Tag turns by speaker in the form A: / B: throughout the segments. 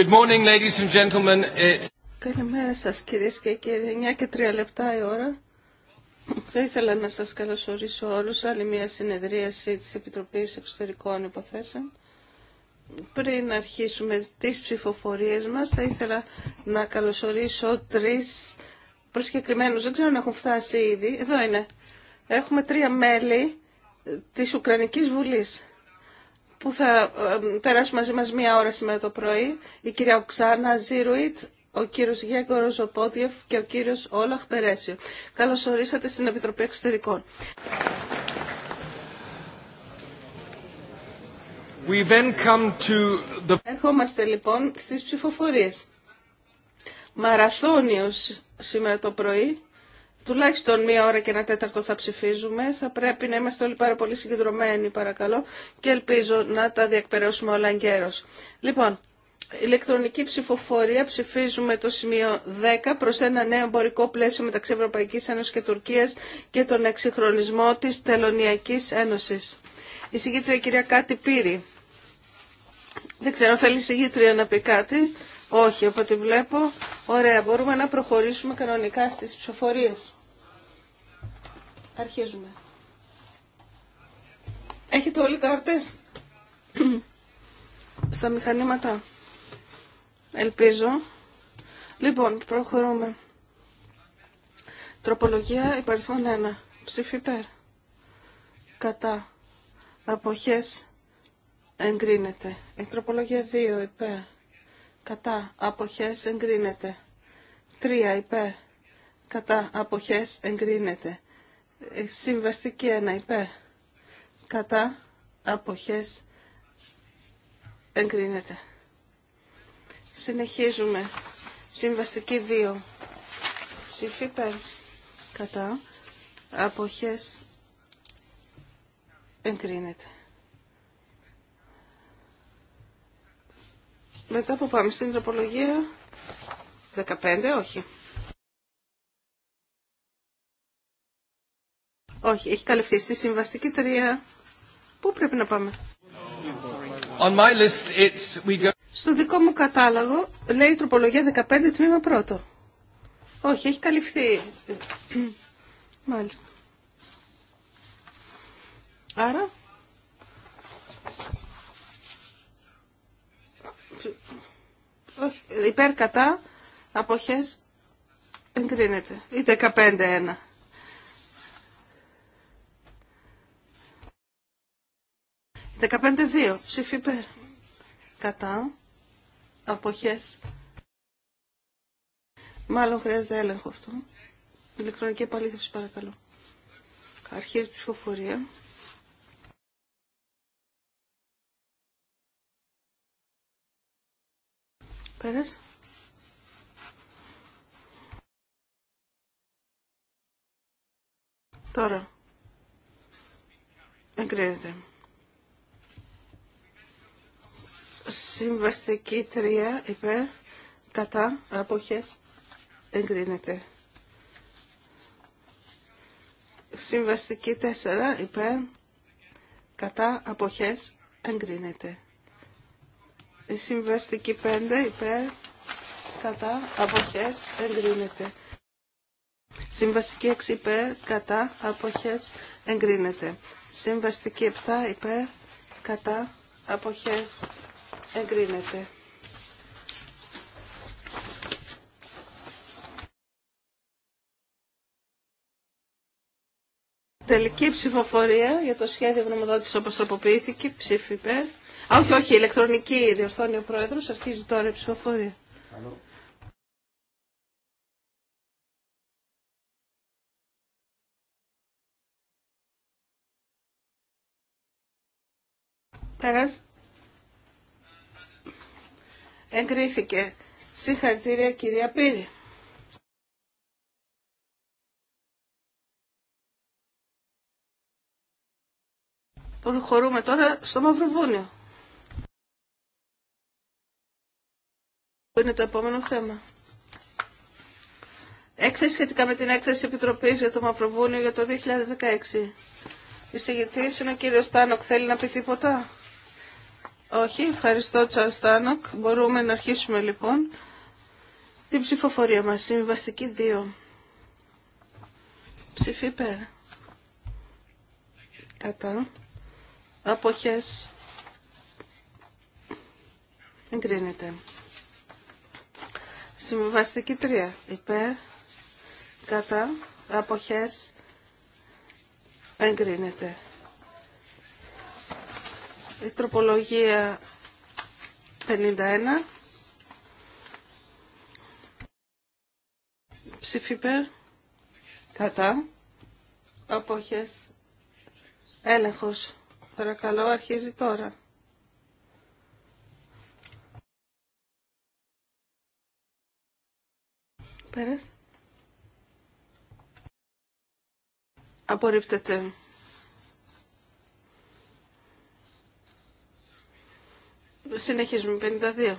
A: Good morning, ladies and gentlemen.
B: Καλημέρα σας κυρίες και κύριοι. 9 και 3 λεπτά η ώρα. Θα ήθελα να σας καλωσορίσω όλους. Άλλη μια συνεδρίαση της Επιτροπής Εξωτερικών Υποθέσεων. Πριν αρχίσουμε τις ψηφοφορίες μας, θα ήθελα να καλωσορίσω τρεις προσκεκλημένους. Δεν ξέρω αν έχουν φτάσει ήδη. Εδώ είναι. Έχουμε τρία μέλη της Ουκρανικής Βουλής που θα ε, περάσουμε μαζί μας μία ώρα σήμερα το πρωί, η κυρία Οξάνα Ζήρουιτ, ο κύριος Γέγκορος Ζοπότιεφ και ο κύριος Όλαχ Περέσιο. Καλώς ορίσατε στην Επιτροπή Εξωτερικών.
A: We then come to the...
B: Ερχόμαστε λοιπόν στις ψηφοφορίες. Μαραθώνιος σήμερα το πρωί τουλάχιστον μία ώρα και ένα τέταρτο θα ψηφίζουμε. Θα πρέπει να είμαστε όλοι πάρα πολύ συγκεντρωμένοι, παρακαλώ, και ελπίζω να τα διακπεραιώσουμε όλα εγκαίρως. Λοιπόν, ηλεκτρονική ψηφοφορία ψηφίζουμε το σημείο 10 προς ένα νέο εμπορικό πλαίσιο μεταξύ Ευρωπαϊκής Ένωσης και Τουρκίας και τον εξυγχρονισμό της Τελωνιακής Ένωσης. Η συγκήτρια κυρία Κάτι Πύρη. Δεν ξέρω, θέλει η συγκήτρια να πει κάτι. Όχι, από ό,τι βλέπω. Ωραία, μπορούμε να προχωρήσουμε κανονικά στις ψηφοφορίες. Αρχίζουμε. Έχετε όλοι κάρτες στα μηχανήματα. Ελπίζω. Λοιπόν, προχωρούμε. Τροπολογία υπαριθμών 1. Ψήφι υπέρ. Κατά. Αποχές εγκρίνεται. Η ε, τροπολογία 2 υπέρ. Κατά. Αποχές εγκρίνεται. 3 υπέρ. Κατά. Αποχές εγκρίνεται. Ε, συμβαστική 1 υπέρ. Κατά αποχές εγκρίνεται. Συνεχίζουμε. Συμβαστική 2. Ψήφι υπέρ. Κατά αποχές εγκρίνεται. Μετά που πάμε στην τροπολογία 15, όχι. Όχι, έχει καλυφθεί στη συμβαστική τρία. Πού πρέπει να πάμε.
A: On my list, it's... We go...
B: Στο δικό μου κατάλογο λέει τροπολογία 15 τμήμα πρώτο. Όχι, έχει καλυφθεί. Μάλιστα. Άρα. Όχι, υπέρ κατά αποχές εγκρίνεται. Ή 15-1. 15-2. Ψήφι υπέρ. Κατά. Αποχές. Μάλλον χρειάζεται έλεγχο αυτό. Ηλεκτρονική επαλήθευση παρακαλώ. Αρχίζει ψηφοφορία. Πέρας. Τώρα. Εγκρίνεται. Συμβαστική 3 υπέρ κατά αποχές εγκρίνεται. Συμβαστική 4 υπέρ κατά αποχές εγκρίνεται. συμβαστική 5 υπέρ κατά αποχές εγκρίνεται. Συμβαστική 6 υπέρ κατά αποχές εγκρίνεται. Συμβαστική 7 υπέρ κατά αποχές εγκρίνεται εγκρίνεται. Τελική ψηφοφορία για το σχέδιο γνωμοδότησης όπως τροποποιήθηκε, ψήφι υπέρ. Α, όχι, όχι, ηλεκτρονική διορθώνει ο Πρόεδρος, αρχίζει τώρα η ψηφοφορία. Εγκρίθηκε. Συγχαρητήρια κυρία Πύρη. Προχωρούμε τώρα στο Μαυροβούνιο. Που είναι το επόμενο θέμα. Έκθεση σχετικά με την έκθεση Επιτροπής για το Μαυροβούνιο για το 2016. Η συγγετής είναι ο κύριο Στάνοκ. Θέλει να πει τίποτα. Όχι, ευχαριστώ Στάνοκ. Μπορούμε να αρχίσουμε λοιπόν την ψηφοφορία μας. Συμβαστική 2. Ψηφίπε, Κατά. Αποχές. Εγκρίνεται. Συμβαστική 3. Υπέρ. Κατά. Αποχές. Εγκρίνεται. Η τροπολογία 51. Ψηφίπερ. Κατά. Απόχες. Έλεγχος. Παρακαλώ, αρχίζει τώρα. Πέρας. Απορρίπτεται. Συνεχίζουμε. 52.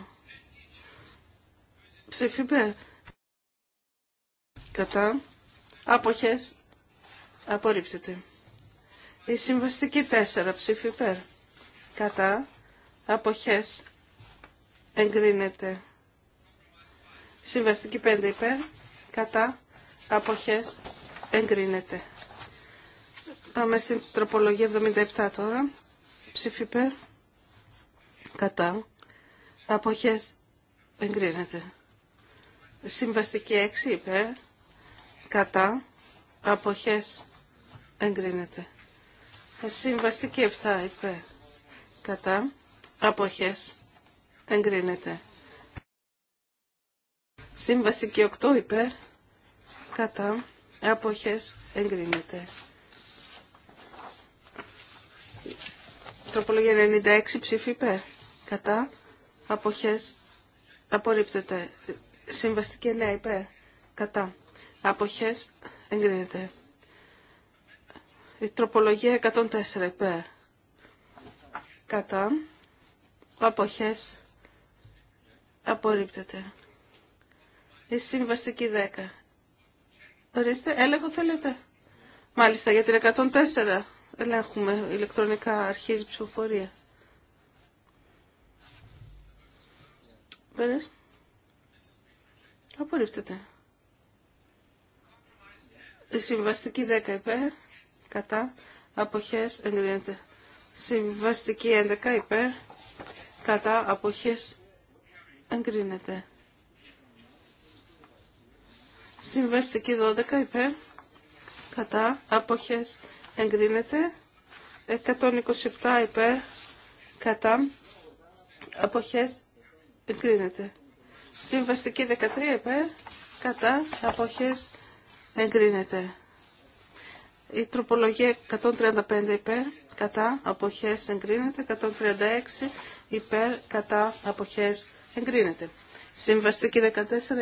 B: Ψηφιπέ. Κατά. Άποχες. Απορρίπτεται. Η συμβαστική 4 ψήφι υπέρ. Κατά. Αποχές. Εγκρίνεται. Συμβαστική 5 υπέρ. Κατά. Αποχές. Εγκρίνεται. Πάμε στην τροπολογία 77 τώρα. Ψήφι υπέρ κατά, αποχές εγκρίνεται. Συμβαστική 6 είπε. κατά, αποχές εγκρίνεται. Συμβαστική 7 είπε. κατά, αποχές εγκρίνεται. Συμβαστική 8 υπέρ, κατά, αποχές εγκρίνεται. Τροπολογία 96 ψήφι υπέρ κατά αποχές απορρίπτεται. Συμβαστική ελέα υπέρ κατά αποχές εγκρίνεται. Η τροπολογία 104 υπέρ κατά αποχές απορρίπτεται. Η συμβαστική 10. Ορίστε, έλεγχο θέλετε. Μάλιστα, για την 104 ελέγχουμε ηλεκτρονικά αρχίζει ψηφοφορία. Πέρας. Απορρίπτεται. Συμβαστική 10 υπέρ. Κατά. Αποχές εγκρίνεται. Συμβαστική 11 υπέρ. Κατά. Αποχές εγκρίνεται. Συμβαστική 12 υπέρ. Κατά. Αποχές εγκρίνεται. 127 υπέρ. Κατά. Αποχές εγκρίνεται. Συμβαστική 13 επε κατά, αποχές, εγκρίνεται. Η τροπολογία 135 υπέρ, κατά, αποχές, εγκρίνεται. 136 υπέρ, κατά, αποχές, εγκρίνεται. Συμβαστική 14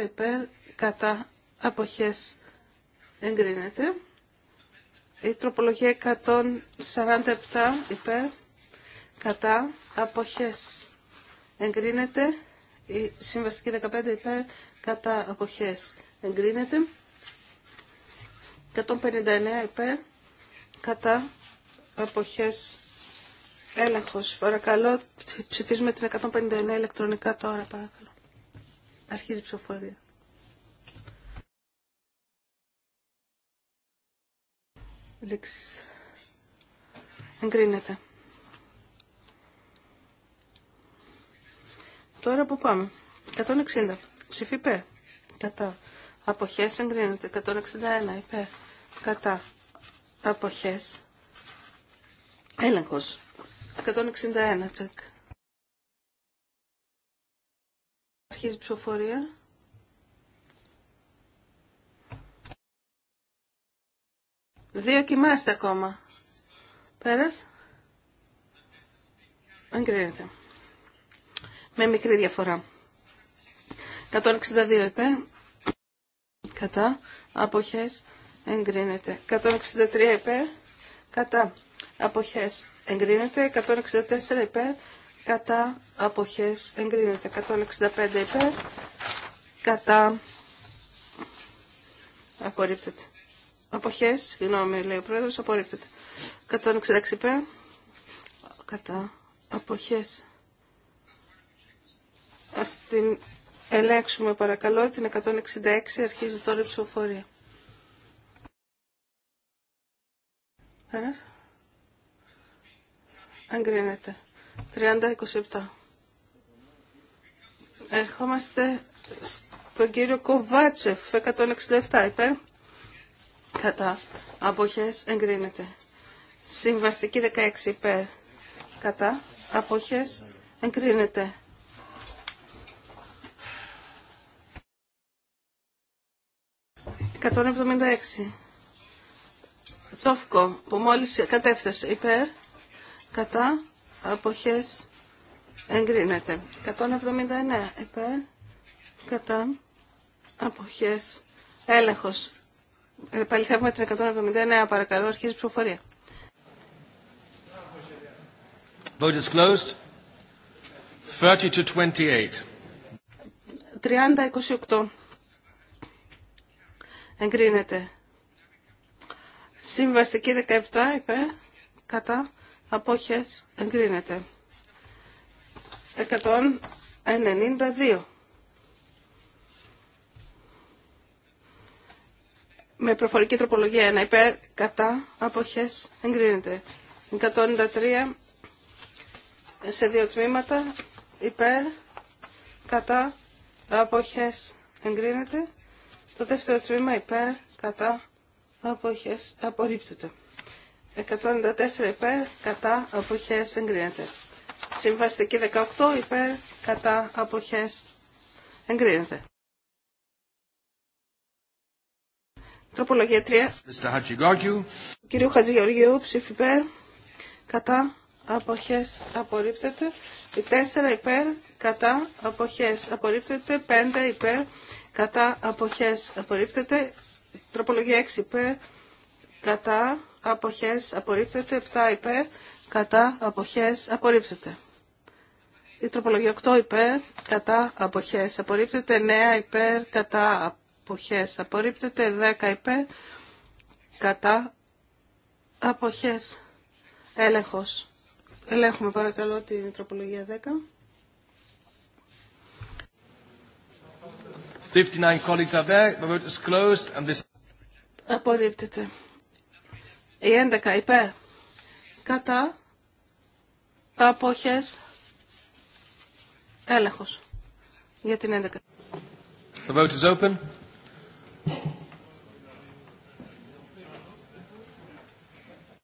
B: υπέρ, κατά, αποχές, εγκρίνεται. Η τροπολογία 147 υπέρ, κατά, αποχές, εγκρίνεται. Η συμβαστική 15 υπέρ κατά αποχές εγκρίνεται. 159 υπέρ κατά αποχές έλεγχος. Παρακαλώ, ψηφίζουμε την 159 ηλεκτρονικά τώρα, παρακαλώ. Αρχίζει η ψηφοφορία. Εγκρίνεται. Τώρα που πάμε. 160. Ψήφι υπέρ. Κατά. Αποχές εγκρίνεται. 161 υπέρ. Κατά. Αποχές. Έλεγχος. 161 τσεκ. Αρχίζει η ψηφοφορία. Δύο κοιμάστε ακόμα. Πέρας. Εγκρίνεται με μικρή διαφορά. 162 υπέρ, κατά, αποχές, εγκρίνεται. 163 υπέρ, κατά, αποχές, εγκρίνεται. 164 υπέρ, κατά, αποχές, εγκρίνεται. 165 υπέρ, κατά, απορρίπτεται. Αποχές, συγγνώμη λέει ο πρόεδρος, απορρίπτεται. 166 υπέρ, κατά, αποχές, Ας την ελέγξουμε παρακαλώ. Την 166 αρχίζει τώρα η ψηφοφορία. Ένας. Εγκρίνεται. 30-27. Ερχόμαστε στον κύριο Κοβάτσεφ, 167 υπέρ. Κατά. Αποχές εγκρίνεται. Συμβαστική 16 υπέρ. Κατά. Αποχές εγκρίνεται. 176. Τσόφκο που μόλις κατέφθασε. υπέρ, κατά, αποχές, εγκρίνεται. 179 υπέρ, κατά, αποχές, έλεγχος. Επαληθεύουμε την 179 παρακαλώ, αρχίζει η ψηφοφορία.
A: Vote closed. 30 to 28.
B: 30-28 εγκρίνεται. Συμβαστική 17 υπέρ, κατά, απόχες, εγκρίνεται. 192. Με προφορική τροπολογία 1 υπέρ, κατά, απόχες, εγκρίνεται. 193 σε δύο τμήματα, υπέρ, κατά, απόχες, εγκρίνεται. Στο δεύτερο τμήμα υπέρ, κατά, αποχές, απορρίπτεται. 194 υπέρ, κατά, αποχές, εγκρίνεται. Συμβαστική 18 υπέρ, κατά, αποχές, εγκρίνεται. Τροπολογία 3. Κυρίου Χατζηγεωργίου, ψήφι υπέρ, κατά, αποχές, απορρίπτεται. 4 υπέρ, κατά, αποχές, απορρίπτεται. 5 υπέρ, κατά αποχές απορρίπτεται, τροπολογία 6 υπέρ, κατά αποχές απορρίπτεται, 7 υπέρ, κατά αποχές απορρίπτεται. Η τροπολογία 8 υπέρ, κατά αποχές απορρίπτεται, 9 υπέρ, κατά αποχές απορρίπτεται, 10 υπέρ, κατά αποχές έλεγχος. Ελέγχουμε παρακαλώ την τροπολογία 10.
A: 59
B: Απορρίπτεται. Η 11 υπέρ. Κατά. Απόχες. Έλεγχος. Για την 11.
A: The vote is open.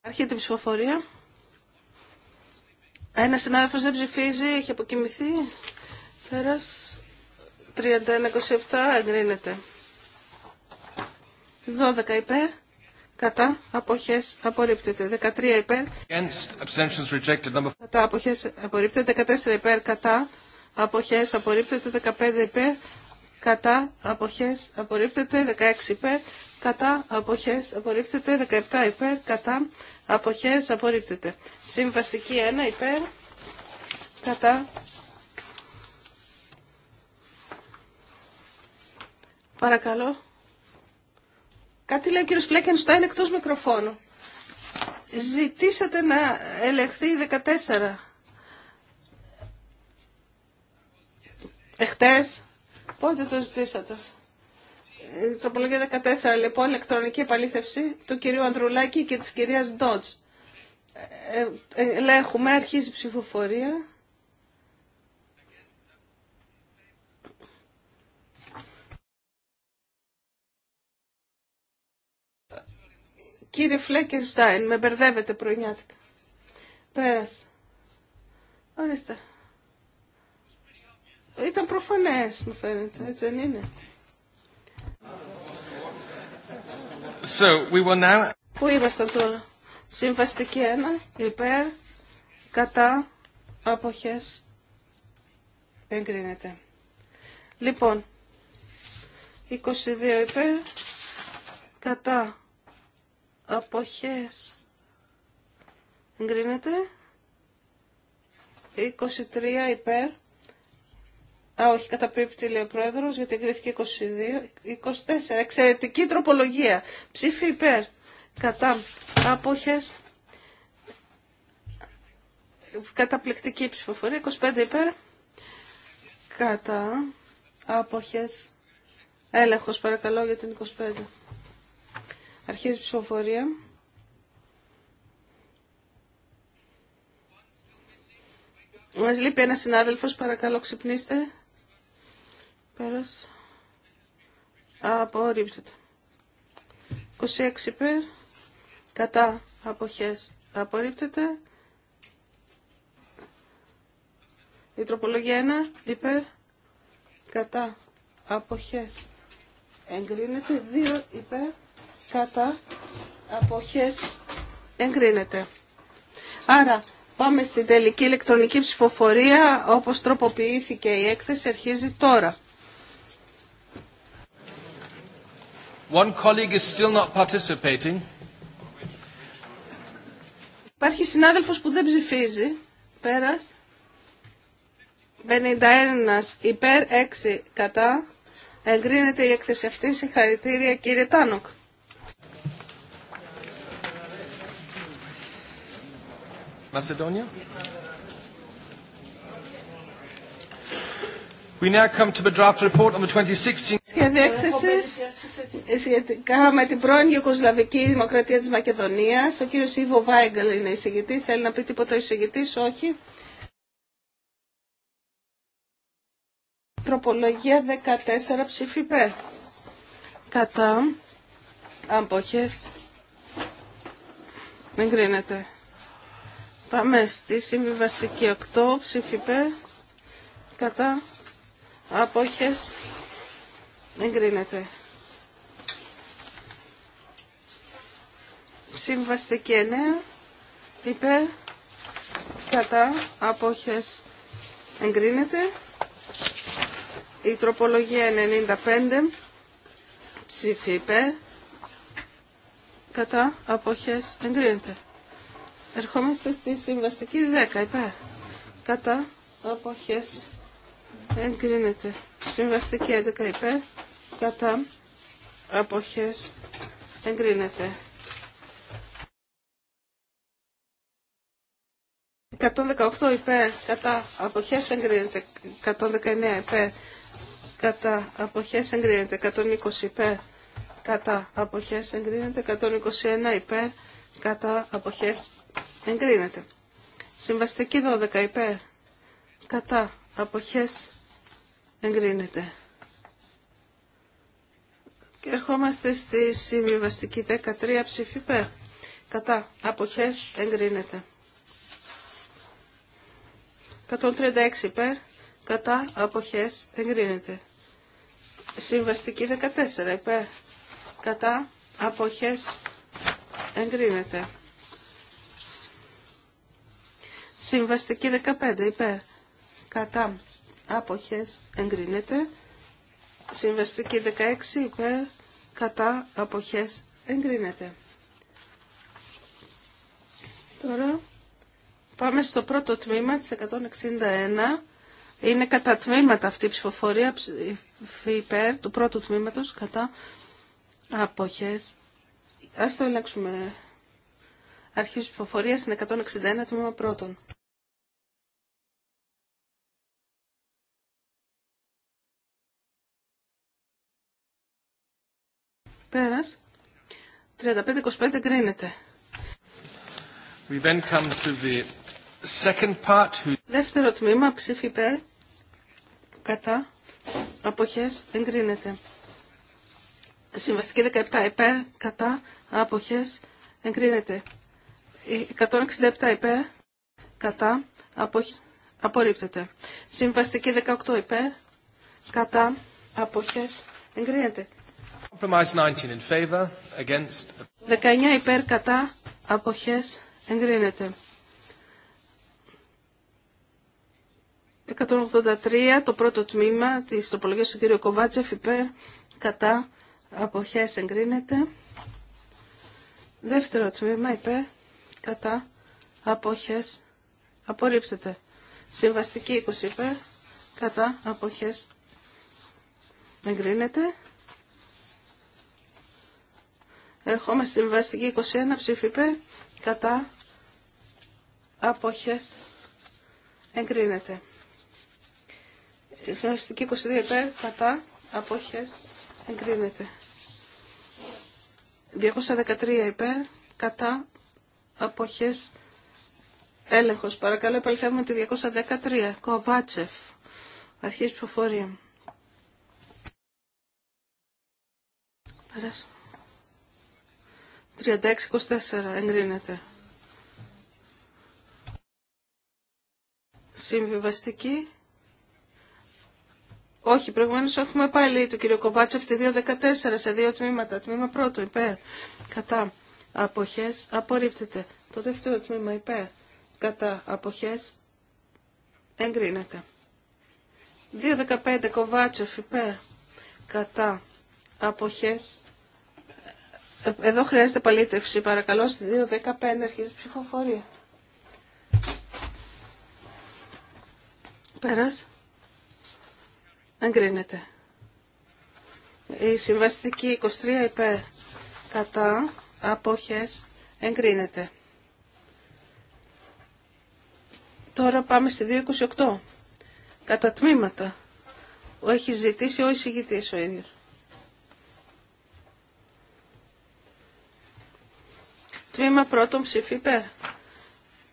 B: Αρχή η ψηφοφορία. Ένα συνάδελφο δεν ψηφίζει, έχει αποκοιμηθεί. Πέρας 31-27 εγκρίνεται. 12 υπέρ. Κατά αποχές απορρίπτεται. 13 υπέρ. Κατά αποχές απορρίπτεται. 14 υπέρ. Κατά αποχές απορρίπτεται. 15 υπέρ. Κατά αποχές απορρίπτεται. 16 υπέρ. Κατά αποχές απορρίπτεται. 17 υπέρ. Κατά αποχές απορρίπτεται. Συμβαστική 1 υπέρ. Κατά Παρακαλώ. Κάτι λέει ο κύριος Φλέκενστάιν εκτός μικροφώνου. Ζητήσατε να ελεγχθεί 14. Εχθές. Πότε το ζητήσατε. Ε, τροπολογία 14, λοιπόν, ηλεκτρονική επαλήθευση του κυρίου Ανδρουλάκη και της κυρίας Ντότς. Ε, ε, ελέγχουμε, αρχίζει ψηφοφορία. Κύριε Φλέκερστάιν, με μπερδεύετε πρωινιάτικα. Πέρασε. Ορίστε. Ήταν προφανές, μου φαίνεται, έτσι δεν είναι.
A: So, we now...
B: Πού είμαστε τώρα. Συμβαστική 1, υπέρ, κατά, αποχές, εγκρίνεται. Λοιπόν, 22 υπέρ, κατά, αποχές εγκρίνεται 23 υπέρ Α, όχι, καταπίπτει, λέει ο πρόεδρος, γιατί εγκρίθηκε 22, 24. Εξαιρετική τροπολογία. Ψήφι υπέρ. Κατά. Απόχες. Καταπληκτική ψηφοφορία. 25 υπέρ. Κατά. Απόχες. Έλεγχος, παρακαλώ, για την 25. Αρχίζει η ψηφοφορία. Μας λείπει ένας συνάδελφος, παρακαλώ ξυπνήστε. Πέρας. Απορρίπτεται. 26 υπέρ. Κατά αποχές απορρίπτεται. Η τροπολογία 1 υπέρ. Κατά αποχές εγκρίνεται. 2 υπέρ κατά αποχές εγκρίνεται. Άρα πάμε στην τελική ηλεκτρονική ψηφοφορία όπως τροποποιήθηκε η έκθεση αρχίζει τώρα.
A: One colleague is still not participating.
B: Υπάρχει συνάδελφος που δεν ψηφίζει. Πέρας. 51 υπέρ 6 κατά. Εγκρίνεται η έκθεση αυτή. Συγχαρητήρια κύριε Τάνοκ.
A: Macedonia? We now come to the draft report on the 2016.
B: σχετικά με την πρώην Ιουκοσλαβική Δημοκρατία της Μακεδονίας. Ο κύριος Ιβο Βάιγκελ είναι εισηγητής. Θέλει να πει τίποτα ο εισηγητής, όχι. Τροπολογία 14 ψήφι Κατά. Αμποχές. Δεν κρίνεται. Πάμε στη συμβιβαστική 8, ψηφιπέ, κατά, απόχες, εγκρίνεται. Συμβαστική 9, υπέρ, κατά, απόχες, εγκρίνεται. Η τροπολογία 95, ψηφιπέ, κατά, απόχες, εγκρίνεται. Ερχόμαστε στη συμβαστική 10 υπέρ. Κατά αποχές εγκρίνεται. Συμβαστική 11 υπέρ. Κατά αποχές εγκρίνεται. 118 υπέρ κατά αποχές εγκρίνεται 119 υπέρ κατά αποχές εγκρίνεται 120 υπέρ κατά αποχές εγκρίνεται 121 υπέρ κατά αποχές εγκρίνεται. Συμβαστική 12 υπέρ κατά αποχές εγκρίνεται. Και ερχόμαστε στη συμβιβαστική 13 ψήφι υπέρ κατά αποχές εγκρίνεται. 136 υπέρ κατά αποχές εγκρίνεται. Συμβαστική 14 υπέρ κατά αποχές εγκρίνεται. Συμβαστική 15 υπέρ κατά άποχες εγκρίνεται. Συμβαστική 16 υπέρ κατά αποχές εγκρίνεται. Τώρα πάμε στο πρώτο τμήμα της 161. Είναι κατά τμήματα αυτή η ψηφοφορία υπέρ του πρώτου τμήματος κατά αποχές Ας το αλλάξουμε. Αρχής ψηφοφορία στην 161 τμημα πρώτων. πρώτον. Πέρας. 35-25 γκρίνεται.
A: We then come to the second part who...
B: Δεύτερο τμήμα ψήφι υπέρ. Κατά. Αποχές εγκρίνεται. Συμβαστική 17 υπέρ, κατά, άποχες, εγκρίνεται. 167 υπέρ, κατά, άποχες, απορρίπτεται. Συμβαστική 18 υπέρ, κατά, άποχες, εγκρίνεται. 19 υπέρ, κατά, άποχες, εγκρίνεται. 183 το πρώτο τμήμα της τοπολογίας του κ. Κοβάτσεφ υπέρ, κατά, αποχές εγκρίνεται. Δεύτερο τμήμα υπέρ κατά αποχές απορρίπτεται. Συμβαστική 20 υπέρ κατά αποχές εγκρίνεται. Ερχόμαστε στη συμβαστική 21 ψήφι κατά αποχές εγκρίνεται. Συμβαστική 22 υπέρ κατά αποχές εγκρίνεται. 213 υπέρ, κατά, αποχές, έλεγχος. Παρακαλώ, επαληθεύουμε τη 213. Κοβάτσεφ. προφορία. Πέρασε. 36-24 εγκρίνεται. Συμβιβαστική όχι, προηγουμένως έχουμε πάλι το κύριο Κοβάτσεφ τη 2.14 σε δύο τμήματα. Τμήμα πρώτο υπέρ. Κατά. Αποχές. Απορρίπτεται. Το δεύτερο τμήμα υπέρ. Κατά. Αποχές. Εγκρίνεται. 2.15 Κοβάτσεφ υπέρ. Κατά. Αποχές. Ε, εδώ χρειάζεται παλήτευση. Παρακαλώ στη 2.15 αρχίζει η ψηφοφορία. Πέρασε. Εγκρίνεται. Η συμβαστική 23 υπέρ κατά απόχες εγκρίνεται. Τώρα πάμε στη 228. Κατά τμήματα. Ο έχει ζητήσει ο εισηγητής ο ίδιος. Τμήμα πρώτον ψήφι υπέρ.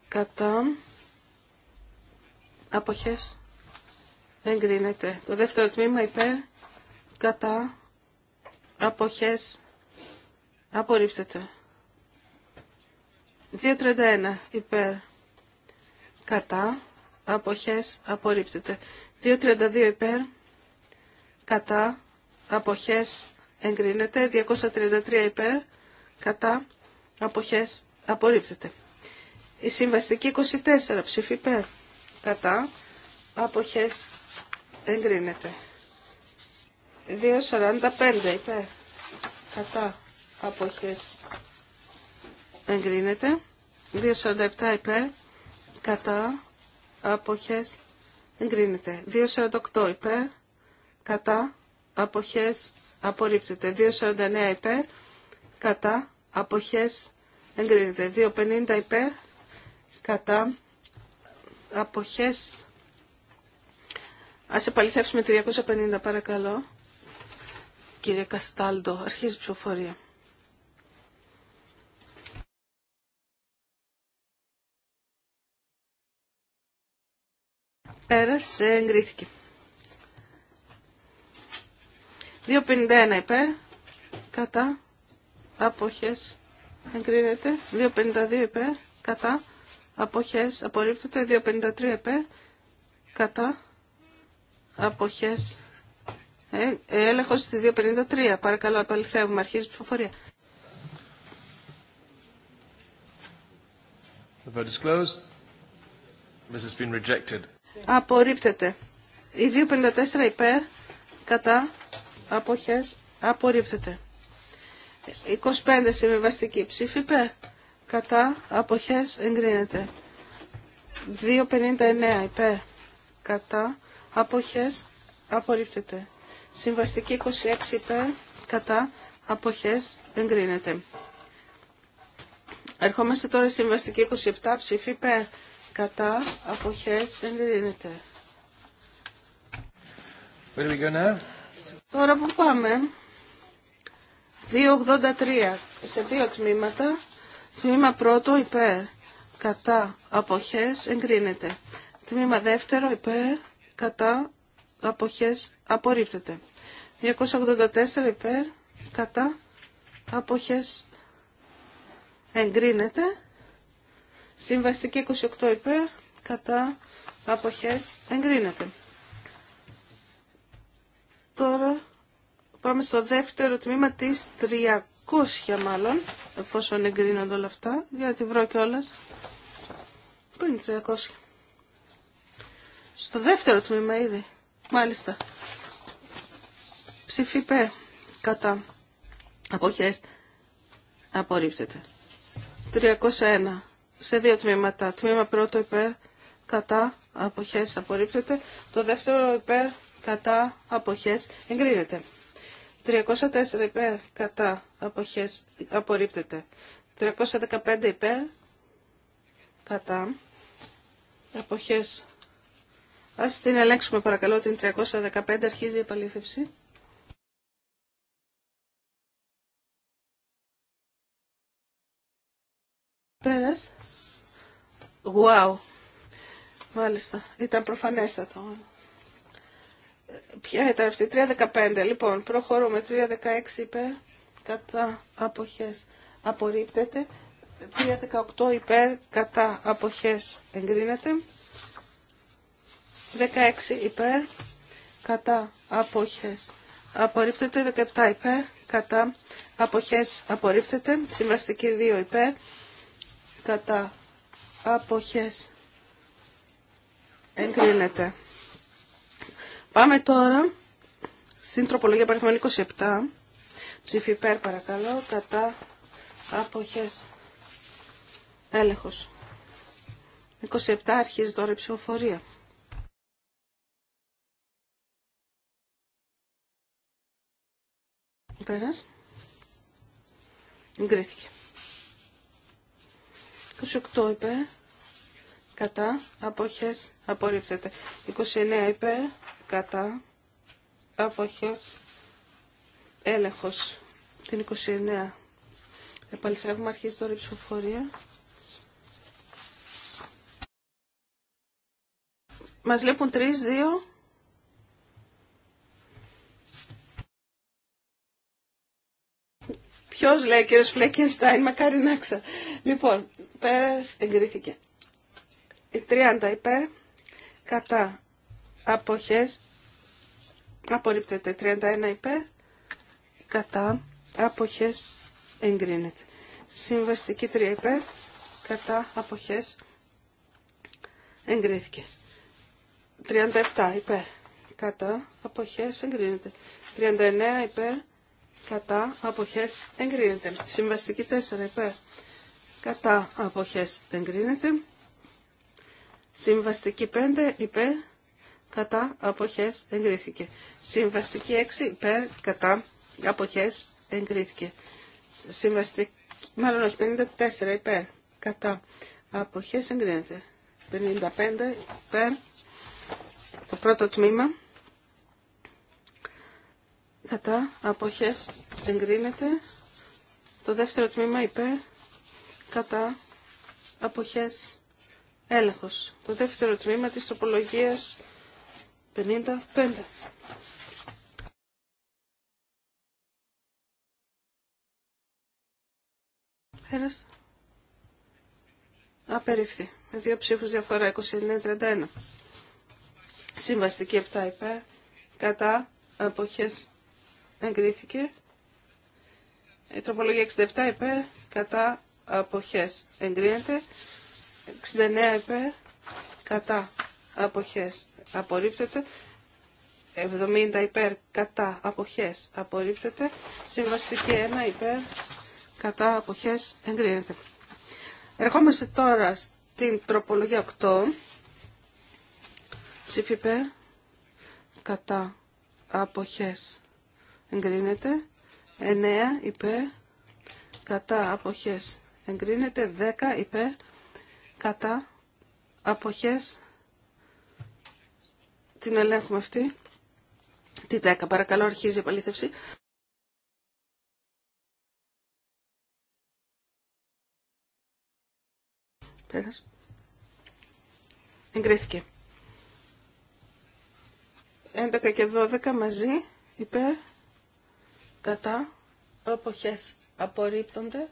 B: Κατά αποχές εγκρίνεται. Το δεύτερο τμήμα υπέρ, κατά, αποχές, απορρίπτεται. 2.31 υπέρ, κατά, αποχές, απορρίπτεται. 2.32 υπέρ, κατά, αποχές, εγκρίνεται. 233 υπέρ, κατά, αποχές, απορρίπτεται. Η συμβαστική 24 ψήφι υπέρ, κατά, αποχές, εγκρίνεται. 2.45 είπε, Κατά αποχές εγκρίνεται. 2.47 υπέρ. Κατά αποχές εγκρίνεται. 2.48 είπε, Κατά αποχές απορρίπτεται. 2.49 είπέ, Κατά αποχές εγκρίνεται. 2.50 υπέρ. Κατά αποχές Ας επαληθεύσουμε τη 250 παρακαλώ. Κύριε Καστάλτο, αρχίζει η ψηφοφορία. Πέρασε, εγκρίθηκε. 2.51 υπέρ, κατά, αποχές, εγκρίνεται. 2.52 υπέρ, κατά, αποχές, απορρίπτεται. 2.53 υπέρ, κατά, αποχές ε, ε, έλεγχος στη 253 παρακαλώ επαληθεύουμε αρχίζει η ψηφοφορία
A: The vote
B: Απορρίπτεται. Η 254 υπέρ, κατά, αποχές, απορρίπτεται. 25 συμβιβαστική ψήφη. υπέρ, κατά, αποχές, εγκρίνεται. 259 υπέρ, κατά, αποχές Απορρίφτεται. Συμβαστική 26 υπέρ κατά αποχές εγκρίνεται. Ερχόμαστε τώρα στη συμβαστική 27 ψήφι υπέρ κατά αποχές εγκρίνεται. Τώρα που πάμε, 2.83 σε δύο τμήματα, τμήμα πρώτο υπέρ, κατά, αποχές, εγκρίνεται. Τμήμα δεύτερο υπέρ, κατά αποχές απορρίπτεται. 284 υπέρ κατά αποχές εγκρίνεται. Συμβαστική 28 υπέρ κατά αποχές εγκρίνεται. Τώρα πάμε στο δεύτερο τμήμα της 300 μάλλον, εφόσον εγκρίνονται όλα αυτά, γιατί βρω κιόλας. Πού είναι 300. Στο δεύτερο τμήμα ήδη. Μάλιστα. Ψήφι Κατά. Αποχές. Απορρίπτεται. 301. Σε δύο τμήματα. Τμήμα πρώτο υπέρ. Κατά. Αποχές. Απορρίπτεται. Το δεύτερο υπέρ. Κατά. Αποχές. Εγκρίνεται. 304 υπέρ. Κατά. Αποχές. Απορρίπτεται. 315 υπέρ. Κατά. Αποχές Ας την ελέγξουμε παρακαλώ την 315 αρχίζει η επαλήθευση. Πέρας. Wow. Μάλιστα. Ήταν προφανέστατο. Ποια ήταν αυτή. 3.15. Λοιπόν, προχωρούμε. 3.16 υπέρ. Κατά αποχές. Απορρίπτεται. 3.18 υπέρ. Κατά αποχές. Εγκρίνεται. 16 υπέρ, κατά αποχές απορρίπτεται, 17 υπέρ, κατά αποχές απορρίπτεται, συμβαστική 2 υπέρ, κατά αποχές εγκρίνεται. Πάμε τώρα στην τροπολογία 27, ψήφι υπέρ παρακαλώ, κατά αποχές έλεγχος. 27 αρχίζει τώρα η ψηφοφορία. Πέρας. Εγκρίθηκε. 28 είπε, Κατά. Αποχές. Απορρίπτεται. 29 είπε, Κατά. Αποχές. Έλεγχος. Την 29. Επαληθεύουμε αρχίζει τώρα η ψηφοφορία. Μας λείπουν 3, 2, Ποιο λέει, κύριο Φλέκενστάιν, μακάρι να Λοιπόν, πέρα εγκρίθηκε. Η 30 υπέρ, κατά αποχές, απορρίπτεται. 31 υπέρ, κατά αποχές, εγκρίνεται. Συμβαστική 3 υπέρ, κατά αποχές, εγκρίθηκε. 37 υπέρ, κατά αποχές, εγκρίνεται. 39 υπέρ, κατά αποχές εγκρίνεται. Συμβαστική 4 υπέρ κατά αποχές εγκρίνεται. Συμβαστική 5 υπέρ κατά αποχές εγκρίθηκε. Συμβαστική 6 υπέρ κατά αποχές εγκρίθηκε. Συμβαστική, μάλλον όχι, 54 υπέρ κατά αποχές εγκρίνεται. 55 υπέρ το πρώτο τμήμα κατά αποχές εγκρίνεται το δεύτερο τμήμα υπέρ κατά αποχές έλεγχος το δεύτερο τμήμα της τοπολογίας 55 Ένας απερίφθη με δύο ψήφους διαφορά 29-31 συμβαστική 7 υπέρ κατά αποχές εγκρίθηκε. Η τροπολογία 67 υπέρ κατά αποχές εγκρίνεται. 69 υπέρ κατά αποχές απορρίπτεται. 70 υπέρ κατά αποχές απορρίπτεται. Συμβαστική 1 υπέρ κατά αποχές εγκρίνεται. Ερχόμαστε τώρα στην τροπολογία 8. Ψήφι υπέρ κατά αποχές εγκρίνεται. 9 υπέρ κατά αποχές εγκρίνεται. 10 υπέρ κατά αποχές την ελέγχουμε αυτή. Τη 10 παρακαλώ αρχίζει η επαλήθευση. Πέρας. Εγκρίθηκε. 11 και 12 μαζί υπέρ κατά αποχές απορρίπτονται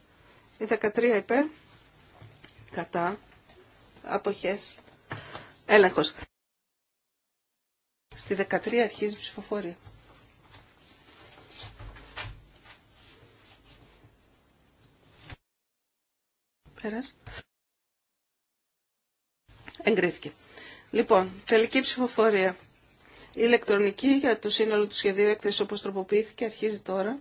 B: η 13 υπέρ κατά αποχές έλεγχος στη 13 αρχίζει η ψηφοφορία πέρας εγκρίθηκε λοιπόν τελική ψηφοφορία ηλεκτρονική για το σύνολο του σχεδίου έκθεση όπως τροποποιήθηκε, αρχίζει τώρα.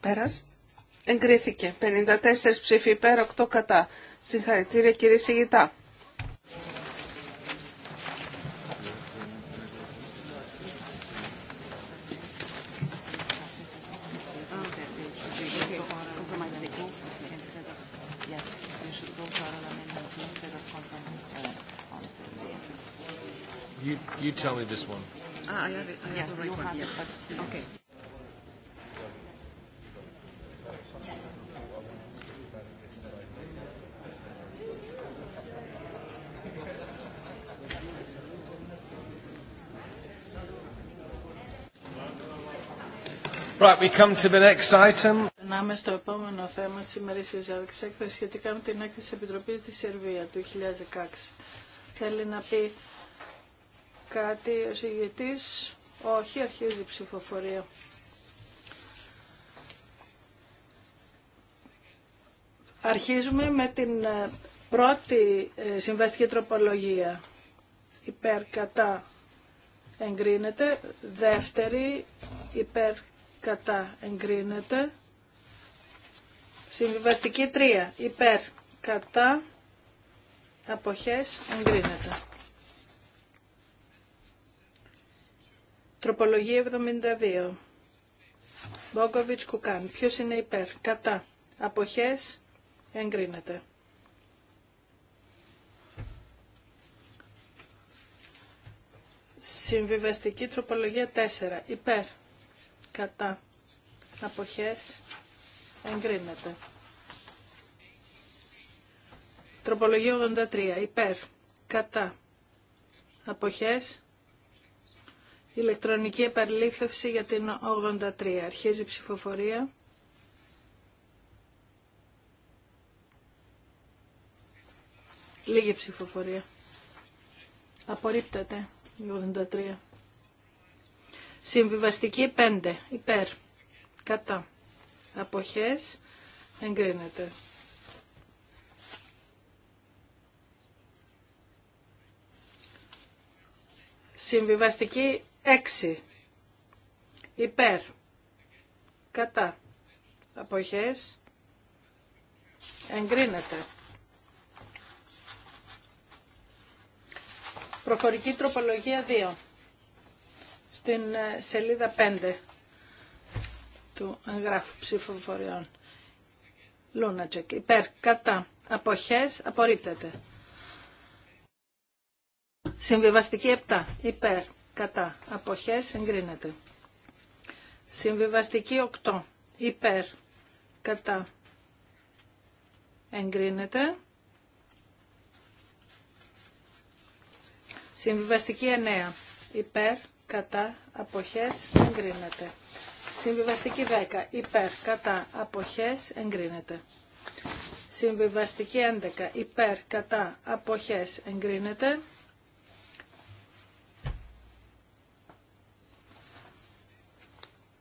B: Πέρας. Εγκρίθηκε. 54 ψήφοι υπέρ, 8 κατά. Συγχαρητήρια κύριε Σιγητά.
A: You tell me this one.
C: Ah,
D: Περνάμε στο επόμενο θέμα της τη σχετικά με την έκθεση Επιτροπής της Σερβία του 2016. Θέλει να πει κάτι ο συγγετής. Όχι, αρχίζει η ψηφοφορία. Αρχίζουμε με την ε, πρώτη ε, συμβαστική τροπολογία. Υπέρ κατά εγκρίνεται. Δεύτερη υπέρ κατά εγκρίνεται. Συμβιβαστική 3. Υπέρ κατά αποχές εγκρίνεται. Τροπολογία 72. Μπόγκοβιτς Κουκάν. Ποιος είναι υπέρ. Κατά. Αποχές. Εγκρίνεται. Συμβιβαστική τροπολογία 4. Υπέρ. Κατά. Αποχές. Εγκρίνεται. Τροπολογία 83. Υπέρ. Κατά. Αποχές ηλεκτρονική επαλήθευση για την 83. Αρχίζει η ψηφοφορία. Λίγη ψηφοφορία. Απορρίπτεται η 83. Συμβιβαστική 5. Υπέρ. Κατά. Αποχές. Εγκρίνεται. Συμβιβαστική 6. Υπέρ. Κατά. Αποχές. Εγκρίνεται. Προφορική τροπολογία 2. Στην ε, σελίδα 5 του εγγράφου ψηφοφοριών. Λούνατσεκ. Υπέρ. Κατά. Αποχές. Απορρίπτεται. Συμβιβαστική 7. Υπέρ κατά, αποχές εγκρίνεται. Συμβιβαστική 8, υπέρ, κατά, εγκρίνεται. Συμβιβαστική 9, υπέρ, κατά, αποχές εγκρίνεται. Συμβιβαστική 10, υπέρ, κατά, αποχές εγκρίνεται. Συμβιβαστική 11, υπέρ, κατά, αποχές εγκρίνεται.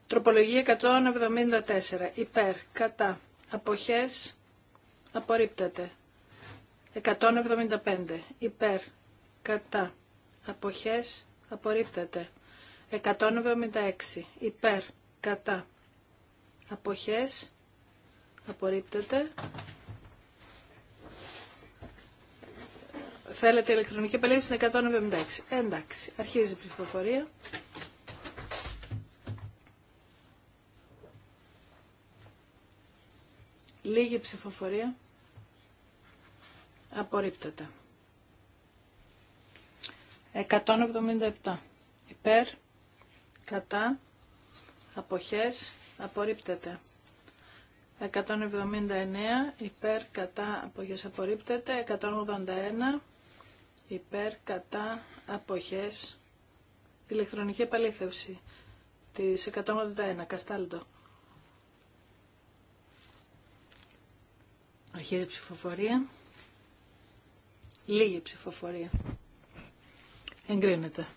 D: Τροπολογία 174. Υπέρ. Κατά. Αποχές. Απορρίπτεται. 175. Υπέρ. Κατά. Αποχές. Απορρίπτεται. 176. Υπέρ. Κατά. Αποχές. Απορρίπτεται. Θέλετε ηλεκτρονική επαλήθεια στην 176. Εντάξει. Αρχίζει η ψηφοφορία. Λίγη ψηφοφορία. Απορρίπτεται. 177. Υπέρ, κατά, αποχές, απορρίπτεται. 179 υπέρ κατά αποχές απορρίπτεται 181 υπέρ κατά αποχές ηλεκτρονική επαλήθευση της 181 Καστάλτο Αρχίζει ψηφοφορία. Λίγη ψηφοφορία. Εγκρίνεται.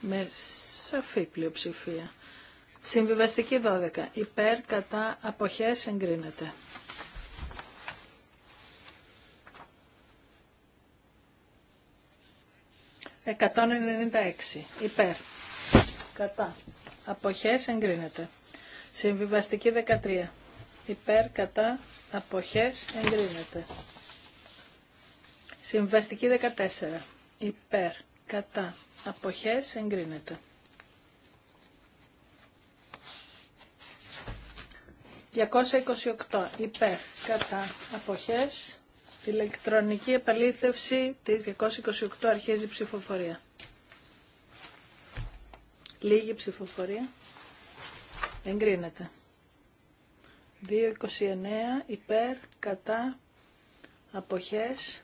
D: Με σαφή πλειοψηφία. Συμβιβαστική 12. Υπέρ κατά αποχές εγκρίνεται. Εκατόν Υπέρ. Κατά. Αποχές εγκρίνεται. Συμβιβαστική 13 υπέρ κατά αποχές εγκρίνεται. Συμβαστική 14 υπέρ κατά αποχές εγκρίνεται. 228 υπέρ κατά αποχές ηλεκτρονική επαλήθευση της 228 αρχίζει ψηφοφορία. Λίγη ψηφοφορία. Εγκρίνεται. 2.29 υπέρ κατά αποχές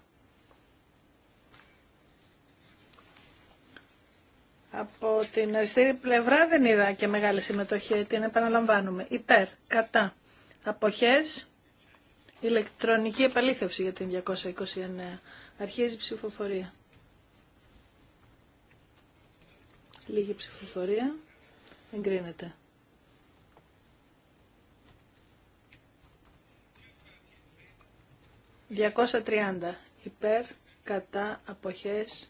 D: Από την αριστερή πλευρά δεν είδα και μεγάλη συμμετοχή, την επαναλαμβάνουμε. Υπέρ, κατά, αποχές, ηλεκτρονική επαλήθευση για την 229. Αρχίζει η ψηφοφορία. Λίγη ψηφοφορία. Εγκρίνεται. 230 υπέρ κατά αποχές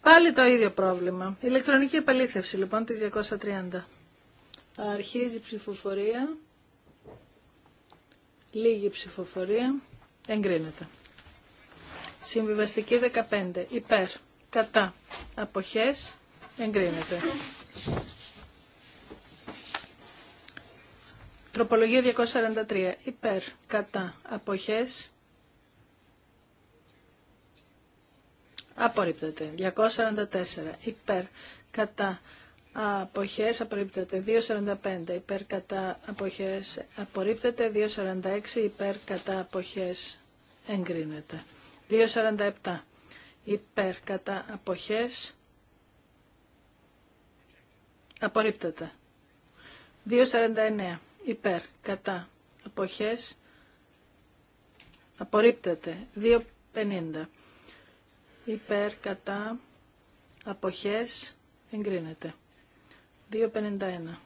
D: Πάλι το ίδιο πρόβλημα. Ηλεκτρονική επαλήθευση λοιπόν της 230. Αρχίζει ψηφοφορία. Λίγη ψηφοφορία. Εγκρίνεται. Συμβιβαστική 15. Υπέρ. Κατά. Αποχές. Εγκρίνεται. Τροπολογία 243. Υπέρ, κατά, αποχές. Απορρίπτεται. 244. Υπέρ, κατά, αποχές. Απορρίπτεται. 245. Υπέρ, κατά, αποχές. Απορρίπτεται. 246. Υπέρ, κατά, αποχές. Εγκρίνεται. 247. Υπέρ, κατά, αποχές. Απορρίπτεται. 249 υπέρ, κατά, αποχές, απορρίπτεται. 2.50 υπέρ, κατά, αποχές, εγκρίνεται. 2.51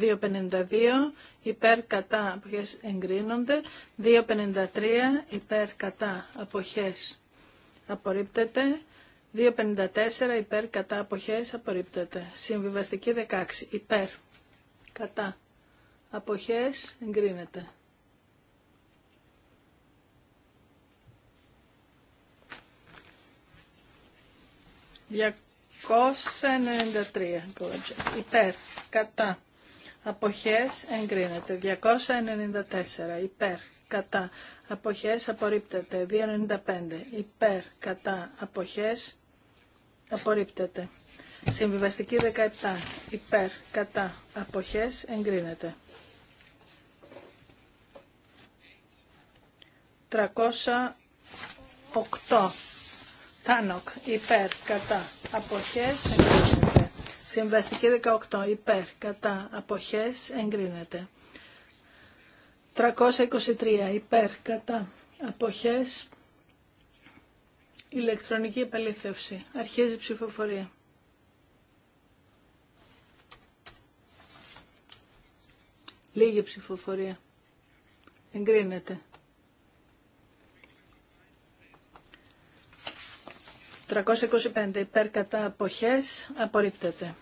D: 2.52 υπέρ κατά αποχές εγκρίνονται, 2.53 υπέρ κατά αποχές απορρίπτεται, 2.54 υπέρ κατά αποχές απορρίπτεται. Συμβιβαστική 16 υπέρ κατά αποχές εγκρίνεται. Για 293 υπέρ, κατά, αποχές εγκρίνεται, 294 υπέρ, κατά, αποχές απορρίπτεται, 295 υπέρ, κατά, αποχές απορρίπτεται. Συμβιβαστική 17 υπέρ κατά αποχές εγκρίνεται. 308 Τάνοκ υπέρ κατά αποχές εγκρίνεται. Συμβιβαστική 18 υπέρ κατά αποχές εγκρίνεται. 323 υπέρ κατά αποχές Ηλεκτρονική επαλήθευση. Αρχίζει η ψηφοφορία. Λίγη ψηφοφορία. Εγκρίνεται. 325 υπέρ κατά αποχές απορρίπτεται.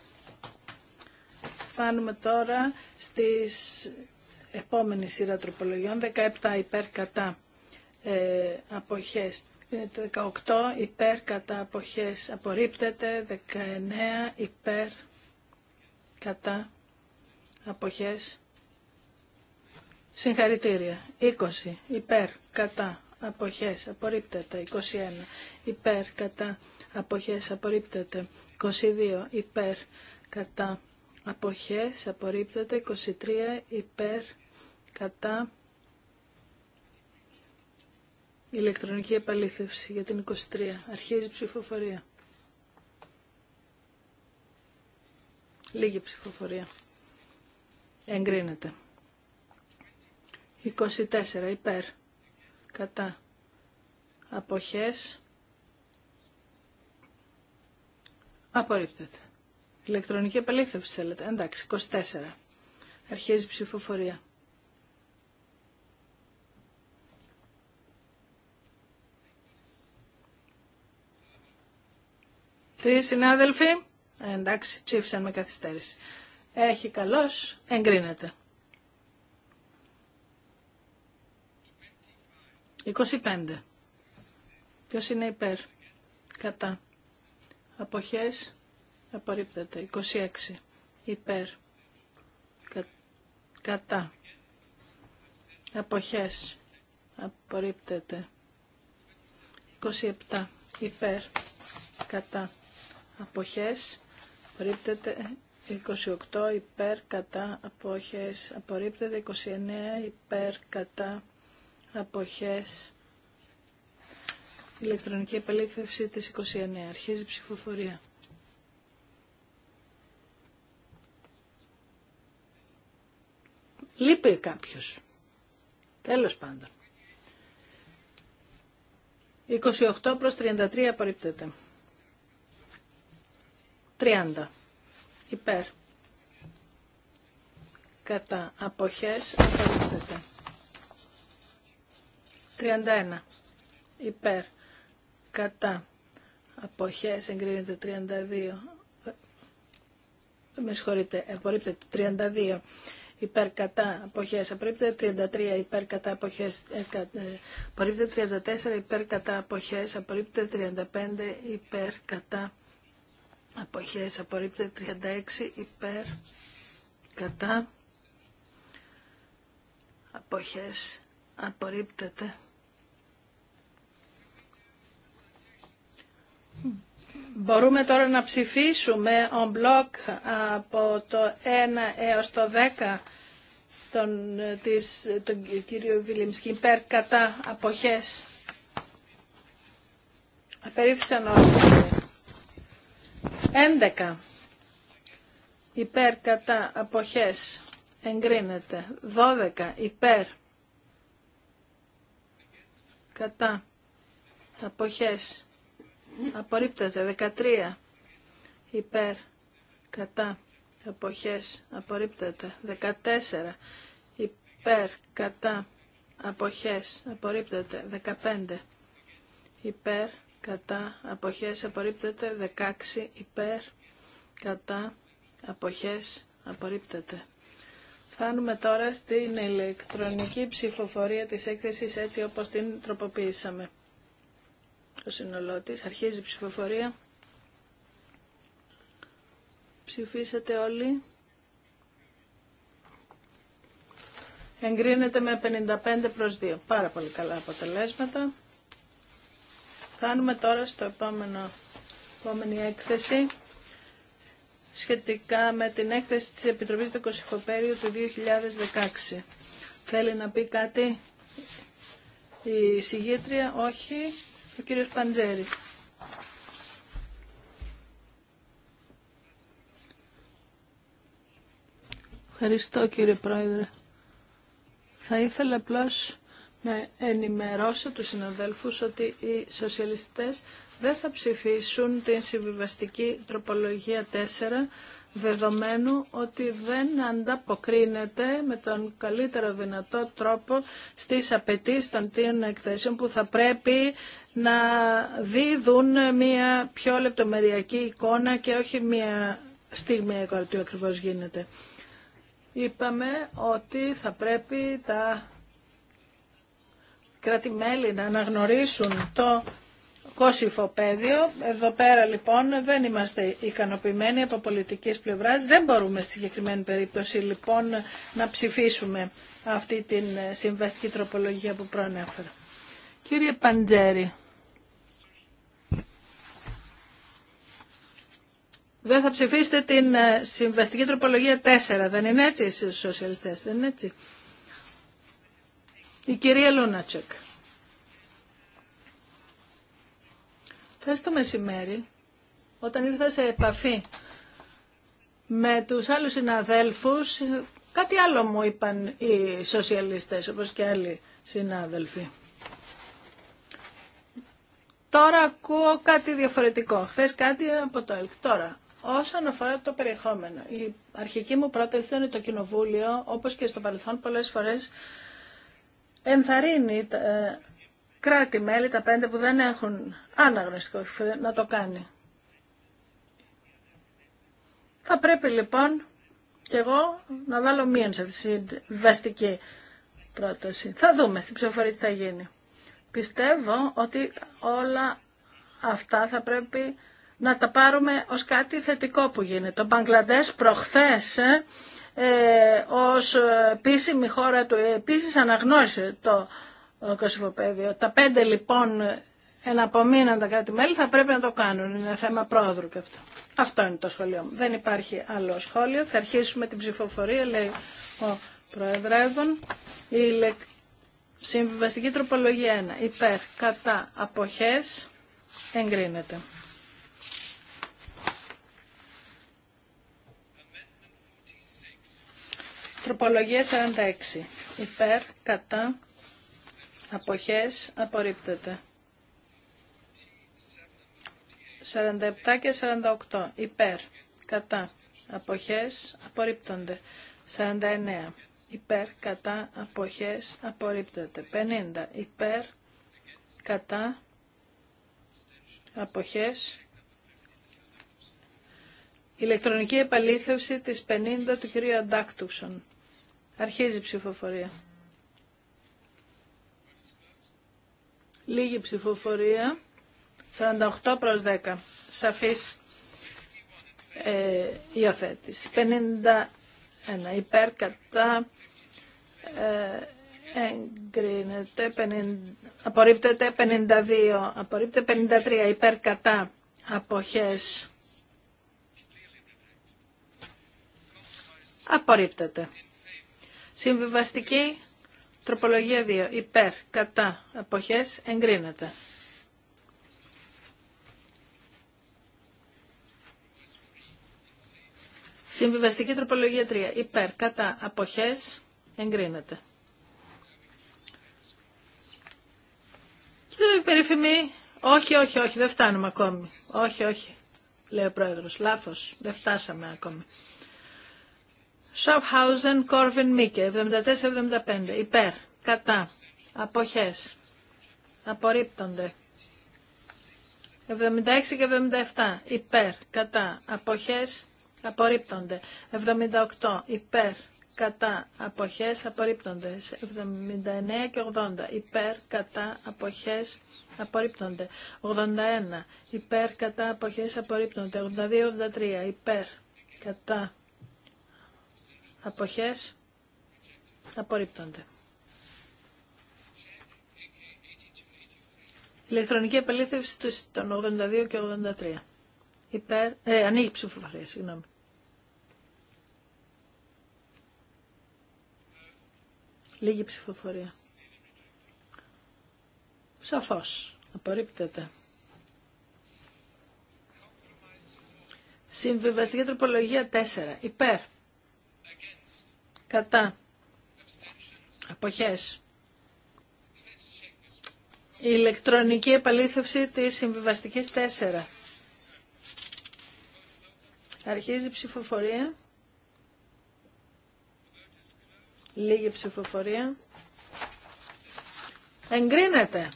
D: Φάνουμε τώρα στις επόμενη σειρά τροπολογιών. 17 υπέρ κατά ε, αποχές 18 υπέρ κατά αποχές απορρίπτεται, 19 υπέρ κατά αποχές συγχαρητήρια, 20 υπέρ κατά αποχές απορρίπτεται, 21 υπέρ κατά αποχές απορρίπτεται, 22 υπέρ κατά αποχές απορρίπτεται, 23 υπέρ κατά Ηλεκτρονική επαλήθευση για την 23. Αρχίζει ψηφοφορία. Λίγη ψηφοφορία. Εγκρίνεται. 24. Υπέρ. Κατά. Αποχές. Απορρίπτεται. Ηλεκτρονική επαλήθευση θέλετε. Εντάξει. 24. Αρχίζει ψηφοφορία. Τρεις συνάδελφοι. Ε, εντάξει, ψήφισαν με καθυστέρηση. Έχει καλώς, εγκρίνεται. 25. Ποιος είναι υπέρ. Κατά. Αποχές. Απορρίπτεται. 26. Υπέρ. κατά. Αποχές. Απορρίπτεται. 27. Υπέρ. Κατά αποχές απορρίπτεται 28 υπέρ κατά αποχές απορρίπτεται 29 υπέρ κατά αποχές ηλεκτρονική επαλήθευση της 29 αρχίζει ψηφοφορία Λείπει κάποιος. Τέλος πάντων. 28 προς 33 απορρίπτεται. 30. Υπέρ. Κατά αποχές 31. Υπέρ. Κατά αποχές εγκρίνεται 32. Με συγχωρείτε, απορρίπτεται 32 υπέρ κατά αποχές απορρίπτεται 33 ε, ε, υπέρ κατά αποχές απορρίπτεται 34 υπέρ κατά αποχές απορρίπτεται 35 υπέρ κατά αποχές απορρίπτεται 36 υπέρ κατά αποχές απορρίπτεται Μπορούμε τώρα να ψηφίσουμε on block από το 1 έως το 10 τον, της, τον κύριο Βιλιμσκι υπέρ κατά αποχές. Απερίφθησαν όλοι. 11 υπέρ κατά αποχές εγκρίνεται 12 υπέρ κατά αποχές απορρίπτεται 13 υπέρ κατά αποχές απορρίπτεται 14 υπέρ κατά αποχές απορρίπτεται 15 υπέρ κατά αποχές απορρίπτεται 16 υπέρ κατά αποχές απορρίπτεται. Φτάνουμε τώρα στην ηλεκτρονική ψηφοφορία της έκθεσης έτσι όπως την τροποποιήσαμε. Το σύνολό της αρχίζει η ψηφοφορία. Ψηφίσατε όλοι. Εγκρίνεται με 55 προς 2. Πάρα πολύ καλά αποτελέσματα. Φτάνουμε τώρα στο επόμενο, επόμενη έκθεση σχετικά με την έκθεση της Επιτροπής του Κωσυχοπέριου του 2016. Θέλει να πει κάτι η συγγήτρια, όχι, ο κύριος Παντζέρη. Ευχαριστώ κύριε Πρόεδρε. Θα ήθελα απλώς να ενημερώσω τους συναδέλφους ότι οι σοσιαλιστές δεν θα ψηφίσουν την συμβιβαστική τροπολογία 4 δεδομένου ότι δεν ανταποκρίνεται με τον καλύτερο δυνατό τρόπο στις απαιτήσεις των τίνων εκθέσεων που θα πρέπει να δίδουν μια πιο λεπτομεριακή εικόνα και όχι μια στιγμή εικόνα του ακριβώς γίνεται. Είπαμε ότι θα πρέπει τα κράτη-μέλη να αναγνωρίσουν το κόσυφο πέδιο. Εδώ πέρα λοιπόν δεν είμαστε ικανοποιημένοι από πολιτικής πλευράς. Δεν μπορούμε στη συγκεκριμένη περίπτωση λοιπόν να ψηφίσουμε αυτή την συμβαστική τροπολογία που προανέφερα. Κύριε Παντζέρη. Δεν θα ψηφίσετε την συμβαστική τροπολογία 4, δεν είναι έτσι στους σοσιαλιστές, δεν είναι έτσι. Η κυρία Λούνατσεκ. Θες το μεσημέρι, όταν ήρθα σε επαφή με τους άλλους συναδέλφους, κάτι άλλο μου είπαν οι σοσιαλιστές, όπως και άλλοι συνάδελφοι. Τώρα ακούω κάτι διαφορετικό. Χθε κάτι από το ΕΛΚ. Τώρα, όσον αφορά το περιεχόμενο, η αρχική μου πρόταση ήταν το Κοινοβούλιο, όπως και στο παρελθόν πολλές φορές, ενθαρρύνει ε, κράτη-μέλη, τα πέντε που δεν έχουν αναγνωστικό να το κάνει. Θα πρέπει λοιπόν και εγώ να βάλω μία σε αυτή τη πρόταση. Θα δούμε στην ψηφοφορία τι θα γίνει. Πιστεύω ότι όλα αυτά θα πρέπει να τα πάρουμε ως κάτι θετικό που γίνεται. Το Μπαγκλαντές προχθές ε, ε, ως επίσημη χώρα του. Επίσης αναγνώρισε το Κωσυφοπαίδιο. Τα πέντε λοιπόν εναπομείναν τα κράτη-μέλη θα πρέπει να το κάνουν. Είναι θέμα πρόεδρου και αυτό. Αυτό είναι το σχολείο μου. Δεν υπάρχει άλλο σχόλιο. Θα αρχίσουμε την ψηφοφορία, λέει ο Προεδρεύων. Η συμβιβαστική τροπολογία 1. Υπέρ, κατά, αποχές, εγκρίνεται. Τροπολογία 46. Υπέρ, κατά, αποχές, απορρίπτεται. 47 και 48. Υπέρ, κατά, αποχές, απορρίπτονται. 49. Υπέρ, κατά, αποχές, απορρίπτεται. 50. Υπέρ, κατά, αποχές, ηλεκτρονική επαλήθευση της 50 του κυρίου Αντάκτουξον. Αρχίζει η ψηφοφορία. Λίγη ψηφοφορία. 48 προς 10. Σαφής ε, υιοθέτηση. 51 υπέρ κατά ε, εγκρίνεται. 50, απορρίπτεται 52. Απορρίπτεται 53 υπέρ κατά αποχές. Απορρίπτεται. Συμβιβαστική τροπολογία 2. Υπέρ, κατά, αποχές, εγκρίνεται. Συμβιβαστική τροπολογία 3. Υπέρ, κατά, αποχές, εγκρίνεται. Κοίτα περίφημη. Όχι, όχι, όχι, δεν φτάνουμε ακόμη. Όχι, όχι, λέει ο πρόεδρος. Λάθος, δεν φτάσαμε ακόμη. Σαφχάουζεν Κόρβιν Μίκε, 74-75. Υπέρ. Κατά. Αποχές. Απορρίπτονται. 76 και 77. Υπέρ. Κατά. Αποχές. Απορρίπτονται. 78. Υπέρ. Κατά. Αποχές. Απορρίπτονται. 79 και 80. Υπέρ. Κατά. Αποχές. Απορρίπτονται. 81. Υπέρ. Κατά. Αποχές. Απορρίπτονται. 82-83. Υπέρ. Κατά αποχές απορρίπτονται. Ηλεκτρονική επαλήθευση των 82 και 83. Υπέρ, ε, ανοίγει ψηφοφορία, συγγνώμη. Λίγη ψηφοφορία. Σαφώς. Απορρίπτεται. Συμβιβαστική τροπολογία 4. Υπέρ κατά αποχές. Η ηλεκτρονική επαλήθευση της συμβιβαστικής 4. Αρχίζει η ψηφοφορία. Λίγη ψηφοφορία. Εγκρίνεται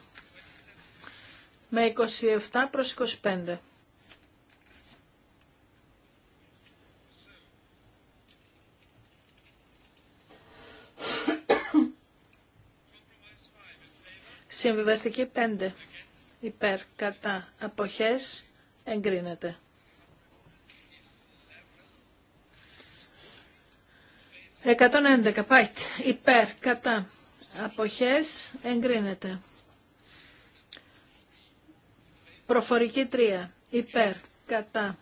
D: με 27 προς 25. Συμβιβαστική 5. Υπέρ, κατά, αποχές, εγκρίνεται. 111. Πάει. Υπέρ, κατά, αποχές, εγκρίνεται. Προφορική 3. Υπέρ, κατά,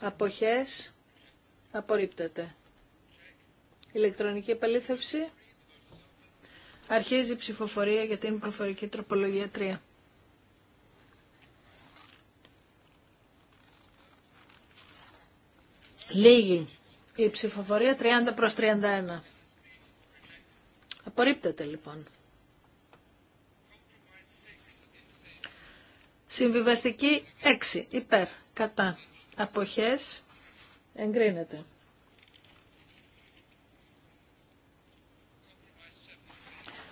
D: αποχές, απορρίπτεται. Ηλεκτρονική επαλήθευση. Αρχίζει η ψηφοφορία για την προφορική τροπολογία 3. Λίγη. Η ψηφοφορία 30 προς 31. Απορρίπτεται λοιπόν. Συμβιβαστική 6. Υπέρ. Κατά. Αποχές. Εγκρίνεται.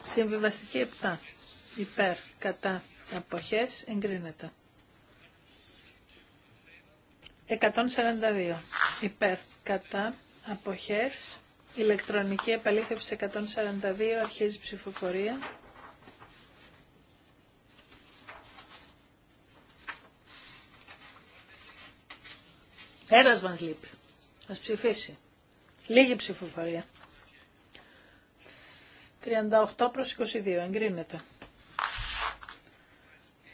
D: Συμβιβαστική 7. Υπέρ, κατά, αποχές, εγκρίνεται. 142. Υπέρ, κατά, αποχές, ηλεκτρονική επαλήθευση 142, αρχίζει ψηφοφορία. Ένας μας λείπει. Ας ψηφίσει. Λίγη ψηφοφορία. 38 προς 22 εγκρίνεται.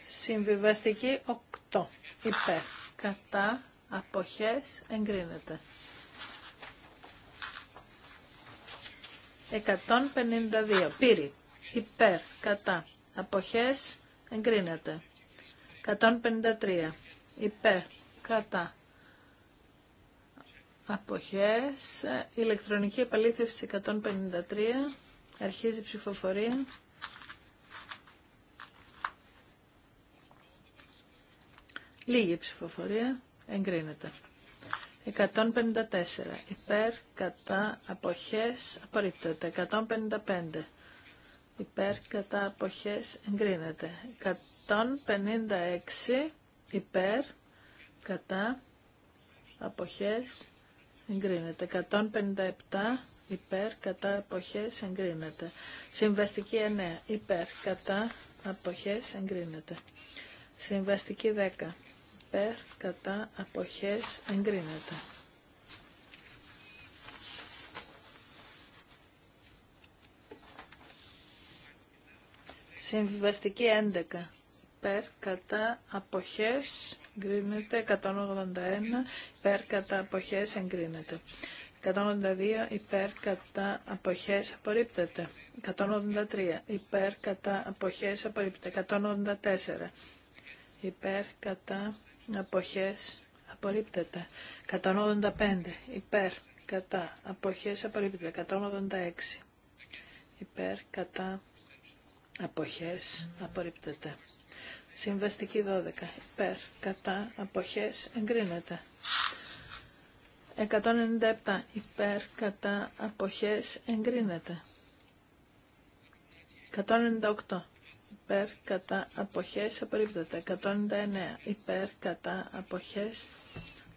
D: Συμβιβαστική 8 υπέρ. Κατά αποχές εγκρίνεται. 152 πύρη υπέρ. Κατά αποχές εγκρίνεται. 153 υπέρ. Κατά αποχές ε, ηλεκτρονική επαλήθευση 153 Αρχίζει η ψηφοφορία. Λίγη ψηφοφορία. Εγκρίνεται. 154. Υπέρ, κατά, αποχές, απορρίπτεται. 155. Υπέρ, κατά, αποχές, εγκρίνεται. 156. Υπέρ, κατά, αποχές, εγκρίνεται. 157 υπέρ κατά εποχές εγκρίνεται. Συμβαστική 9 υπέρ κατά αποχές εγκρίνεται. Συμβαστική 10 υπέρ κατά αποχές εγκρίνεται. Συμβαστική 11 υπέρ κατά αποχές εγκρίνεται. 181 υπέρ κατά αποχές εγκρίνεται. 182 υπέρ κατά αποχές απορρίπτεται. 183 υπέρ κατά αποχές απορρίπτεται. 184 υπέρ κατά αποχές απορρίπτεται. 185 υπέρ κατά αποχές απορρίπτεται. 186 υπέρ κατά αποχές απορρίπτεται. Συμβαστική 12. Υπέρ. Κατά. Αποχές. Εγκρίνεται. 197. Υπέρ. Κατά. Αποχές. Εγκρίνεται. 198. Υπέρ. Κατά. Αποχές. Απορρίπτεται. 199. Υπέρ. Κατά. Αποχές.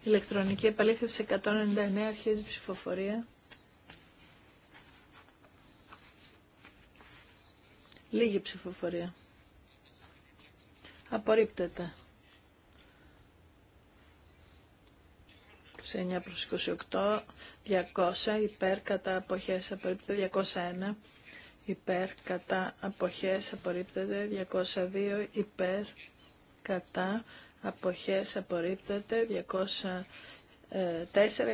D: Ηλεκτρονική επαλήθευση 199. Αρχίζει ψηφοφορία. Λίγη ψηφοφορία. Απορρίπτεται. 9 προς 28, 200 υπέρ κατά αποχές απορρίπτεται, 201 υπέρ κατά αποχές απορρίπτεται, 202 υπέρ κατά αποχές απορρίπτεται, 204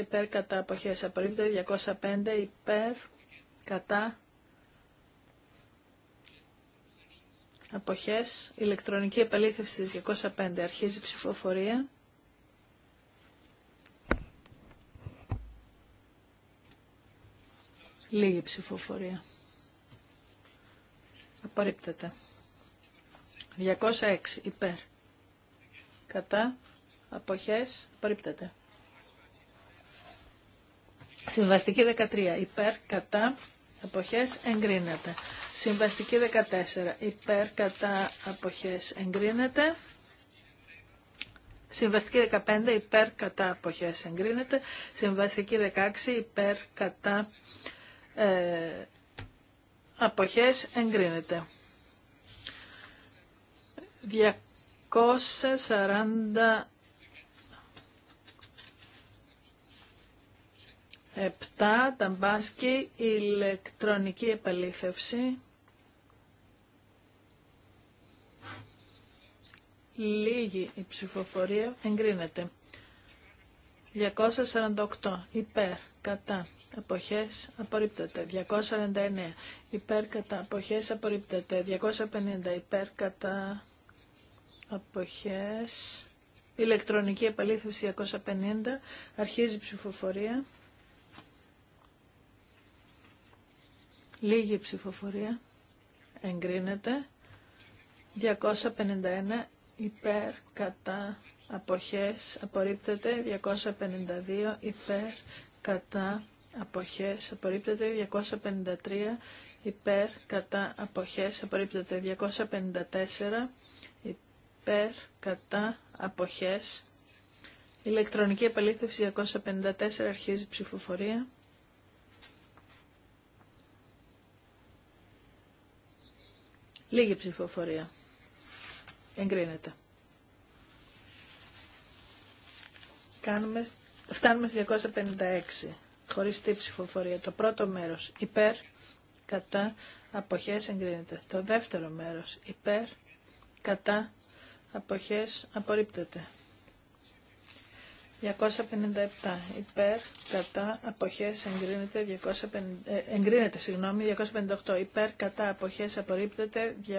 D: υπέρ κατά αποχές απορρίπτεται, 205 υπέρ κατά αποχές, ηλεκτρονική επαλήθευση της 205, αρχίζει ψηφοφορία. Λίγη ψηφοφορία. Απορρίπτεται. 206 υπέρ. Κατά. Αποχές. Απορρίπτεται. Συμβαστική 13 υπέρ. Κατά. Αποχές. Εγκρίνεται. Συμβαστική 14. Υπέρ κατά αποχές εγκρίνεται. Συμβαστική 15. Υπέρ κατά αποχές εγκρίνεται. Συμβαστική 16. Υπέρ κατά ε, αποχές εγκρίνεται. 240. 7. Ταμπάσκι, ηλεκτρονική επαλήθευση. Λίγη η ψηφοφορία εγκρίνεται. 248 υπέρ, κατά, αποχές, απορρίπτεται. 249 υπέρ, κατά, αποχές, απορρίπτεται. 250 υπέρ, κατά, αποχές. Ηλεκτρονική επαλήθευση 250, αρχίζει η ψηφοφορία. Λίγη ψηφοφορία. Εγκρίνεται. 251 υπέρ κατά αποχές. Απορρίπτεται. 252 υπέρ κατά αποχές. Απορρίπτεται. 253 υπέρ κατά αποχές. Απορρίπτεται. 254 υπέρ κατά αποχές. Ηλεκτρονική επαλήθευση 254 αρχίζει ψηφοφορία. Λίγη ψηφοφορία. Εγκρίνεται. Κάνουμε, φτάνουμε στη 256. χωρίς Χωριστή ψηφοφορία. Το πρώτο μέρος υπέρ, κατά, αποχές εγκρίνεται. Το δεύτερο μέρος υπέρ, κατά, αποχές απορρίπτεται. 257 υπέρ, κατά, αποχές, εγκρίνεται, 250, ε, εγκρίνεται συγγνώμη, 258 υπέρ, κατά, αποχές, απορρίπτεται, 200,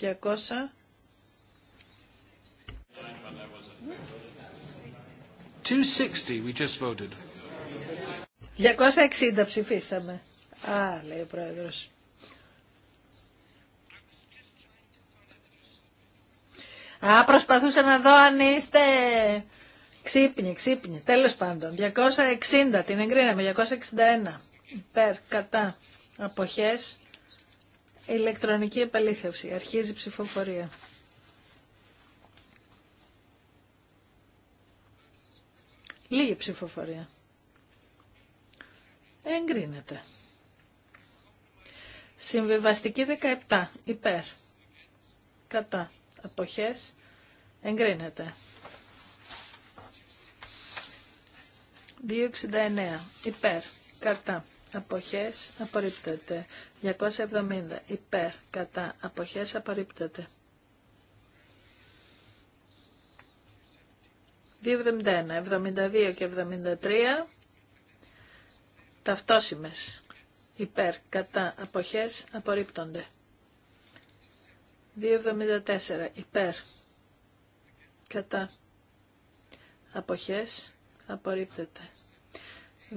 D: 200,
A: we just voted.
D: 260 ψηφίσαμε. Α, λέει ο πρόεδρος. Α, προσπαθούσα να δω αν είστε Ξύπνη, ξύπνοι. Τέλος πάντων, 260, την εγκρίναμε, 261. Υπέρ, κατά, αποχές, ηλεκτρονική επαλήθευση. Αρχίζει η ψηφοφορία. Λίγη ψηφοφορία. Εγκρίνεται. Συμβιβαστική 17. Υπέρ. Κατά αποχές εγκρίνεται. 269 υπέρ κατά αποχές απορρίπτεται. 270 υπέρ κατά αποχές απορρίπτεται. 271, 72 και 73 ταυτόσιμες υπέρ κατά αποχές απορρίπτονται. 2.74 υπέρ κατά αποχές απορρίπτεται.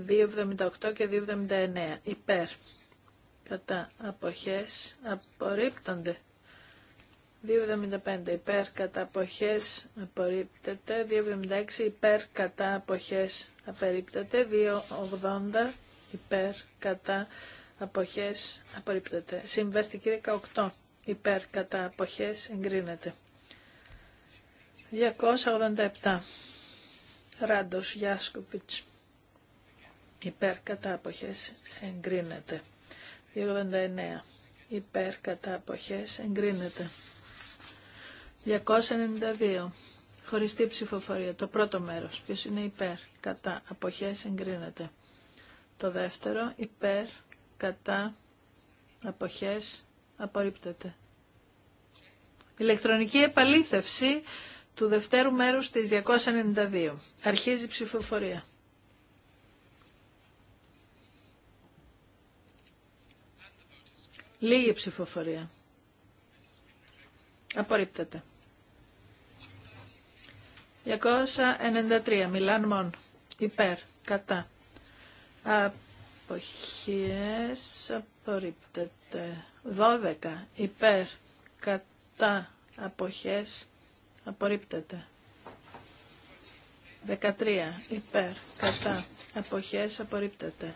D: 2.78 και 2.79 υπέρ κατά αποχές απορρίπτονται. 2.75 υπέρ κατά αποχές απορρίπτεται. 2.76 υπέρ κατά αποχές απερίπτεται. 2.80 υπέρ κατά αποχές απορρίπτεται. Συμβαστική 18 υπέρ κατά αποχές εγκρίνεται. 287 Ράντος Γιάσκοβιτς υπέρ κατά αποχές εγκρίνεται. 289 υπέρ κατά αποχές εγκρίνεται. 292 χωριστή ψηφοφορία. Το πρώτο μέρος. Ποιος είναι υπέρ, κατά, αποχές, εγκρίνεται. Το δεύτερο, υπέρ, κατά, αποχές, Απορρίπτεται. Ηλεκτρονική επαλήθευση του δευτέρου μέρους της 292. Αρχίζει η ψηφοφορία. Λίγη ψηφοφορία. Απορρίπτεται. 293. Μιλάν μόνο. Υπέρ. Κατά εποχές απορρίπτεται. 12 υπέρ κατά αποχές απορρίπτεται. 13 υπέρ κατά αποχές απορρίπτεται.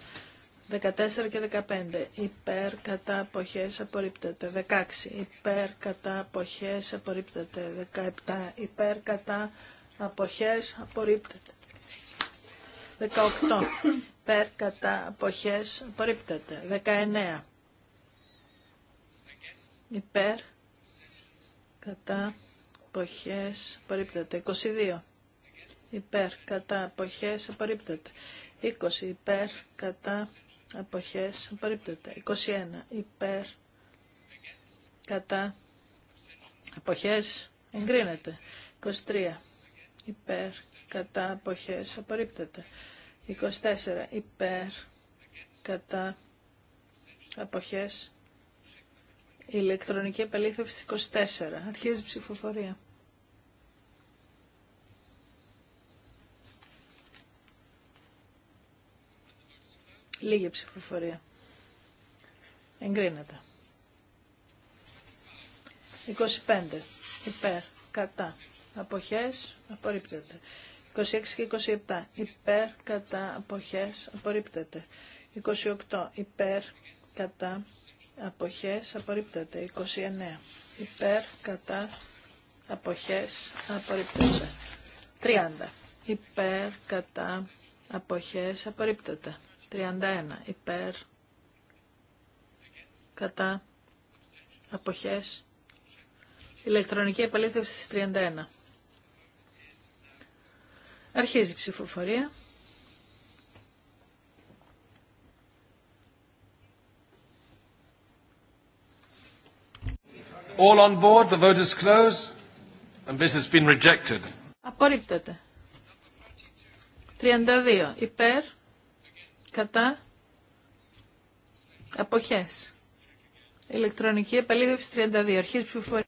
D: 14 και 15 υπέρ κατά αποχές απορρίπτεται. 16 υπέρ κατά αποχές απορρίπτεται. 17 υπέρ κατά αποχές απορρίπτεται. 18 υπέρ κατά αποχές απορρίπτεται. 19 υπέρ κατά αποχές απορρίπτεται. 22 υπέρ κατά αποχές απορρίπτεται. 20 υπέρ κατά αποχές απορρίπτεται. 21 υπέρ κατά αποχές εγκρίνεται. 23 υπέρ κατά αποχές απορρίπτεται. 24 υπέρ κατά αποχές ηλεκτρονική επαλήθευση 24 αρχίζει ψηφοφορία λίγη ψηφοφορία εγκρίνεται 25 υπέρ κατά αποχές απορρίπτεται 26 και 27 υπέρ κατά αποχές απορρίπτεται. 28 υπέρ κατά αποχές απορρίπτεται. 29 υπέρ κατά αποχές απορρίπτεται. 30 υπέρ κατά αποχές απορρίπτεται. 31 υπέρ κατά αποχές ηλεκτρονική επαλήθευση στις 31. Αρχίζει η ψηφοφορία.
A: All on board, the vote is closed and this has been rejected.
D: Απορρίπτεται. 32. Υπέρ, κατά, αποχές. Ηλεκτρονική επαλήθευση 32. Αρχίζει ψηφοφορία.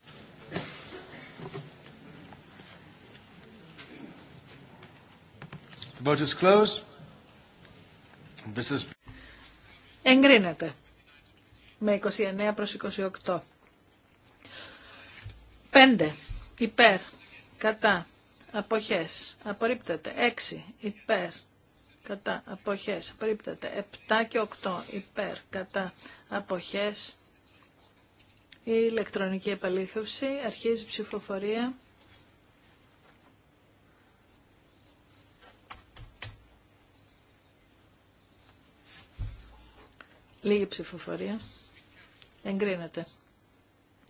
A: This is...
D: Εγκρίνεται με 29 προς 28. 5. Υπέρ. Κατά. Αποχές. Απορρίπτεται. 6. Υπέρ. Κατά. Αποχές. Απορρίπτεται. 7 και 8. Υπέρ. Κατά. Αποχές. Η ηλεκτρονική επαλήθευση. Αρχίζει ψηφοφορία. Λίγη ψηφοφορία. Εγκρίνεται.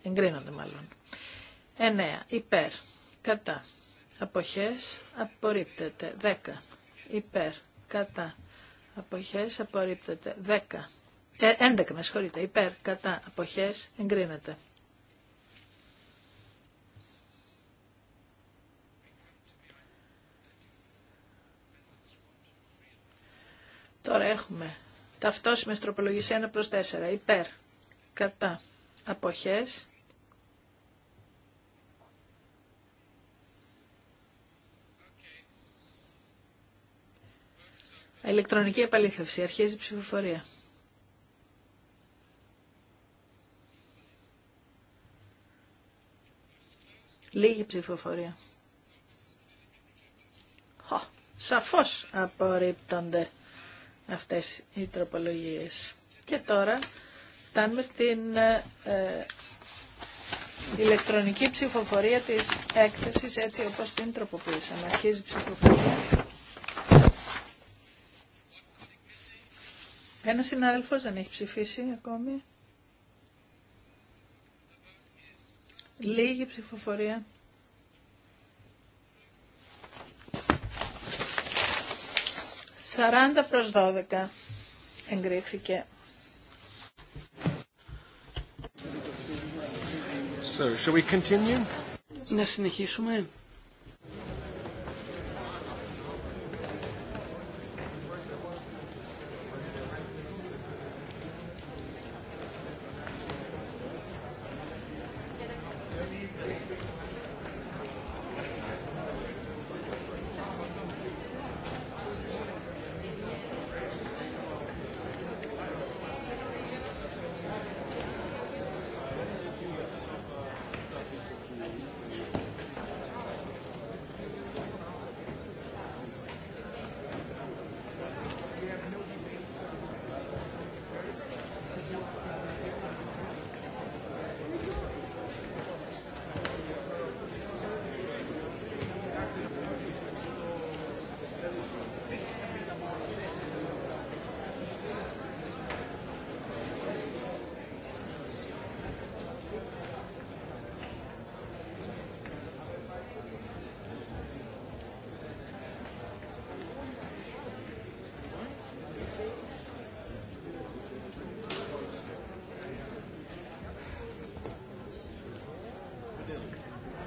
D: Εγκρίνονται μάλλον. 9. Υπέρ. Κατά. Αποχές. Απορρίπτεται. 10. Υπέρ. Κατά. Αποχές. Απορρίπτεται. 10. Ε, Με συγχωρείτε. Υπέρ. Κατά. Αποχές. Εγκρίνεται. Τώρα έχουμε ταυτόσιμες τροπολογίες 1 προς 4 υπέρ κατά αποχές Ηλεκτρονική επαλήθευση. Αρχίζει η ψηφοφορία. Λίγη ψηφοφορία. σαφώς απορρίπτονται αυτές οι τροπολογίες. Και τώρα φτάνουμε στην ε, ε, ηλεκτρονική ψηφοφορία της έκθεσης έτσι όπως την τροποποίησαμε. Αρχίζει η ψηφοφορία. Ένα συνάδελφος δεν έχει ψηφίσει ακόμη. Λίγη ψηφοφορία. 40 προς 12 εγκρίθηκε.
A: So, shall we continue?
C: Να συνεχίσουμε.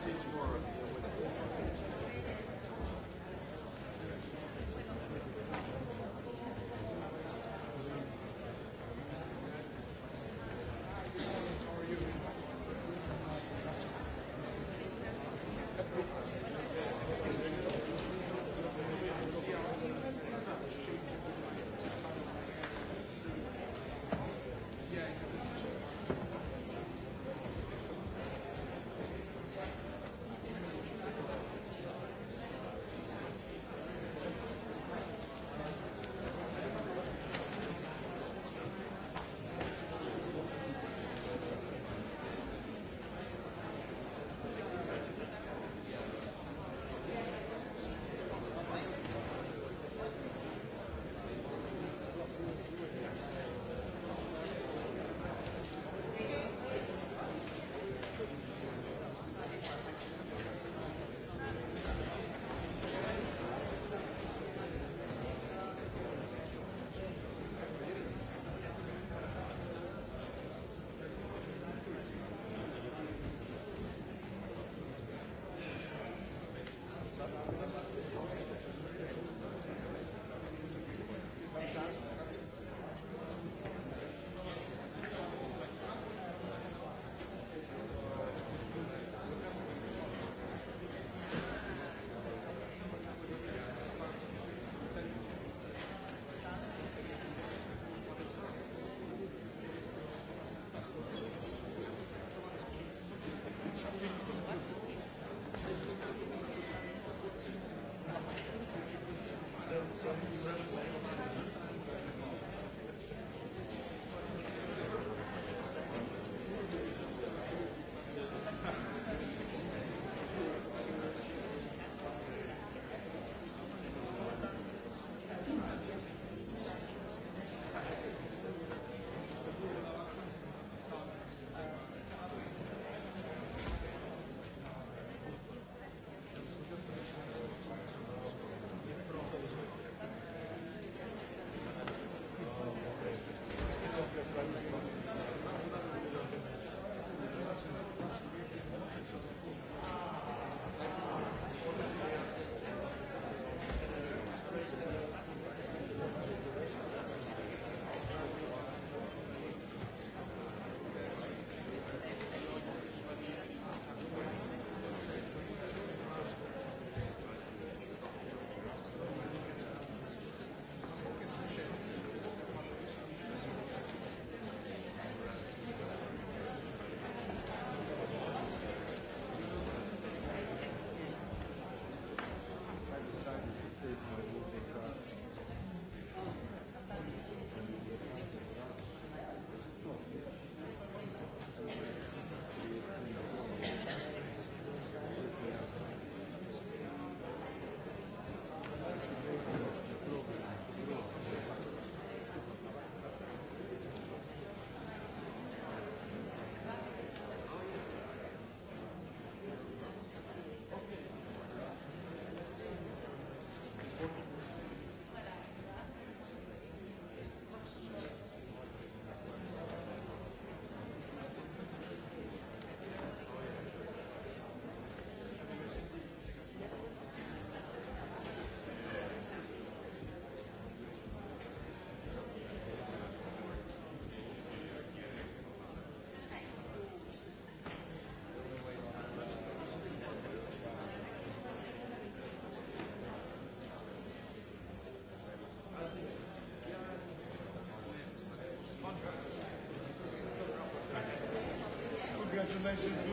A: Υπότιτλοι for information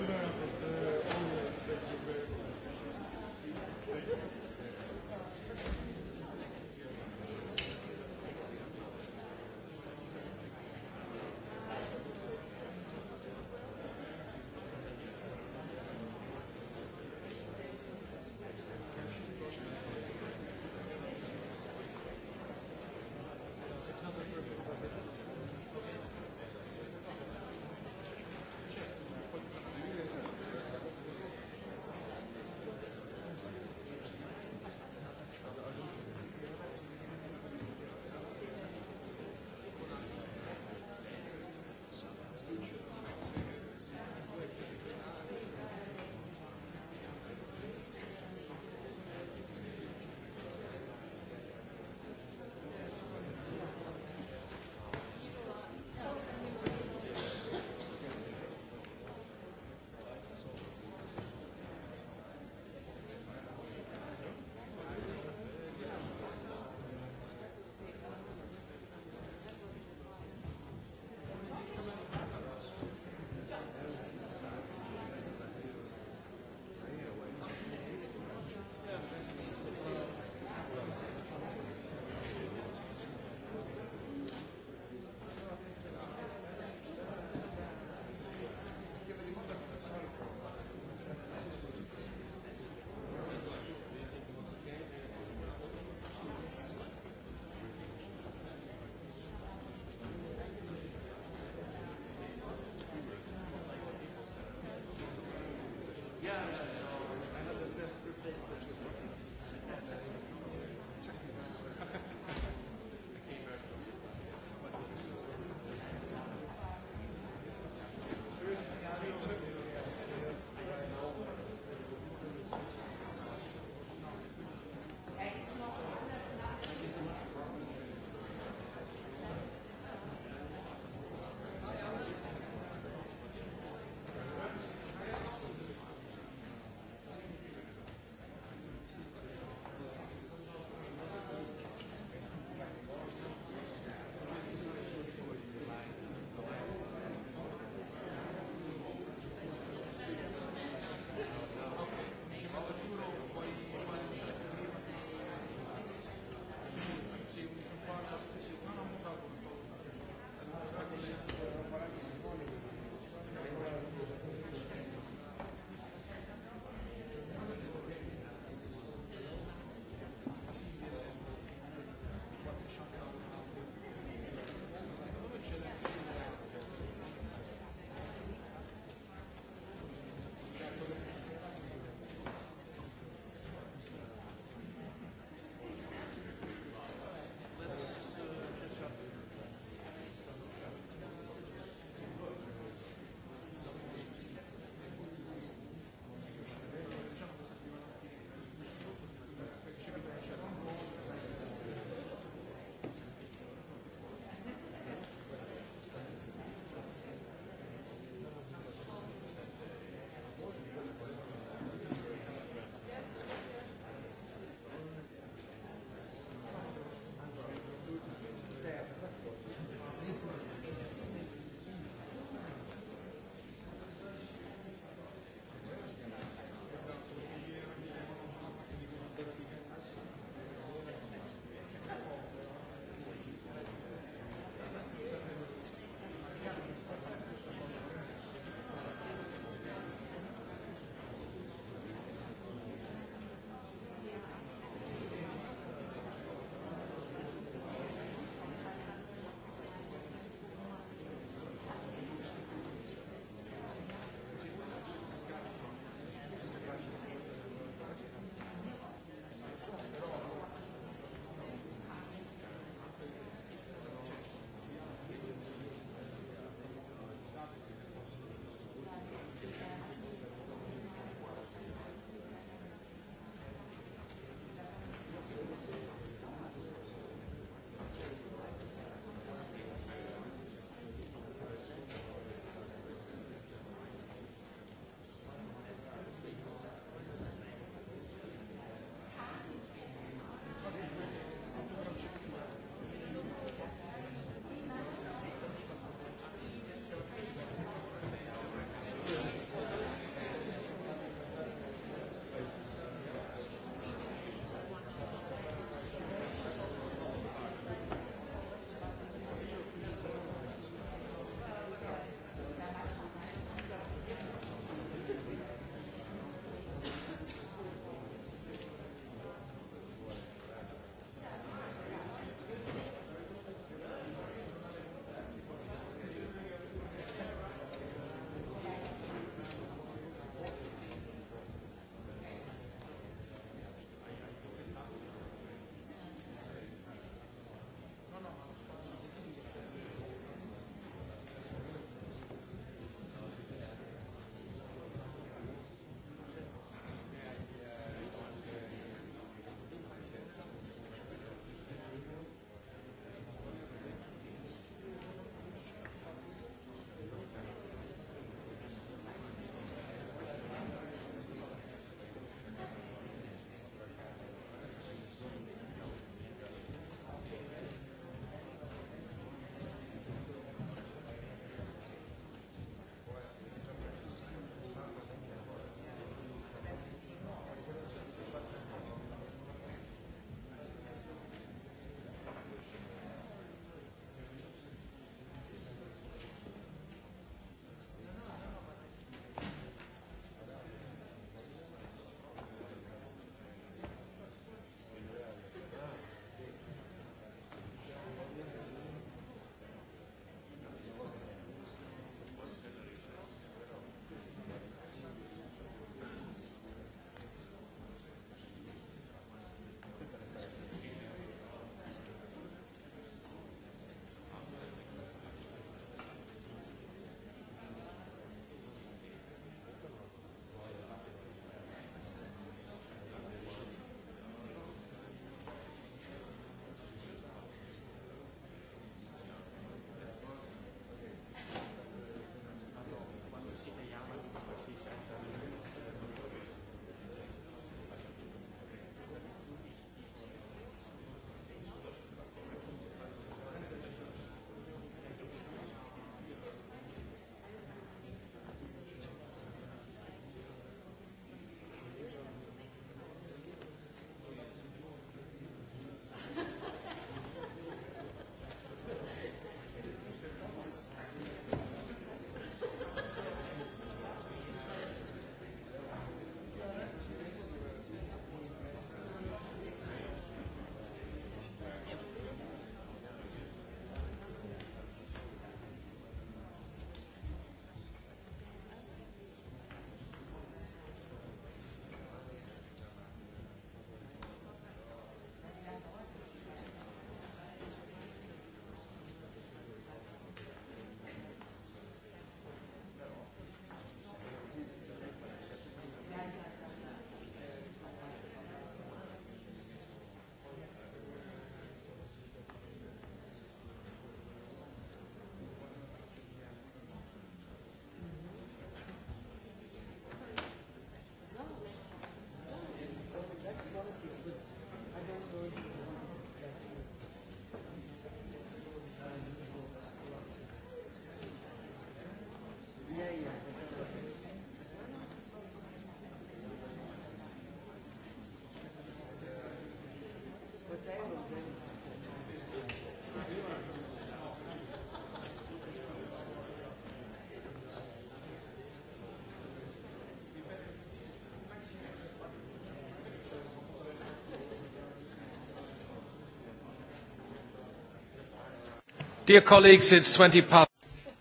A: Dear colleagues, it's 20 past.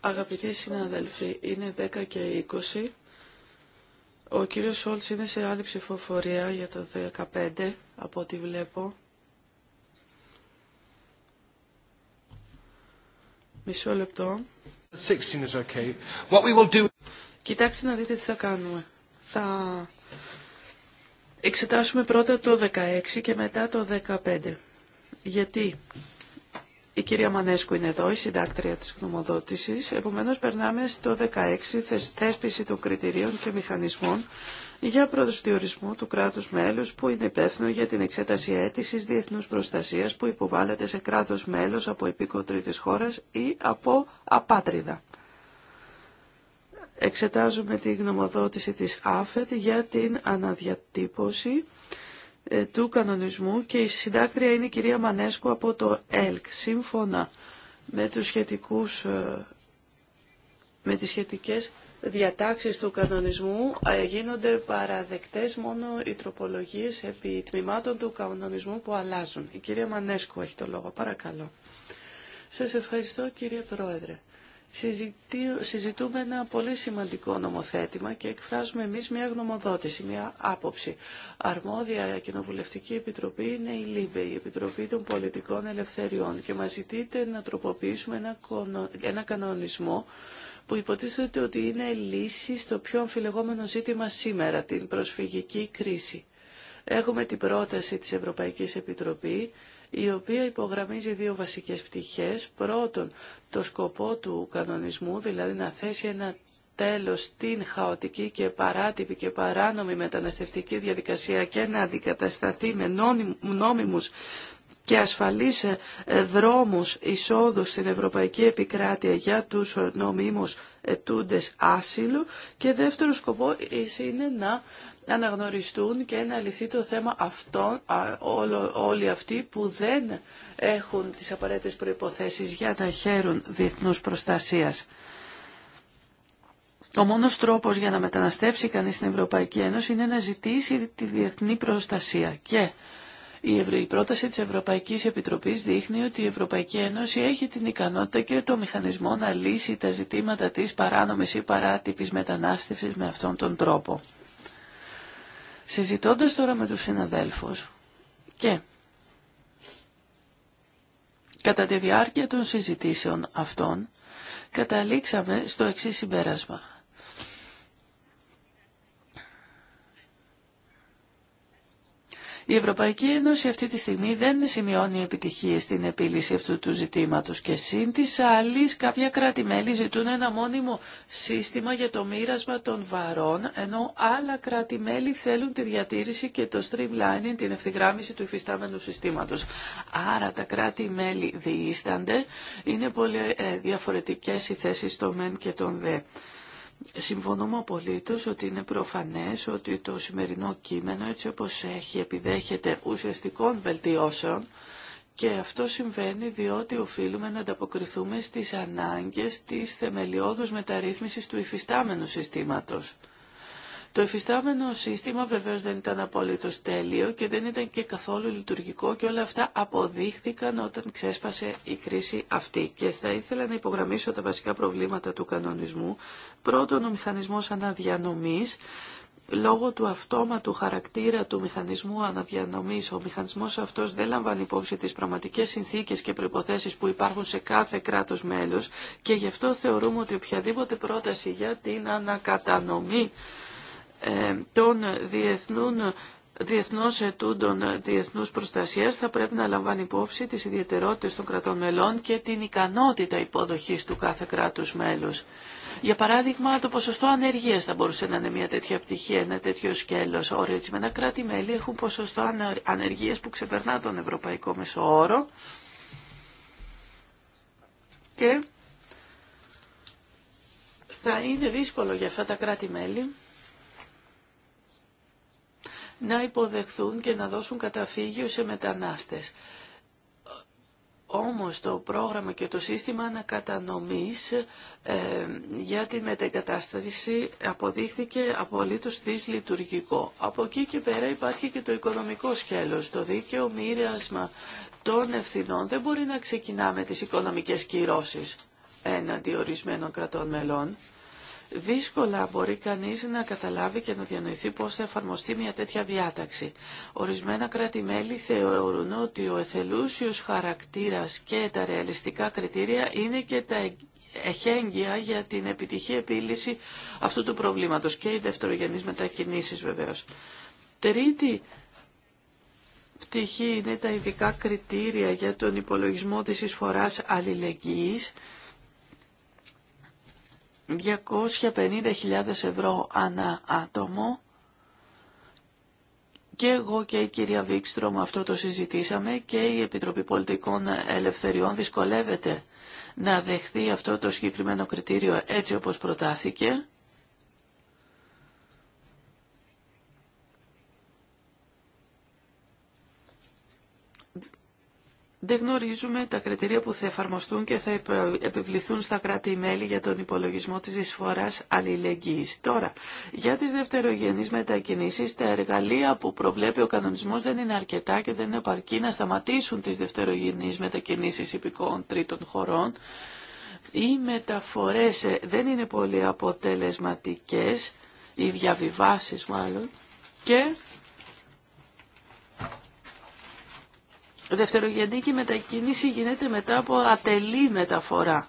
C: Αγαπητοί συνάδελφοι, είναι 10 και 20. Ο κύριος Σόλτς είναι σε άλλη ψηφοφορία για το 15, από ό,τι βλέπω. Μισό λεπτό.
A: 16 is okay. What we will do...
C: Κοιτάξτε να δείτε τι θα κάνουμε. Θα εξετάσουμε πρώτα το 16 και μετά το 15. Γιατί η κυρία Μανέσκου είναι εδώ, η συντάκτρια της γνωμοδότησης. Επομένως, περνάμε στο 16, θέσπιση των κριτηρίων και μηχανισμών για προσδιορισμό του κράτους μέλους που είναι υπεύθυνο για την εξέταση αίτησης διεθνούς προστασίας που υποβάλλεται σε κράτος μέλος από υπήκο τρίτης χώρας ή από απάτριδα. Εξετάζουμε τη γνωμοδότηση της ΑΦΕΤ για την αναδιατύπωση ε, του κανονισμού και η συντάκτρια είναι η κυρία Μανέσκου από το ΕΛΚ. Σύμφωνα με, τους σχετικούς, ε, με τις σχετικές διατάξεις του κανονισμού ε, γίνονται παραδεκτές μόνο οι τροπολογίες επί τμήματων του κανονισμού που αλλάζουν. Η κυρία Μανέσκου έχει το λόγο. Παρακαλώ. Σας ευχαριστώ κύριε Πρόεδρε συζητούμε ένα πολύ σημαντικό νομοθέτημα και εκφράζουμε εμείς μια γνωμοδότηση, μια άποψη. Αρμόδια Κοινοβουλευτική Επιτροπή είναι η ΛΥΜΠΕ, η Επιτροπή των Πολιτικών Ελευθεριών και μας ζητείτε να τροποποιήσουμε ένα κανονισμό που υποτίθεται ότι είναι λύση στο πιο αμφιλεγόμενο ζήτημα σήμερα, την προσφυγική κρίση. Έχουμε την πρόταση της Ευρωπαϊκής Επιτροπής η οποία υπογραμμίζει δύο βασικές πτυχές. Πρώτον, το σκοπό του κανονισμού, δηλαδή να θέσει ένα τέλος στην χαοτική και παράτυπη και παράνομη μεταναστευτική διαδικασία και να αντικατασταθεί με νόμιμους και ασφαλείς ε, δρόμους εισόδου στην Ευρωπαϊκή Επικράτεια για τους νομίμους ετούντες άσυλου και δεύτερο σκοπό είναι να να αναγνωριστούν και να λυθεί το θέμα αυτών όλοι αυτοί που δεν έχουν τις απαραίτητες προϋποθέσεις για να χαίρουν διεθνούς προστασίας. Ο μόνος τρόπος για να μεταναστεύσει κανείς στην Ευρωπαϊκή Ένωση είναι να ζητήσει τη διεθνή προστασία και η πρόταση της Ευρωπαϊκής Επιτροπής δείχνει ότι η Ευρωπαϊκή Ένωση έχει την ικανότητα και το μηχανισμό να λύσει τα ζητήματα της παράνομης ή παράτυπης μετανάστευσης με αυτόν τον τρόπο. Συζητώντας τώρα με τους συναδέλφους και κατά τη διάρκεια των συζητήσεων αυτών, καταλήξαμε στο εξής συμπέρασμα. Η Ευρωπαϊκή Ένωση αυτή τη στιγμή δεν σημειώνει επιτυχίε στην επίλυση αυτού του ζητήματος και σύν τη αλλη καποια κάποια κράτη-μέλη ζητούν ένα μόνιμο σύστημα για το μοίρασμα των βαρών ενώ άλλα κράτη-μέλη θέλουν τη διατήρηση και το streamlining, την ευθυγράμμιση του υφιστάμενου συστήματος. Άρα τα κράτη-μέλη διείστανται, είναι πολύ ε, διαφορετικέ οι θέσει των μεν και των δε. Συμφωνούμε απολύτω ότι είναι προφανές ότι το σημερινό κείμενο έτσι όπως έχει επιδέχεται ουσιαστικών βελτιώσεων και αυτό συμβαίνει διότι οφείλουμε να ανταποκριθούμε στις ανάγκες της θεμελιώδου μεταρρύθμισης του υφιστάμενου συστήματος. Το εφιστάμενο σύστημα βεβαίως δεν ήταν απολύτως τέλειο και δεν ήταν και καθόλου λειτουργικό και όλα αυτά αποδείχθηκαν όταν ξέσπασε η κρίση αυτή. Και θα ήθελα να υπογραμμίσω τα βασικά προβλήματα του κανονισμού. Πρώτον, ο μηχανισμός αναδιανομής λόγω του αυτόματου χαρακτήρα του μηχανισμού αναδιανομής, ο μηχανισμός αυτός δεν λαμβάνει υπόψη τις πραγματικές συνθήκες και προϋποθέσεις που υπάρχουν σε κάθε κράτος μέλος και γι' αυτό θεωρούμε ότι οποιαδήποτε πρόταση για την ανακατανομή ε, των διεθνών διεθνώς ετούντων διεθνούς προστασίας θα πρέπει να λαμβάνει υπόψη τις ιδιαιτερότητες των κρατών μελών και την ικανότητα υποδοχής του κάθε κράτους μέλους. Για παράδειγμα, το ποσοστό ανεργία θα μπορούσε να είναι μια τέτοια πτυχία, ένα τέτοιο σκέλο. Ορισμένα κράτη-μέλη έχουν ποσοστό ανεργία που ξεπερνά τον ευρωπαϊκό όρο. Και θα είναι δύσκολο για αυτά τα κράτη-μέλη να υποδεχθούν και να δώσουν καταφύγιο σε μετανάστες. Όμως το πρόγραμμα και το σύστημα ανακατανομής ε, για τη μετεγκατάσταση αποδείχθηκε απολύτως δυσλειτουργικό. Από εκεί και πέρα υπάρχει και το οικονομικό σκέλος. Το δίκαιο μοίρασμα των ευθυνών δεν μπορεί να ξεκινά με τις οικονομικές κυρώσεις έναντι ορισμένων κρατών μελών δύσκολα μπορεί κανείς να καταλάβει και να διανοηθεί πώς θα εφαρμοστεί μια τέτοια διάταξη. Ορισμένα κράτη-μέλη θεωρούν ότι ο εθελούσιος χαρακτήρας και τα ρεαλιστικά κριτήρια είναι και τα εχέγγυα για την επιτυχή επίλυση αυτού του προβλήματος και οι δευτερογενείς μετακινήσεις βεβαίως. Τρίτη πτυχή είναι τα ειδικά κριτήρια για τον υπολογισμό της εισφοράς αλληλεγγύης 250.000 ευρώ ανά άτομο και εγώ και η κυρία Βίξτρομ αυτό το συζητήσαμε και η Επιτροπή Πολιτικών Ελευθεριών δυσκολεύεται να δεχθεί αυτό το συγκεκριμένο κριτήριο έτσι όπως προτάθηκε δεν γνωρίζουμε τα κριτήρια που θα εφαρμοστούν και θα επιβληθούν στα κράτη-μέλη για τον υπολογισμό της εισφοράς αλληλεγγύης. Τώρα, για τις δευτερογενείς μετακινήσεις, τα εργαλεία που προβλέπει ο κανονισμός δεν είναι αρκετά και δεν είναι επαρκή να σταματήσουν τις δευτερογενείς μετακινήσεις υπηκών τρίτων χωρών. Οι μεταφορές ε, δεν είναι πολύ αποτελεσματικές, οι διαβιβάσεις μάλλον, και δευτερογενή μετακίνηση γίνεται μετά από ατελή μεταφορά.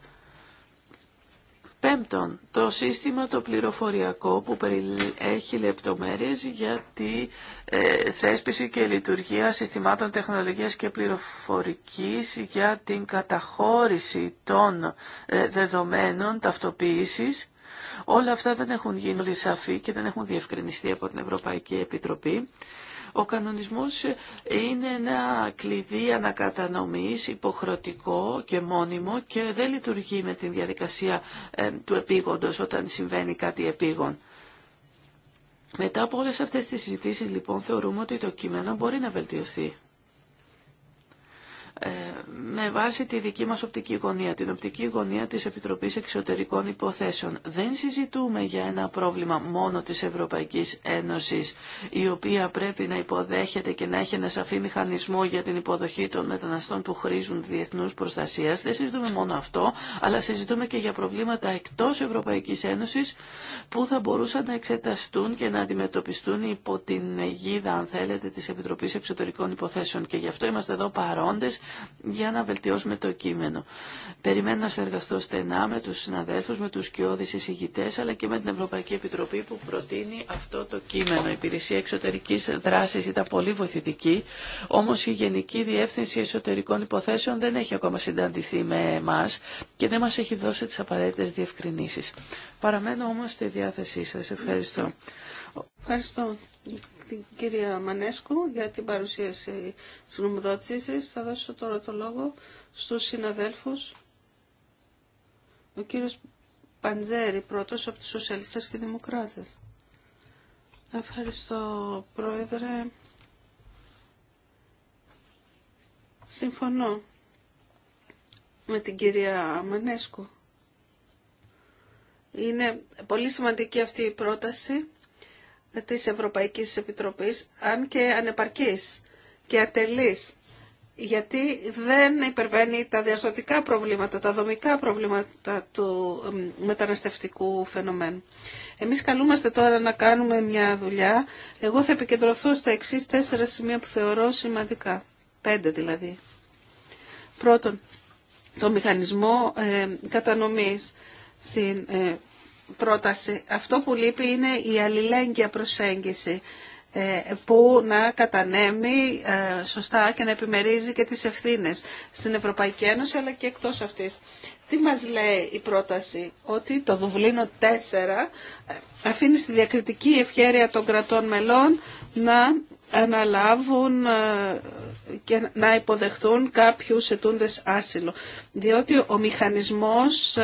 C: Πέμπτον, το σύστημα το πληροφοριακό που περιέχει λεπτομέρειες για τη ε, θέσπιση και λειτουργία συστημάτων τεχνολογίας και πληροφορικής για την καταχώρηση των ε, δεδομένων ταυτοποίησης. Όλα αυτά δεν έχουν γίνει σαφή και δεν έχουν διευκρινιστεί από την Ευρωπαϊκή Επιτροπή. Ο κανονισμός είναι ένα κλειδί ανακατανομής υποχρεωτικό και μόνιμο και δεν λειτουργεί με την διαδικασία ε, του επίγοντος όταν συμβαίνει κάτι επίγον. Μετά από όλες αυτές τις συζητήσεις λοιπόν θεωρούμε ότι το κείμενο μπορεί να βελτιωθεί. Ε, με βάση τη δική μας οπτική γωνία, την οπτική γωνία της Επιτροπής Εξωτερικών Υποθέσεων. Δεν συζητούμε για ένα πρόβλημα μόνο της Ευρωπαϊκής Ένωσης, η οποία πρέπει να υποδέχεται και να έχει ένα σαφή μηχανισμό για την υποδοχή των μεταναστών που χρήζουν διεθνούς προστασίας. Δεν συζητούμε μόνο αυτό, αλλά συζητούμε και για προβλήματα εκτός Ευρωπαϊκής Ένωσης που θα μπορούσαν να εξεταστούν και να αντιμετωπιστούν υπό την αιγίδα, αν θέλετε, της Επιτροπής Εξωτερικών Υποθέσεων. Και γι' αυτό είμαστε εδώ παρόντες για να βελτιώσουμε το κείμενο. Περιμένω να συνεργαστώ στενά με τους συναδέλφους, με τους κοιόδης εισηγητές, αλλά και με την Ευρωπαϊκή Επιτροπή που προτείνει αυτό το κείμενο. Η υπηρεσία εξωτερικής δράσης ήταν πολύ βοηθητική, όμως η Γενική Διεύθυνση Εσωτερικών Υποθέσεων δεν έχει ακόμα συνταντηθεί με εμά και δεν μας έχει δώσει τις απαραίτητες διευκρινήσεις. Παραμένω όμως στη διάθεσή σας. Ευχαριστώ.
B: Ευχαριστώ την κυρία Μανέσκου για την παρουσίαση της νομοδότησης. Θα δώσω τώρα το λόγο στους συναδέλφους. Ο κύριος Παντζέρη, πρώτος από τους Σοσιαλιστές και Δημοκράτες. Ευχαριστώ, Πρόεδρε. Συμφωνώ με την κυρία Μανέσκου. Είναι πολύ σημαντική αυτή η πρόταση της Ευρωπαϊκής Επιτροπής, αν και ανεπαρκής και ατελής, γιατί δεν υπερβαίνει τα διαστοτικά προβλήματα, τα δομικά προβλήματα του μεταναστευτικού φαινομένου. Εμείς καλούμαστε τώρα να κάνουμε μια δουλειά. Εγώ θα επικεντρωθώ στα εξή τέσσερα σημεία που θεωρώ σημαντικά. Πέντε δηλαδή. Πρώτον, το μηχανισμό ε, κατανομής στην ε, πρόταση. Αυτό που λείπει είναι η αλληλέγγυα προσέγγιση ε, που να κατανέμει ε, σωστά και να επιμερίζει και τις ευθύνες στην Ευρωπαϊκή Ένωση αλλά και εκτός αυτής. Τι μας λέει η πρόταση, ότι το Δουβλίνο 4 ε, αφήνει στη διακριτική ευχέρεια των κρατών μελών να αναλάβουν και να υποδεχθούν κάποιους ετούντες άσυλο. Διότι ο μηχανισμός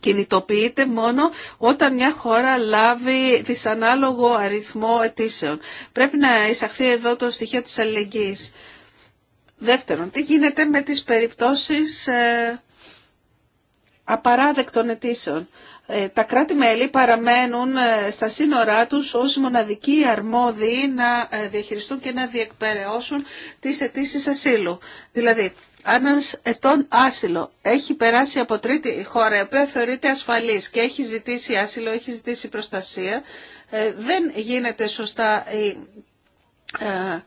B: κινητοποιείται μόνο όταν μια χώρα λάβει δυσανάλογο αριθμό αιτήσεων. Πρέπει να εισαχθεί εδώ το στοιχείο της αλληλεγγύης. Δεύτερον, τι γίνεται με τις περιπτώσεις ε, απαράδεκτων αιτήσεων. Ε, τα κράτη-μέλη παραμένουν ε, στα σύνορά τους ως μοναδικοί αρμόδιοι να διαχειριστούν και να διεκπαιρεώσουν τις αιτήσει ασύλου. Δηλαδή, αν ετών άσυλο έχει περάσει από τρίτη χώρα, η οποία θεωρείται ασφαλής και έχει ζητήσει άσυλο, έχει ζητήσει προστασία, ε, δεν γίνεται σωστά η ε,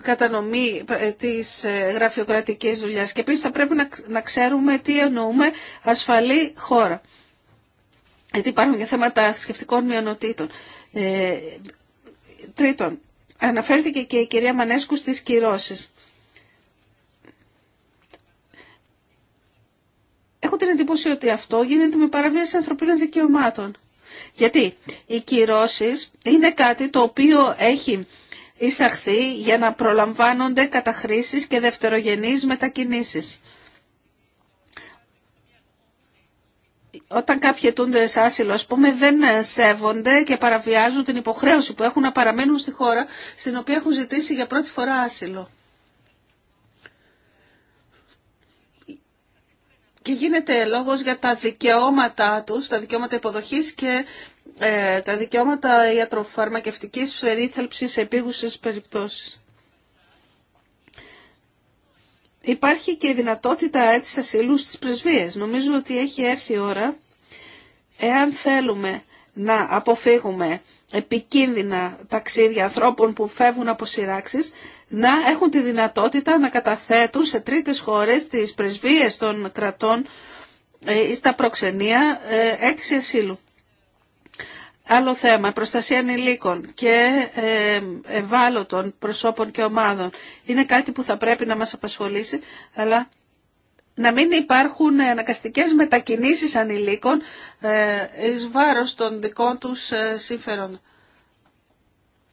B: κατανομή ε, της γραφειοκρατικής δουλειάς. Και επίσης θα πρέπει να ξέρουμε τι εννοούμε ασφαλή χώρα. Γιατί υπάρχουν και θέματα θρησκευτικών μειονοτήτων. Τρίτον, αναφέρθηκε και η κυρία Μανέσκου στις κυρώσεις. Έχω την εντύπωση ότι αυτό γίνεται με παραβίαση ανθρωπίνων δικαιωμάτων. Γιατί οι κυρώσει είναι κάτι το οποίο έχει εισαχθεί για να προλαμβάνονται καταχρήσεις και δευτερογενείς μετακινήσεις. Όταν κάποιοι ετούνται σε άσυλο, ας πούμε, δεν σέβονται και παραβιάζουν την υποχρέωση που έχουν να παραμένουν στη χώρα στην οποία έχουν ζητήσει για πρώτη φορά άσυλο. και γίνεται λόγος για τα δικαιώματά τους, τα δικαιώματα υποδοχής και ε, τα δικαιώματα ιατροφαρμακευτικής περίθαλψης σε επίγουσες περιπτώσεις. Υπάρχει και η δυνατότητα έτσι ασύλου στις πρεσβείες. Νομίζω ότι έχει έρθει η ώρα, εάν θέλουμε να αποφύγουμε επικίνδυνα ταξίδια ανθρώπων που φεύγουν από σειράξει να έχουν τη δυνατότητα να καταθέτουν σε τρίτες χώρες τις πρεσβείες των κρατών ή ε, στα προξενία ε, αίτηση ασύλου. Άλλο θέμα, προστασία ανηλίκων και ε, ευάλωτων προσώπων και ομάδων. Είναι κάτι που θα πρέπει να μας απασχολήσει, αλλά να μην υπάρχουν ανακαστικές μετακινήσεις ανηλίκων ε, εις βάρος των δικών τους ε, σύμφερων.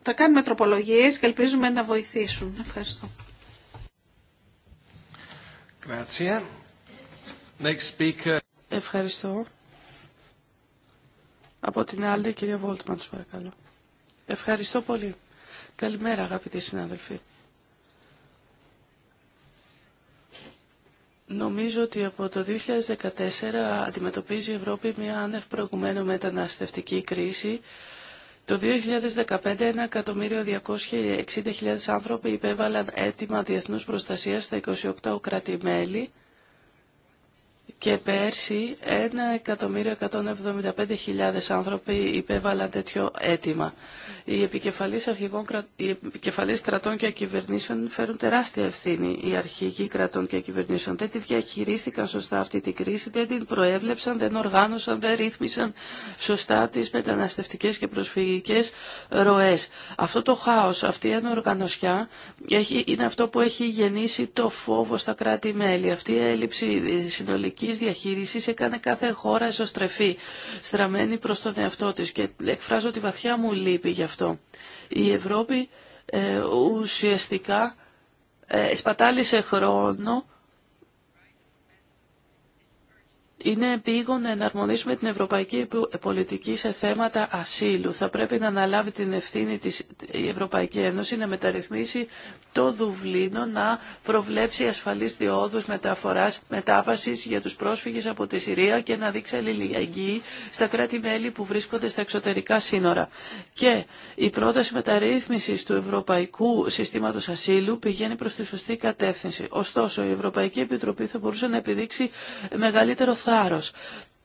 B: Θα κάνουμε τροπολογίες και ελπίζουμε να βοηθήσουν. Ευχαριστώ.
A: Next speaker.
C: Ευχαριστώ. Από την άλλη, κυρία Βόλτμαντς, παρακαλώ. Ευχαριστώ πολύ. Καλημέρα, αγαπητοί συνάδελφοι. Νομίζω ότι από το 2014 αντιμετωπίζει η Ευρώπη μια άνευ προηγουμένου μεταναστευτική κρίση. Το 2015 1.260.000 άνθρωποι υπέβαλαν αίτημα διεθνούς προστασίας στα 28 κράτη-μέλη. Και πέρσι 1.175.000 άνθρωποι υπέβαλαν τέτοιο αίτημα. Οι επικεφαλείς, οι κρατών και κυβερνήσεων φέρουν τεράστια ευθύνη. Οι αρχηγοί κρατών και κυβερνήσεων δεν τη διαχειρίστηκαν σωστά αυτή την κρίση, δεν την προέβλεψαν, δεν οργάνωσαν, δεν ρύθμισαν σωστά τις μεταναστευτικές και προσφυγικές ροές. Αυτό το χάος, αυτή η ανοργανωσιά είναι αυτό που έχει γεννήσει το φόβο στα κράτη-μέλη. Αυτή η έλλειψη συνολική πολιτική διαχείρισης έκανε κάθε χώρα εσωστρεφή, στραμμένη προ τον εαυτό της και εκφράζω τη βαθιά μου λύπη γι' αυτό. Η Ευρώπη ε, ουσιαστικά ε, σπατάλησε χρόνο Είναι επίγον να εναρμονίσουμε την ευρωπαϊκή πολιτική σε θέματα ασύλου. Θα πρέπει να αναλάβει την ευθύνη της η Ευρωπαϊκή Ένωση να μεταρρυθμίσει το Δουβλίνο, να προβλέψει ασφαλείς διόδους μεταφοράς, μετάβασης για τους πρόσφυγες από τη Συρία και να δείξει αλληλεγγύη στα κράτη-μέλη που βρίσκονται στα εξωτερικά σύνορα. Και η πρόταση μεταρρύθμισης του Ευρωπαϊκού Συστήματος Ασύλου πηγαίνει προς τη σωστή κατεύθυνση. Ωστόσο, η Ευρωπαϊκή Επιτροπή θα μπορούσε να επιδείξει μεγαλύτερο βάρος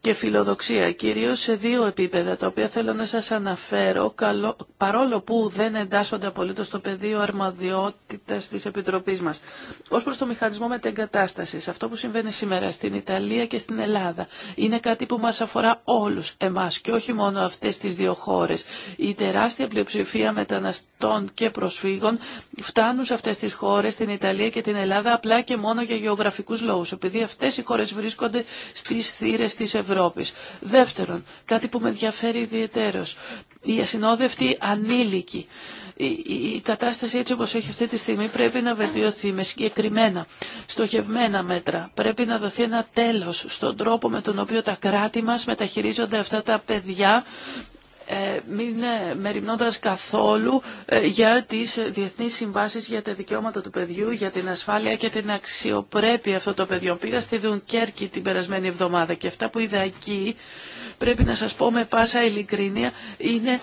C: και φιλοδοξία, κυρίως σε δύο επίπεδα, τα οποία θέλω να σας αναφέρω, καλό, παρόλο που δεν εντάσσονται απολύτως στο πεδίο αρμαδιότητας της Επιτροπής μας. Ως προς το μηχανισμό μετεγκατάστασης, αυτό που συμβαίνει σήμερα στην Ιταλία και στην Ελλάδα, είναι κάτι που μας αφορά όλους εμάς και όχι μόνο αυτές τις δύο χώρες. Η τεράστια πλειοψηφία μεταναστών και προσφύγων φτάνουν σε αυτές τις χώρες, στην Ιταλία και την Ελλάδα, απλά και μόνο για γεωγραφικούς λόγους, επειδή αυτές οι χώρες βρίσκονται στις θύρες της Ευρώπης Ευρώπης. Δεύτερον, κάτι που με ενδιαφέρει ιδιαιτέρως, η ασυνόδευτοι ανήλικοι. Η κατάσταση έτσι όπως έχει αυτή τη στιγμή πρέπει να βελτιωθεί με συγκεκριμένα, στοχευμένα μέτρα. Πρέπει να δοθεί ένα τέλος στον τρόπο με τον οποίο τα κράτη μας μεταχειρίζονται αυτά τα παιδιά ε, μην ε, μεριμνώντας καθόλου ε, για τις διεθνείς συμβάσεις για τα δικαιώματα του παιδιού, για την ασφάλεια και την αξιοπρέπεια αυτών των παιδιών. Πήγα στη Δουνκέρκη την περασμένη εβδομάδα και αυτά που είδα εκεί πρέπει να σας πω με πάσα ειλικρίνεια, είναι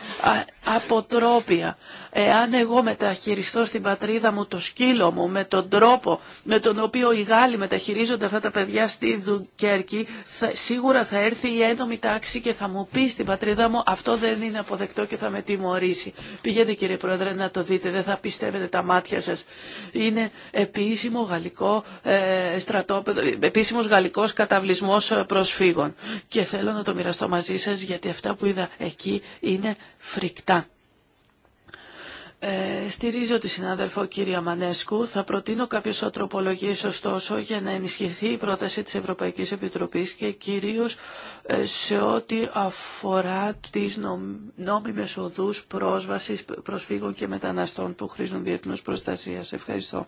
C: αποτρόπια. Εάν εγώ μεταχειριστώ στην πατρίδα μου το σκύλο μου με τον τρόπο με τον οποίο οι Γάλλοι μεταχειρίζονται αυτά τα παιδιά στη Δουκέρκη, σίγουρα θα έρθει η ένομη τάξη και θα μου πει στην πατρίδα μου αυτό δεν είναι αποδεκτό και θα με τιμωρήσει. Πηγαίνετε κύριε Πρόεδρε να το δείτε, δεν θα πιστεύετε τα μάτια σας. Είναι επίσημο γαλλικό ε, στρατόπεδο, ε, επίσημος γαλλικός καταβλισμός προσφύγων και θέλω να το μοιραστώ μαζί σας γιατί αυτά που είδα εκεί είναι φρικτά. Ε, στηρίζω τη συνάδελφο κυρία Μανέσκου. Θα προτείνω κάποιε τροπολογίε ωστόσο για να ενισχυθεί η πρόταση τη Ευρωπαϊκή Επιτροπή και κυρίω ε, σε ό,τι αφορά τι νόμιμε οδού πρόσβαση προσφύγων και μεταναστών που χρήζουν διεθνού προστασία. Ευχαριστώ.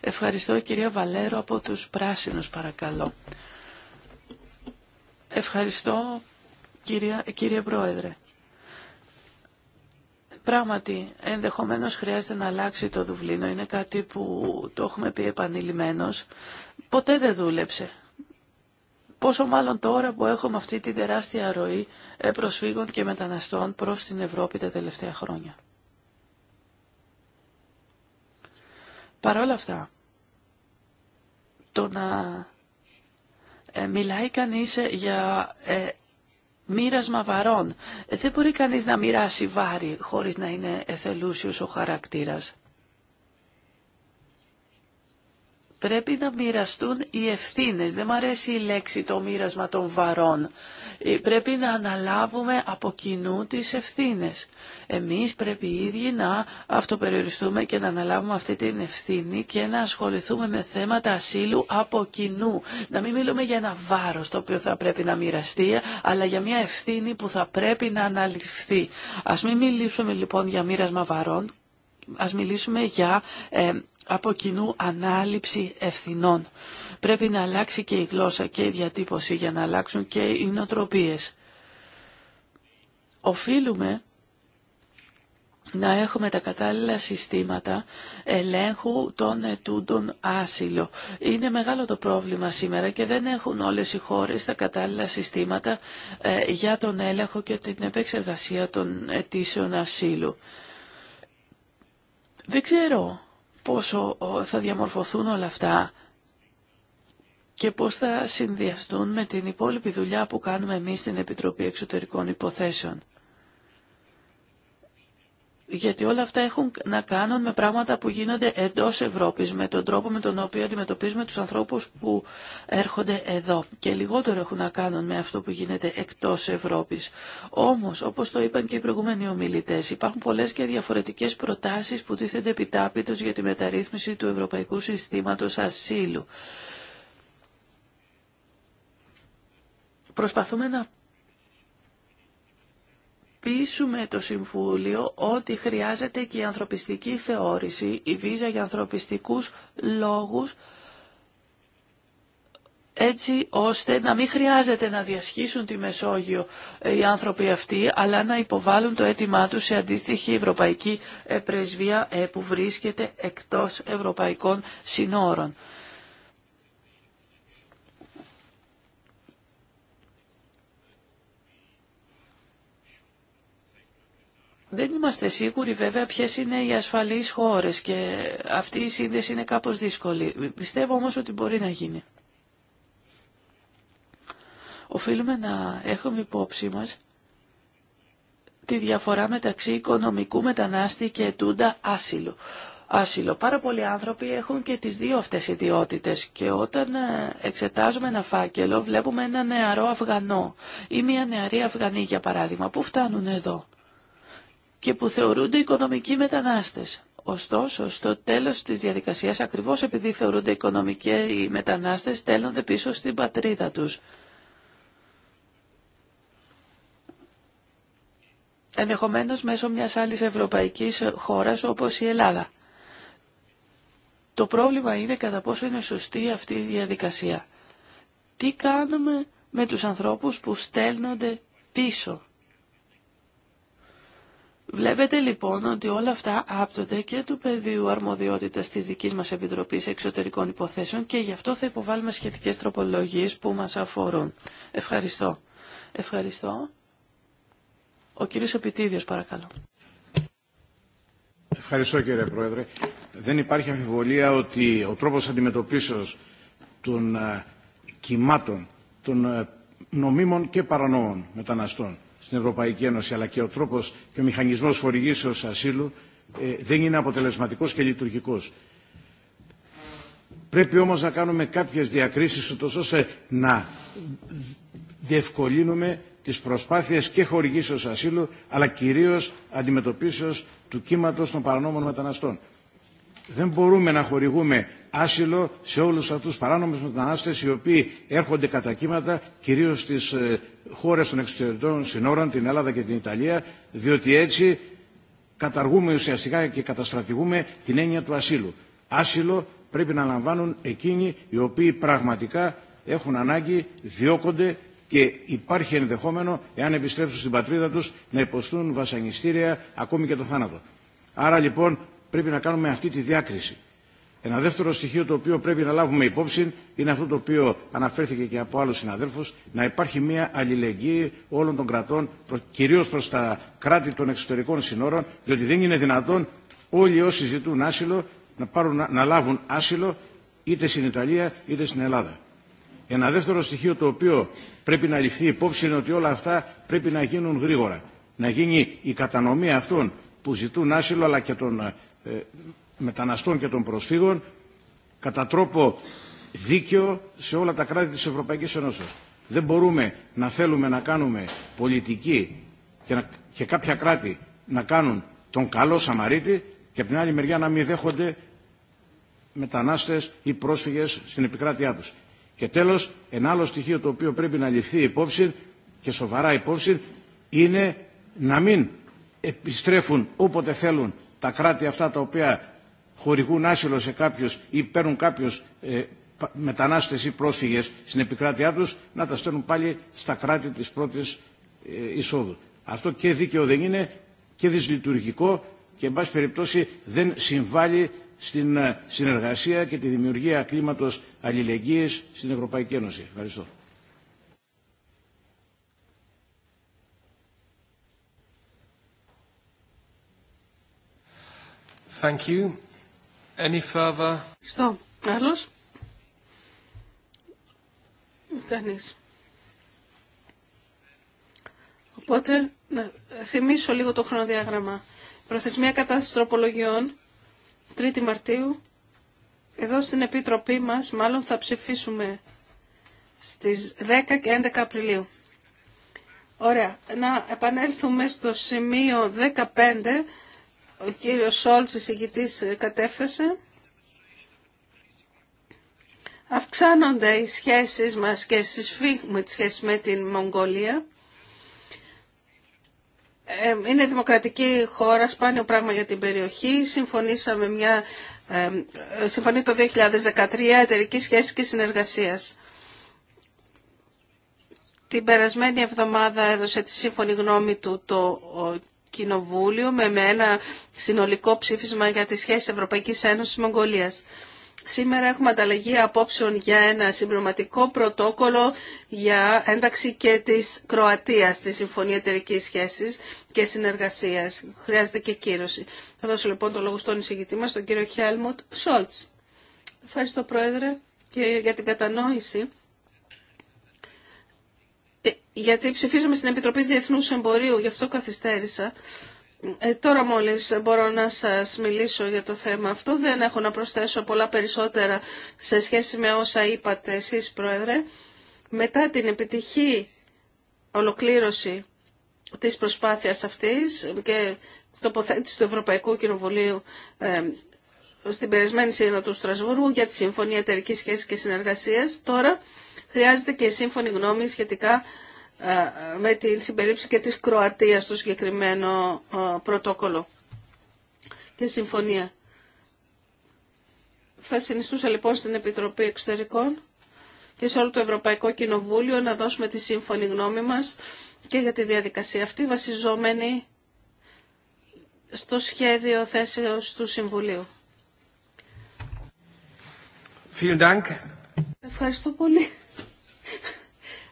C: Ευχαριστώ κυρία Βαλέρο από τους πράσινου παρακαλώ. Ευχαριστώ κύριε, κύριε Πρόεδρε. Πράγματι, ενδεχομένως χρειάζεται να αλλάξει το Δουβλίνο. Είναι κάτι που το έχουμε πει επανειλημμένος. Ποτέ δεν δούλεψε. Πόσο μάλλον τώρα που έχουμε αυτή τη τεράστια ροή ε, προσφύγων και μεταναστών προς την Ευρώπη τα τελευταία χρόνια. Παρ' όλα αυτά, το να ε, μιλάει κανείς ε, για μοίρασμα βαρών. Ε, δεν μπορεί κανείς να μοιράσει βάρη χωρίς να είναι εθελούσιος ο χαρακτήρας. Πρέπει να μοιραστούν οι ευθύνες. Δεν μου αρέσει η λέξη το μοίρασμα των βαρών. Ε, πρέπει να αναλάβουμε από κοινού τις ευθύνες. Εμείς πρέπει οι ίδιοι να αυτοπεριοριστούμε και να αναλάβουμε αυτή την ευθύνη και να ασχοληθούμε με θέματα ασύλου από κοινού. Να μην μιλούμε για ένα βάρος το οποίο θα πρέπει να μοιραστεί, αλλά για μια ευθύνη που θα πρέπει να αναλυφθεί. Ας μην μιλήσουμε λοιπόν για μοίρασμα βαρών, ας μιλήσουμε για ε, από κοινού ανάληψη ευθυνών. Πρέπει να αλλάξει και η γλώσσα και η διατύπωση για να αλλάξουν και οι νοτροπίες. Οφείλουμε να έχουμε τα κατάλληλα συστήματα ελέγχου των ετούντων άσυλο. Είναι μεγάλο το πρόβλημα σήμερα και δεν έχουν όλες οι χώρες τα κατάλληλα συστήματα ε, για τον έλεγχο και την επεξεργασία των αιτήσεων ασύλου. Δεν ξέρω πόσο θα διαμορφωθούν όλα αυτά και πώς θα συνδυαστούν με την υπόλοιπη δουλειά που κάνουμε εμείς στην Επιτροπή Εξωτερικών Υποθέσεων γιατί όλα αυτά έχουν να κάνουν με πράγματα που γίνονται εντός Ευρώπης, με τον τρόπο με τον οποίο αντιμετωπίζουμε τους ανθρώπους που έρχονται εδώ και λιγότερο έχουν να κάνουν με αυτό που γίνεται εκτός Ευρώπης. Όμως, όπως το είπαν και οι προηγούμενοι ομιλητές, υπάρχουν πολλές και διαφορετικές προτάσεις που τίθενται επιτάπητος για τη μεταρρύθμιση του Ευρωπαϊκού Συστήματος Ασύλου. Προσπαθούμε να πείσουμε το Συμβούλιο ότι χρειάζεται και η ανθρωπιστική θεώρηση, η βίζα για ανθρωπιστικούς λόγους, έτσι ώστε να μην χρειάζεται να διασχίσουν τη Μεσόγειο ε, οι άνθρωποι αυτοί, αλλά να υποβάλουν το αίτημά τους σε αντίστοιχη ευρωπαϊκή ε, πρεσβεία ε, που βρίσκεται εκτός ευρωπαϊκών συνόρων. Δεν είμαστε σίγουροι βέβαια ποιες είναι οι ασφαλείς χώρες και αυτή η σύνδεση είναι κάπως δύσκολη. Πιστεύω όμως ότι μπορεί να γίνει. Οφείλουμε να έχουμε υπόψη μας τη διαφορά μεταξύ οικονομικού μετανάστη και τούντα άσυλου. Άσυλο. Πάρα πολλοί άνθρωποι έχουν και τις δύο αυτές ιδιότητες και όταν ε, εξετάζουμε ένα φάκελο βλέπουμε ένα νεαρό Αφγανό ή μια νεαρή Αφγανή για παράδειγμα που φτάνουν εδώ και που θεωρούνται οικονομικοί μετανάστες. Ωστόσο, στο τέλος της διαδικασίας, ακριβώς επειδή θεωρούνται οικονομικοί οι μετανάστες, στέλνονται πίσω στην πατρίδα τους. Ενδεχομένως μέσω μιας άλλης ευρωπαϊκής χώρας όπως η Ελλάδα. Το πρόβλημα είναι κατά πόσο είναι σωστή αυτή η διαδικασία. Τι κάνουμε με τους ανθρώπους που στέλνονται πίσω. Βλέπετε λοιπόν ότι όλα αυτά άπτονται και του πεδίου αρμοδιότητας της δικής μας Επιτροπής Εξωτερικών Υποθέσεων και γι' αυτό θα υποβάλουμε σχετικές τροπολογίες που μας αφορούν. Ευχαριστώ. Ευχαριστώ. Ο κύριος Επιτίδιος παρακαλώ.
A: Ευχαριστώ κύριε Πρόεδρε. Δεν υπάρχει αμφιβολία ότι ο τρόπος αντιμετωπίσεως των ε, κυμάτων, των ε, νομίμων και παρανόμων μεταναστών στην Ευρωπαϊκή Ένωση, αλλά και ο τρόπος και ο μηχανισμός χορηγήσεως ασύλου ε, δεν είναι αποτελεσματικός και λειτουργικό. Πρέπει όμως να κάνουμε κάποιες διακρίσεις, ούτω ώστε να διευκολύνουμε τις προσπάθειες και χορηγήσεω ασύλου, αλλά κυρίως αντιμετωπίσεω του κύματο των παρανόμων μεταναστών. Δεν μπορούμε να χορηγούμε άσυλο σε όλους αυτούς τους παράνομους μετανάστες οι οποίοι έρχονται κατά κύματα κυρίως στις ε, χώρες των εξωτερικών συνόρων, την Ελλάδα και την Ιταλία, διότι έτσι καταργούμε ουσιαστικά και καταστρατηγούμε την έννοια του ασύλου. Άσυλο πρέπει να λαμβάνουν εκείνοι οι οποίοι πραγματικά έχουν ανάγκη, διώκονται και υπάρχει ενδεχόμενο, εάν επιστρέψουν στην πατρίδα τους, να υποστούν βασανιστήρια, ακόμη και το θάνατο. Άρα λοιπόν πρέπει να κάνουμε αυτή τη διάκριση. Ένα δεύτερο στοιχείο το οποίο πρέπει να λάβουμε υπόψη είναι αυτό το οποίο αναφέρθηκε και από άλλους συναδέλφους, να υπάρχει μια αλληλεγγύη όλων των κρατών, κυρίως προς τα κράτη των εξωτερικών συνόρων, διότι δεν είναι δυνατόν όλοι όσοι ζητούν άσυλο να, πάρουν, λάβουν άσυλο είτε στην Ιταλία είτε στην Ελλάδα. Ένα δεύτερο στοιχείο το οποίο πρέπει να ληφθεί υπόψη είναι ότι όλα αυτά πρέπει να γίνουν γρήγορα. Να γίνει η κατανομή αυτών που ζητούν άσυλο αλλά και των ε, μεταναστών και των προσφύγων κατά τρόπο δίκαιο σε όλα τα κράτη της Ευρωπαϊκής Ένωσης. Δεν μπορούμε να θέλουμε να κάνουμε πολιτική και, να, και κάποια κράτη να κάνουν τον καλό Σαμαρίτη και από την άλλη μεριά να μην δέχονται μετανάστες ή πρόσφυγες στην επικράτειά τους. Και τέλος, ένα άλλο στοιχείο το οποίο πρέπει να ληφθεί υπόψη και σοβαρά υπόψη είναι να μην επιστρέφουν όποτε θέλουν τα κράτη αυτά τα οποία χορηγούν άσυλο σε κάποιους ή παίρνουν κάποιους ε, μετανάστες ή πρόσφυγες στην επικράτειά τους να τα στέλνουν πάλι στα κράτη της πρώτης ε, εισόδου. Αυτό και δίκαιο δεν είναι και δυσλειτουργικό και εν πάση περιπτώσει δεν συμβάλλει στην ε, συνεργασία και τη δημιουργία κλίματος αλληλεγγύης στην Ευρωπαϊκή Ένωση. Ευχαριστώ. Thank Any further?
B: Στο. Οπότε, να θυμίσω λίγο το χρονοδιάγραμμα. Προθεσμία κατάσταση τροπολογιών, 3η Μαρτίου. Εδώ στην Επίτροπή μας, μάλλον θα ψηφίσουμε στις 10 και 11 Απριλίου. Ωραία. Να επανέλθουμε στο σημείο 15 ο κύριος Σόλτς, εισηγητής, κατέφθασε. Αυξάνονται οι σχέσεις μας και συσφίγουμε τις σχέσεις με την Μογγολία. Ε, είναι δημοκρατική χώρα, σπάνιο πράγμα για την περιοχή. Συμφωνήσαμε μια ε, το 2013 εταιρική σχέση και συνεργασίας. Την περασμένη εβδομάδα έδωσε τη σύμφωνη γνώμη του το Κοινοβούλιο με, με ένα συνολικό ψήφισμα για τις σχέσεις Ευρωπαϊκής Ένωσης Μογγολίας. Σήμερα έχουμε ανταλλαγή απόψεων για ένα συμπληρωματικό πρωτόκολλο για ένταξη και της Κροατίας στη Συμφωνία εταιρική Σχέσης και Συνεργασίας. Χρειάζεται και κύρωση. Θα δώσω λοιπόν το λόγο στον εισηγητή μας, τον κύριο Χέλμουτ Σόλτς. Ευχαριστώ Πρόεδρε και για την κατανόηση γιατί ψηφίζουμε στην Επιτροπή Διεθνούς Εμπορίου, γι' αυτό καθυστέρησα. Ε, τώρα μόλις μπορώ να σας μιλήσω για το θέμα αυτό. Δεν έχω να προσθέσω πολλά περισσότερα σε σχέση με όσα είπατε εσείς, Πρόεδρε. Μετά την επιτυχή ολοκλήρωση της προσπάθειας αυτής και της τοποθέτησης του Ευρωπαϊκού Κοινοβουλίου ε, στην περισμένη σύνοδο του Στρασβούργου για τη Συμφωνία Εταιρικής Σχέσης και Συνεργασίας, τώρα χρειάζεται και σύμφωνη γνώμη σχετικά ε, με την συμπεριψή και της Κροατίας στο συγκεκριμένο ε, πρωτόκολλο και συμφωνία. Θα συνιστούσα λοιπόν στην Επιτροπή Εξωτερικών και σε όλο το Ευρωπαϊκό Κοινοβούλιο να δώσουμε τη σύμφωνη γνώμη μας και για τη διαδικασία αυτή βασιζόμενη στο σχέδιο θέσεως του Συμβουλίου. Ευχαριστώ πολύ.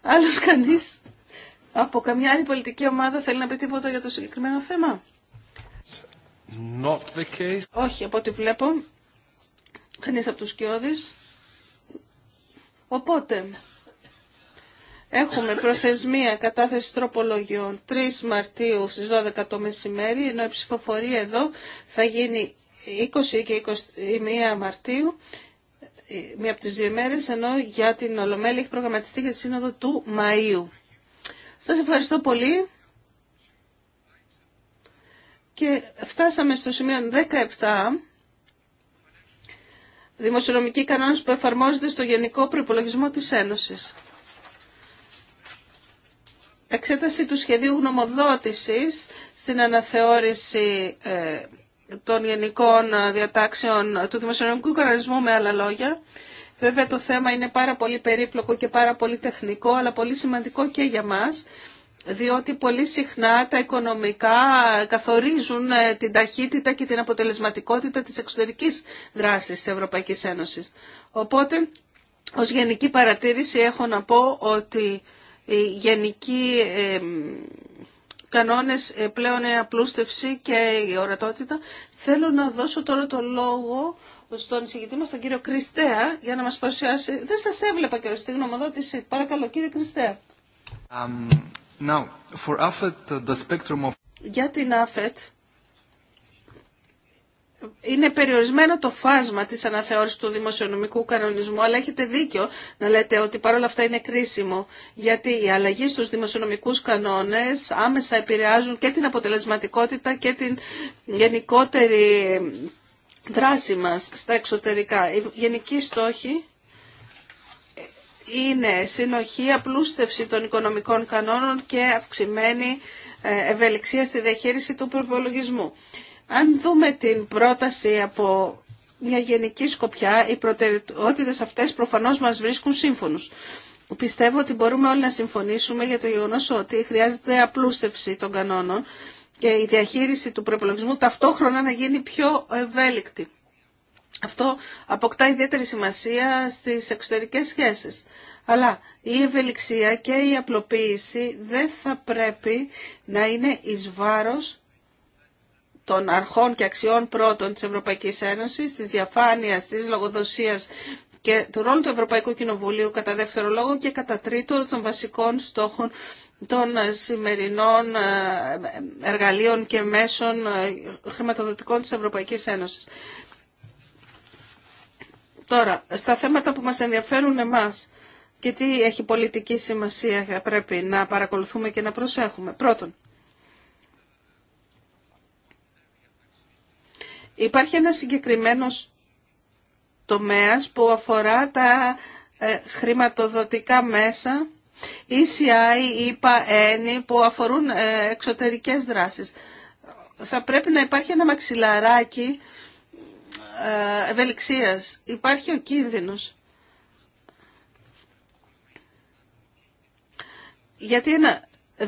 B: Άλλος κανείς από καμιά άλλη πολιτική ομάδα θέλει να πει τίποτα για το συγκεκριμένο θέμα.
A: Not the case.
B: Όχι, από ό,τι βλέπω, κανείς από τους κοιόδης. Οπότε, έχουμε προθεσμία κατάθεση τροπολογιών 3 Μαρτίου στις 12 το μεσημέρι, ενώ η ψηφοφορία εδώ θα γίνει 20 και 21 Μαρτίου, ε, μία από τις δύο μέρες, ενώ για την Ολομέλη έχει προγραμματιστεί για τη σύνοδο του Μαΐου. Σας ευχαριστώ πολύ. Και φτάσαμε στο σημείο 17. δημοσιονομική κανόνες που εφαρμόζεται στο Γενικό Προϋπολογισμό της Ένωσης. Εξέταση του σχεδίου γνωμοδότησης στην αναθεώρηση ε, των γενικών ε, διατάξεων του δημοσιονομικού κανονισμού με άλλα λόγια Βέβαια το θέμα είναι πάρα πολύ περίπλοκο και πάρα πολύ τεχνικό, αλλά πολύ σημαντικό και για μας, διότι πολύ συχνά τα οικονομικά καθορίζουν ε, την ταχύτητα και την αποτελεσματικότητα της εξωτερικής δράσης της Ευρωπαϊκής Ένωσης. Οπότε, ως γενική παρατήρηση έχω να πω ότι οι γενικοί κανόνες ε, πλέον είναι απλούστευση και η ορατότητα. Θέλω να δώσω τώρα το λόγο στον εισηγητή μας, τον κύριο Κριστέα, για να μα παρουσιάσει. Δεν σα έβλεπα και τη γνωμοδότηση. Παρακαλώ, κύριε Κριστέα.
A: Um, now, for the spectrum of...
B: Για την ΑΦΕΤ, είναι περιορισμένο το φάσμα της αναθεώρησης του δημοσιονομικού κανονισμού, αλλά έχετε δίκιο να λέτε ότι παρόλα αυτά είναι κρίσιμο, γιατί οι αλλαγή στους δημοσιονομικούς κανόνες άμεσα επηρεάζουν και την αποτελεσματικότητα και την γενικότερη δράση μας στα εξωτερικά. η γενική στόχη είναι συνοχή, απλούστευση των οικονομικών κανόνων και αυξημένη ε, ευελιξία στη διαχείριση του προπολογισμού. Αν δούμε την πρόταση από μια γενική σκοπιά, οι προτεραιότητες αυτές προφανώς μας βρίσκουν σύμφωνους. Πιστεύω ότι μπορούμε όλοι να συμφωνήσουμε για το γεγονός ότι χρειάζεται απλούστευση των κανόνων και η διαχείριση του προπολογισμού ταυτόχρονα να γίνει πιο ευέλικτη. Αυτό αποκτά ιδιαίτερη σημασία στις εξωτερικές σχέσεις. Αλλά η ευελιξία και η απλοποίηση δεν θα πρέπει να είναι εις βάρος των αρχών και αξιών πρώτων της Ευρωπαϊκής Ένωσης, της διαφάνειας, της λογοδοσίας και του ρόλου του Ευρωπαϊκού Κοινοβουλίου κατά δεύτερο λόγο και κατά τρίτο των βασικών στόχων των σημερινών ε, εργαλείων και μέσων ε, χρηματοδοτικών της Ευρωπαϊκής Ένωσης. Τώρα, στα θέματα που μας ενδιαφέρουν εμάς και τι έχει πολιτική σημασία πρέπει να παρακολουθούμε και να προσέχουμε. Πρώτον, υπάρχει ένα συγκεκριμένος τομέας που αφορά τα ε, χρηματοδοτικά μέσα ECI, ΕΠΑ, ΕΝΗ που αφορούν ε, εξωτερικές δράσεις. Θα πρέπει να υπάρχει ένα μαξιλαράκι ε, ευελιξίας. Υπάρχει ο κίνδυνος. Γιατί ένα 10%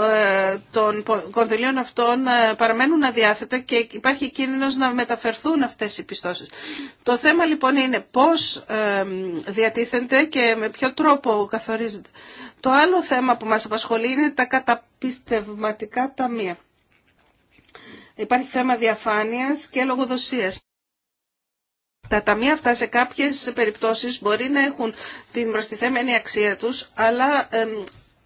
B: ε, των κονδυλίων αυτών ε, παραμένουν αδιάθετα και υπάρχει κίνδυνος να μεταφερθούν αυτές οι πιστώσεις. Το θέμα λοιπόν είναι πώς ε, διατίθενται και με ποιο τρόπο καθορίζεται. Το άλλο θέμα που μας απασχολεί είναι τα καταπιστευματικά ταμεία. Υπάρχει θέμα διαφάνειας και λογοδοσίας. Τα ταμεία αυτά σε κάποιες περιπτώσεις μπορεί να έχουν την προστιθέμενη αξία τους, αλλά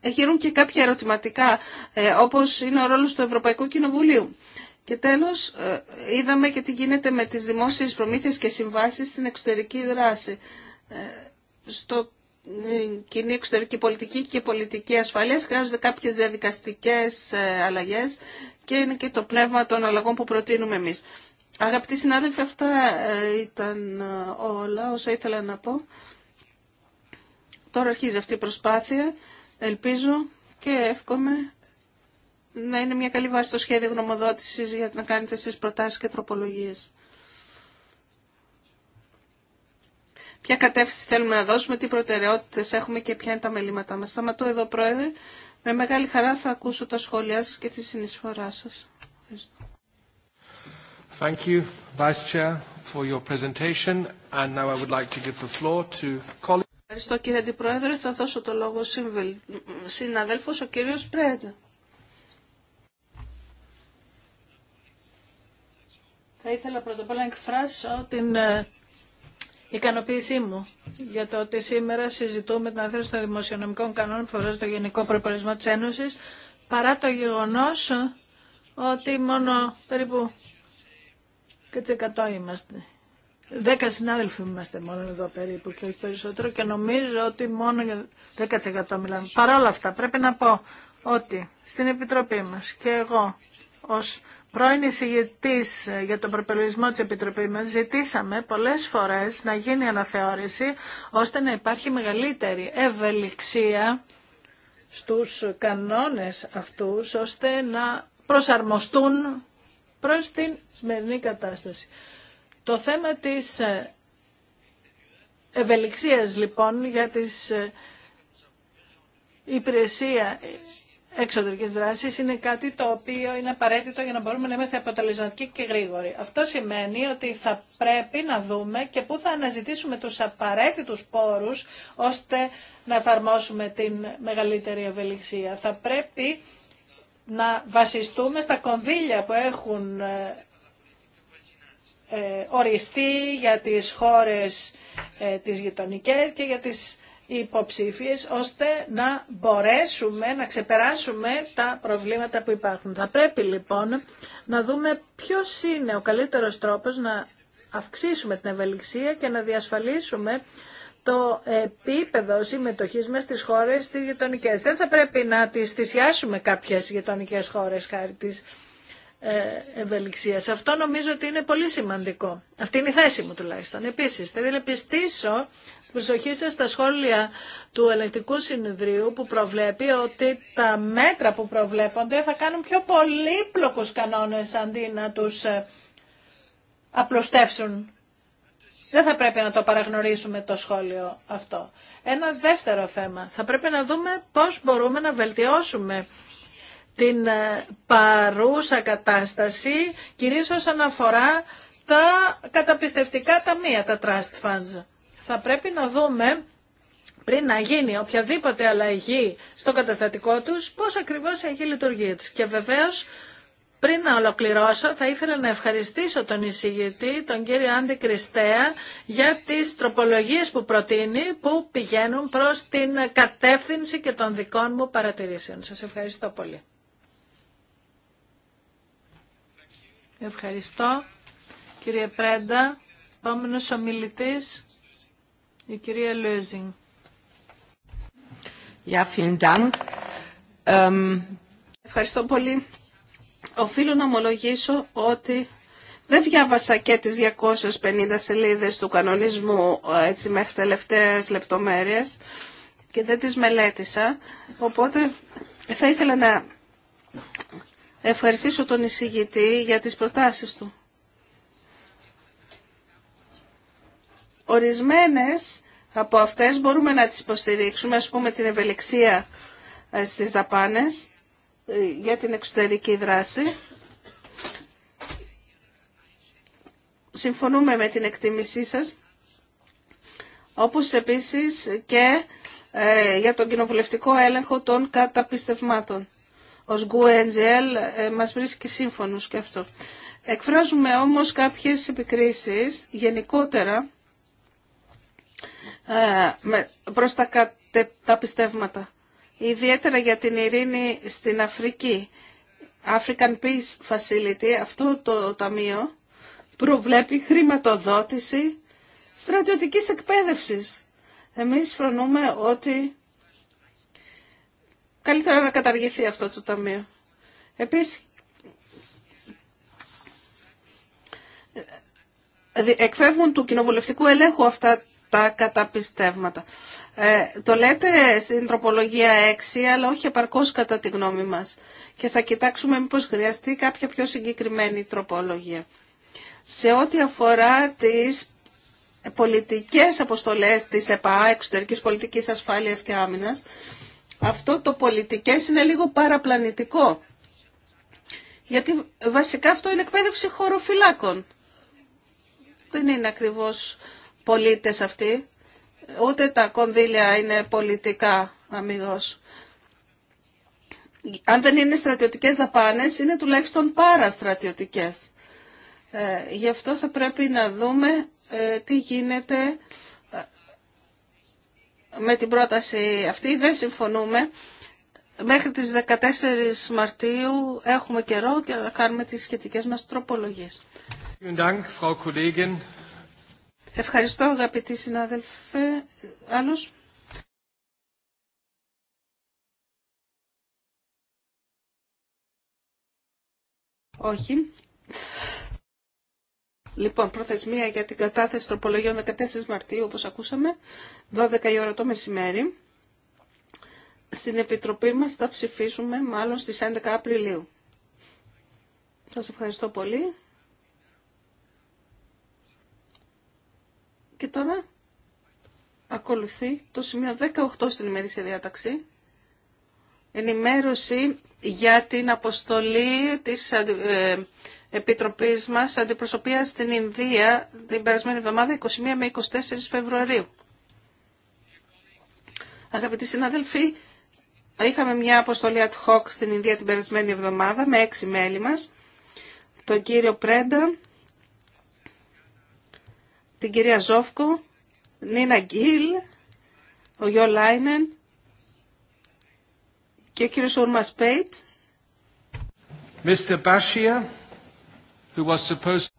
B: έχουν και κάποια ερωτηματικά, ε, όπως είναι ο ρόλος του Ευρωπαϊκού Κοινοβουλίου. Και τέλος, ε, είδαμε και τι γίνεται με τις δημόσιες προμήθειες και συμβάσεις στην εξωτερική δράση. Ε, στο κοινή εξωτερική πολιτική και πολιτική ασφαλείας χρειάζονται κάποιες διαδικαστικές αλλαγές και είναι και το πνεύμα των αλλαγών που προτείνουμε εμείς. Αγαπητοί συνάδελφοι, αυτά ήταν όλα όσα ήθελα να πω. Τώρα αρχίζει αυτή η προσπάθεια Ελπίζω και εύχομαι να είναι μια καλή βάση το σχέδιο γνωμοδότησης για να κάνετε εσείς προτάσεις και τροπολογίες. Ποια κατεύθυνση θέλουμε να δώσουμε, τι προτεραιότητες έχουμε και ποια είναι τα μελήματά μας. Σταματώ εδώ, Πρόεδρε. Με μεγάλη χαρά θα ακούσω τα σχόλιά σας και τη συνεισφορά σας.
A: Thank you, Vice Chair, for your presentation. And now I would like to give the floor to
B: Ευχαριστώ κύριε Αντιπρόεδρε. Θα δώσω το λόγο συναδέλφος ο κύριος Πρέντα.
D: Θα ήθελα πρώτα απ' όλα να εκφράσω την ε, ικανοποίησή μου για το ότι σήμερα συζητούμε την αθέρωση των δημοσιονομικών κανόνων που στο το Γενικό Προπολογισμό της Ένωσης παρά το γεγονός ότι μόνο περίπου και 100 είμαστε Δέκα συνάδελφοι είμαστε μόνο εδώ περίπου και όχι περισσότερο και νομίζω ότι μόνο για 10% μιλάμε. Παρ' όλα αυτά πρέπει να πω ότι στην Επιτροπή μας και εγώ ως πρώην εισηγητής για τον προπελισμό της Επιτροπής μας ζητήσαμε πολλές φορές να γίνει αναθεώρηση ώστε να υπάρχει μεγαλύτερη ευελιξία στους κανόνες αυτούς ώστε να προσαρμοστούν προς την σημερινή κατάσταση. Το θέμα της ε, ευελιξίας λοιπόν για τις ε, υπηρεσία εξωτερικής δράσης είναι κάτι το οποίο είναι απαραίτητο για να μπορούμε να είμαστε αποτελεσματικοί και γρήγοροι. Αυτό σημαίνει ότι θα πρέπει να δούμε και πού θα αναζητήσουμε τους απαραίτητους πόρους ώστε να εφαρμόσουμε την μεγαλύτερη ευελιξία. Θα πρέπει να βασιστούμε στα κονδύλια που έχουν ε, ε, οριστεί για τις χώρες ε, τις γειτονικές και για τις υποψήφιες ώστε να μπορέσουμε να ξεπεράσουμε τα προβλήματα που υπάρχουν. Θα πρέπει λοιπόν να δούμε ποιος είναι ο καλύτερος τρόπος να αυξήσουμε την ευελιξία και να διασφαλίσουμε το επίπεδο συμμετοχής μας στις χώρες τις γειτονικές. Δεν θα πρέπει να τις θυσιάσουμε κάποιες γειτονικές χώρες χάρη της ε, ευελιξίας. Αυτό νομίζω ότι είναι πολύ σημαντικό. Αυτή είναι η θέση μου τουλάχιστον. Επίσης, θα ήθελα πιστήσω την προσοχή σας στα σχόλια του ελεκτικού συνεδρίου που προβλέπει ότι τα μέτρα που προβλέπονται θα κάνουν πιο πολύπλοκους κανόνες αντί να τους ε, απλουστεύσουν. Δεν θα πρέπει να το παραγνωρίσουμε το σχόλιο αυτό. Ένα δεύτερο θέμα. Θα πρέπει να δούμε πώς μπορούμε να βελτιώσουμε την ε, παρούσα κατάσταση, κυρίως όσον αφορά τα καταπιστευτικά ταμεία, τα trust funds. Θα πρέπει να δούμε πριν να γίνει οποιαδήποτε αλλαγή στο καταστατικό τους, πώς ακριβώς έχει λειτουργεί. Και βεβαίως, πριν να ολοκληρώσω, θα ήθελα να ευχαριστήσω τον εισηγητή, τον κύριο Άντι Κριστέα, για τις τροπολογίες που προτείνει, που πηγαίνουν προς την κατεύθυνση και των δικών μου παρατηρήσεων. Σας ευχαριστώ πολύ. Ευχαριστώ. Κύριε Πρέντα, επόμενος ομιλητής, η κυρία Λούζιν.
B: Ja, vielen
D: ähm, ευχαριστώ
B: πολύ. Οφείλω να ομολογήσω ότι δεν διάβασα και τις 250 σελίδες του κανονισμού έτσι μέχρι τελευταίες λεπτομέρειες και δεν τις μελέτησα. Οπότε θα ήθελα να ευχαριστήσω τον εισηγητή για τις προτάσεις του. Ορισμένες από αυτές μπορούμε να τις υποστηρίξουμε, ας πούμε την ευελιξία ε, στις δαπάνες ε, για την εξωτερική δράση. Συμφωνούμε με την εκτίμησή σας, όπως επίσης και ε, για τον κοινοβουλευτικό έλεγχο των καταπιστευμάτων ως Γκουέντζιέλ ε, μας βρίσκει σύμφωνος και αυτό. Εκφράζουμε όμως κάποιες επικρίσεις γενικότερα ε, προς τα, τα πιστεύματα. Ιδιαίτερα για την ειρήνη στην Αφρική. African Peace Facility, αυτό το ταμείο, προβλέπει χρηματοδότηση στρατιωτικής εκπαίδευσης. Εμείς φρονούμε ότι Καλύτερα να καταργηθεί αυτό το ταμείο. Επίσης, εκφεύγουν του κοινοβουλευτικού ελέγχου αυτά τα καταπιστεύματα. Ε, το λέτε στην τροπολογία 6, αλλά όχι επαρκώς κατά τη γνώμη μας. Και θα κοιτάξουμε μήπως χρειαστεί κάποια πιο συγκεκριμένη τροπολογία. Σε ό,τι αφορά τις πολιτικές αποστολές της ΕΠΑ, εξωτερικής πολιτικής ασφάλειας και άμυνας, αυτό το πολιτικές είναι λίγο παραπλανητικό. Γιατί βασικά αυτό είναι εκπαίδευση χωροφυλάκων. Δεν είναι ακριβώς πολίτες αυτοί. Ούτε τα κονδύλια είναι πολιτικά αμυγός. Αν δεν είναι στρατιωτικές δαπάνες, είναι τουλάχιστον παραστρατιωτικές. Ε, γι' αυτό θα πρέπει να δούμε ε, τι γίνεται με την πρόταση αυτή, δεν συμφωνούμε. Μέχρι τις 14 Μαρτίου έχουμε καιρό και θα κάνουμε τις σχετικές μας τροπολογίες. Ευχαριστώ αγαπητοί συνάδελφοι Άλλος. Όχι. Λοιπόν, προθεσμία για την κατάθεση τροπολογιών 14 Μαρτίου, όπως ακούσαμε, 12 η ώρα το μεσημέρι. Στην Επιτροπή μας θα ψηφίσουμε μάλλον στις 11 Απριλίου. Σας ευχαριστώ πολύ. Και τώρα ακολουθεί το σημείο 18 στην ημερήσια διάταξη. Ενημέρωση για την αποστολή της ε, Επιτροπή μας αντιπροσωπεία στην Ινδία την περασμένη εβδομάδα 21 με 24 Φεβρουαρίου. Αγαπητοί συναδελφοί, είχαμε μια αποστολή ad hoc στην Ινδία την περασμένη εβδομάδα με έξι μέλη μας, τον κύριο Πρέντα, την κυρία Ζόφκο, Νίνα Γκίλ, ο Γιώ Λάινεν και ο κύριο Ούρμας Πέιτ.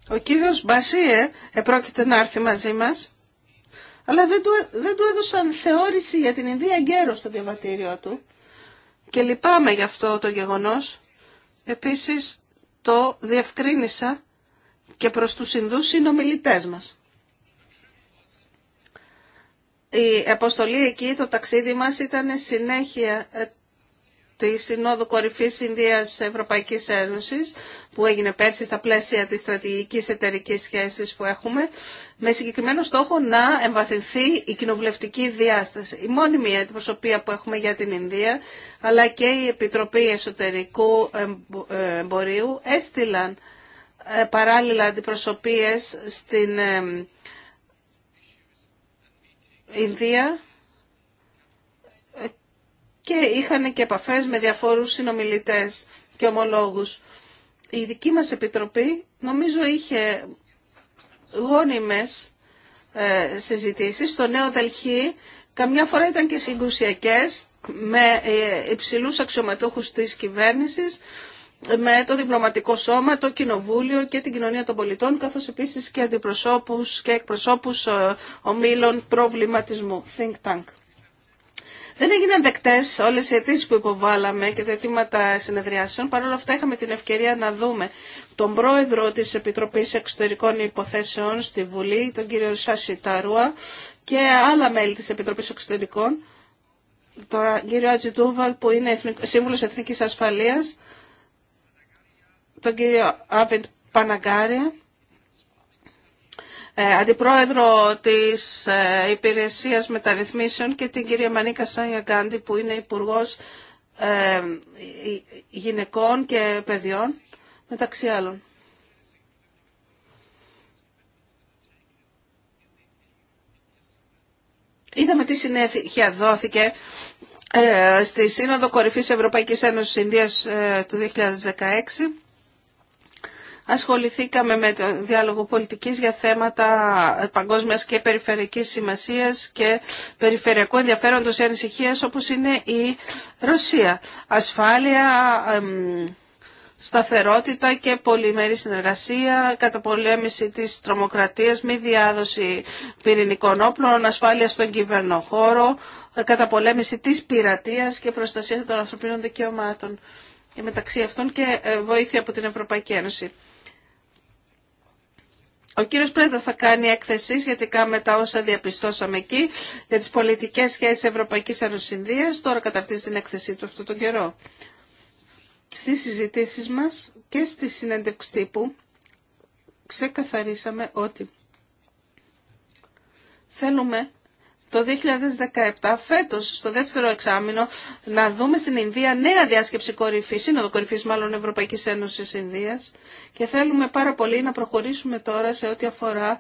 B: Ο κύριος Μπασίε επρόκειται να έρθει μαζί μας, αλλά δεν του, δεν έδωσαν θεώρηση για την Ινδία γέρο στο διαβατήριο του. Και λυπάμαι γι' αυτό το γεγονός. Επίσης το διευκρίνησα και προς τους Ινδούς συνομιλητές μας. Η αποστολή εκεί, το ταξίδι μας ήταν συνέχεια ε, τη Συνόδου Κορυφής Ινδία Ευρωπαϊκής Ένωση, που έγινε πέρσι στα πλαίσια τη στρατηγική εταιρική σχέση που έχουμε με συγκεκριμένο στόχο να εμβαθυνθεί η κοινοβουλευτική διάσταση. Η μόνιμη αντιπροσωπεία που έχουμε για την Ινδία αλλά και η Επιτροπή Εσωτερικού Εμπορίου έστειλαν ε, παράλληλα αντιπροσωπείες στην ε, Ινδία και είχαν και επαφές με διαφόρους συνομιλητές και ομολόγους. Η δική μας επιτροπή νομίζω είχε γόνιμες ε, συζητήσεις στο Νέο Δελχή. Καμιά φορά ήταν και συγκρουσιακές με ε, υψηλούς αξιωματούχους της κυβέρνησης, με το διπλωματικό σώμα, το κοινοβούλιο και την κοινωνία των πολιτών, καθώς επίσης και αντιπροσώπους και εκπροσώπους ε, ομίλων προβληματισμού, think tank. Δεν έγιναν δεκτές όλες οι αιτήσει που υποβάλαμε και τα αιτήματα συνεδριάσεων. Παρ' όλα αυτά είχαμε την ευκαιρία να δούμε τον πρόεδρο τη Επιτροπής Εξωτερικών Υποθέσεων στη Βουλή, τον κύριο Σασι Ταρούα και άλλα μέλη της Επιτροπής Εξωτερικών, τον κύριο Ατζιτούβαλ που είναι σύμβουλο Εθνικής Ασφαλείας, τον κύριο Άβιντ Παναγκάρια ε, αντιπρόεδρο της ε, Υπηρεσίας Μεταρρυθμίσεων και την κυρία Μανίκα Σάνια Γκάντι που είναι Υπουργός ε, Γυναικών και Παιδιών μεταξύ άλλων. Είδαμε τι συνέχεια δόθηκε στη Σύνοδο Κορυφής Ευρωπαϊκής Ένωσης Ινδίας του 2016 ασχοληθήκαμε με το διάλογο πολιτικής για θέματα παγκόσμιας και περιφερειακής σημασίας και περιφερειακού ενδιαφέροντος ή ανησυχίας όπως είναι η Ρωσία. Ασφάλεια, σταθερότητα και πολυμερή συνεργασία, καταπολέμηση της τρομοκρατίας, μη διάδοση πυρηνικών όπλων, ασφάλεια στον κυβερνοχώρο, καταπολέμηση της πειρατείας και προστασία των ανθρωπίνων δικαιωμάτων μεταξύ αυτών και ε, βοήθεια από την Ευρωπαϊκή Ένωση. Ο κύριο Πρέντα θα κάνει έκθεση σχετικά με τα όσα διαπιστώσαμε εκεί για τι πολιτικέ σχέσει Ευρωπαϊκή Ανωσυνδία. Τώρα καταρτίζει την έκθεσή του αυτόν τον καιρό. Στι συζητήσει μα και στη συνέντευξη τύπου ξεκαθαρίσαμε ότι θέλουμε το 2017, φέτος, στο δεύτερο εξάμεινο, να δούμε στην Ινδία νέα διάσκεψη κορυφή, σύνοδο κορυφή μάλλον Ευρωπαϊκής Ένωσης Ινδίας και θέλουμε πάρα πολύ να προχωρήσουμε τώρα σε ό,τι αφορά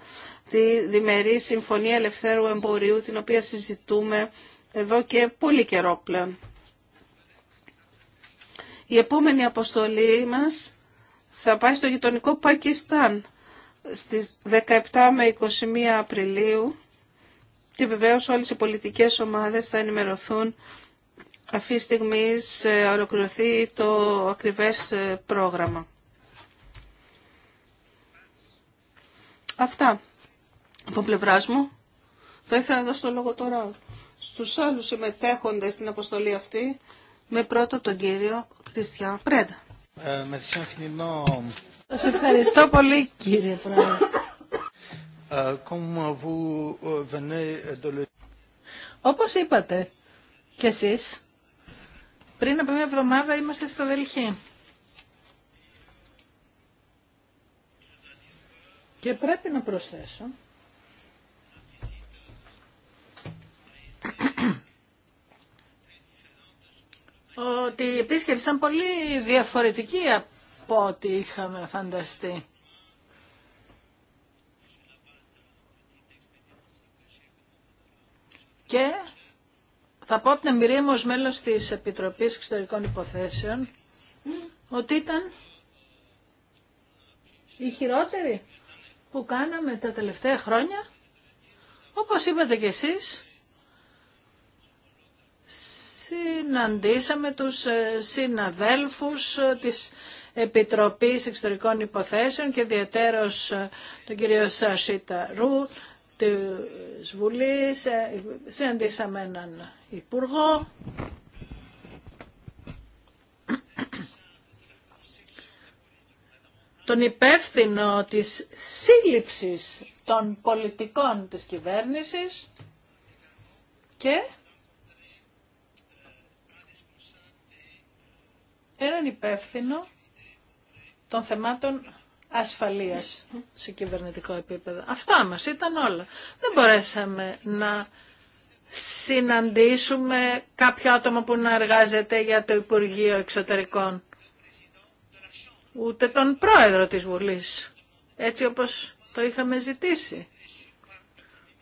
B: τη διμερή Συμφωνία Ελευθέρου Εμπορίου, την οποία συζητούμε εδώ και πολύ καιρό πλέον. Η επόμενη αποστολή μας θα πάει στο γειτονικό Πακιστάν στις 17 με 21 Απριλίου και βεβαίως όλες οι πολιτικές ομάδες θα ενημερωθούν αυτή τη στιγμή ολοκληρωθεί το ακριβές ε, πρόγραμμα. Αυτά από πλευρά μου. Θα ήθελα να δώσω το λόγο τώρα στους άλλους συμμετέχοντες στην αποστολή αυτή, με πρώτο τον κύριο Χριστιαν Πρέντα.
A: Ε,
D: Σας ευχαριστώ πολύ κύριε Πρόεδρε. Όπως είπατε και εσείς, πριν από μια εβδομάδα είμαστε στο Δελχή. Και πρέπει να προσθέσω ότι η επίσκεψη ήταν πολύ διαφορετική από ό,τι είχαμε φανταστεί. Και θα πω από την εμπειρία μου ως μέλος της Επιτροπής Εξωτερικών Υποθέσεων ότι ήταν η χειρότερη που κάναμε τα τελευταία χρόνια, όπως είπατε κι εσείς, συναντήσαμε τους ε, συναδέλφους ε, της Επιτροπής Εξωτερικών Υποθέσεων και ιδιαίτερος ε, τον κύριο Σασίτα Ρου, Τη Βουλής, ε, συναντήσαμε έναν υπουργό. τον υπεύθυνο της σύλληψης των πολιτικών της κυβέρνησης και έναν υπεύθυνο των θεμάτων ασφαλείας σε κυβερνητικό επίπεδο. Αυτά μας ήταν όλα. Δεν μπορέσαμε να συναντήσουμε κάποιο άτομο που να εργάζεται για το Υπουργείο Εξωτερικών. Ούτε τον πρόεδρο της Βουλής, έτσι όπως το είχαμε ζητήσει.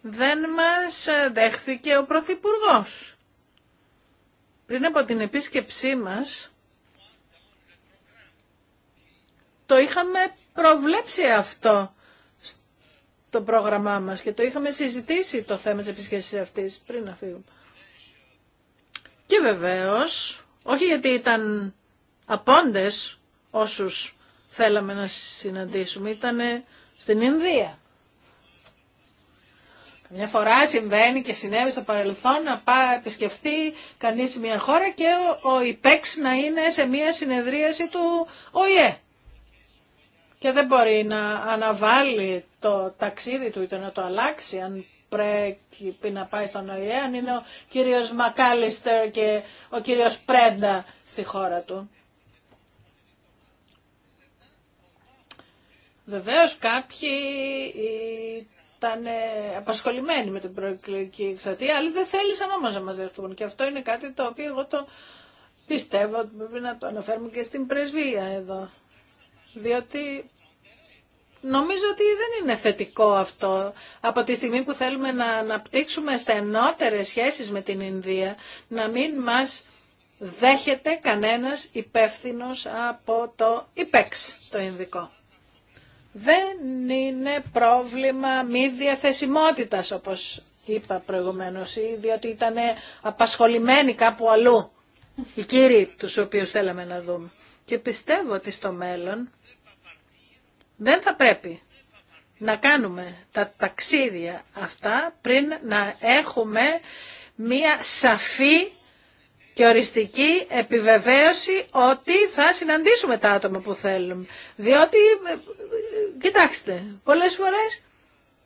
D: Δεν μας δέχθηκε ο Πρωθυπουργός. Πριν από την επίσκεψή μας, Το είχαμε προβλέψει αυτό στο πρόγραμμά μας και το είχαμε συζητήσει το θέμα της επισκέψης αυτής πριν να φύγουμε. Και βεβαίως, όχι γιατί ήταν απόντες όσους θέλαμε να συναντήσουμε, ήταν στην Ινδία. Μια φορά συμβαίνει και συνέβη στο παρελθόν να πάει επισκεφθεί κανείς μια χώρα και ο, ο υπέξ να είναι σε μια συνεδρίαση του ΟΗΕ και δεν μπορεί να αναβάλει το ταξίδι του ή να το αλλάξει αν πρέπει να πάει στον ΟΗΕ, αν είναι ο κύριος Μακάλιστερ και ο κύριος Πρέντα στη χώρα του. Βεβαίως κάποιοι ήταν απασχολημένοι με την προεκλογική εξαρτία, αλλά δεν θέλησαν όμως να μαζευτούν και αυτό είναι κάτι το οποίο εγώ το πιστεύω ότι πρέπει να το αναφέρουμε και στην πρεσβεία εδώ διότι νομίζω ότι δεν είναι θετικό αυτό. Από τη στιγμή που θέλουμε να αναπτύξουμε στενότερες σχέσεις με την Ινδία, να μην μας δέχεται κανένας υπεύθυνος από το υπέξ το Ινδικό. Δεν είναι πρόβλημα μη διαθεσιμότητας όπως είπα προηγουμένως ή διότι ήταν απασχολημένοι κάπου αλλού οι κύριοι τους οποίους θέλαμε να δούμε. Και πιστεύω ότι στο μέλλον δεν θα πρέπει να κάνουμε τα ταξίδια αυτά πριν να έχουμε μία σαφή και οριστική επιβεβαίωση ότι θα συναντήσουμε τα άτομα που θέλουμε. Διότι, ε, ε, κοιτάξτε, πολλές φορές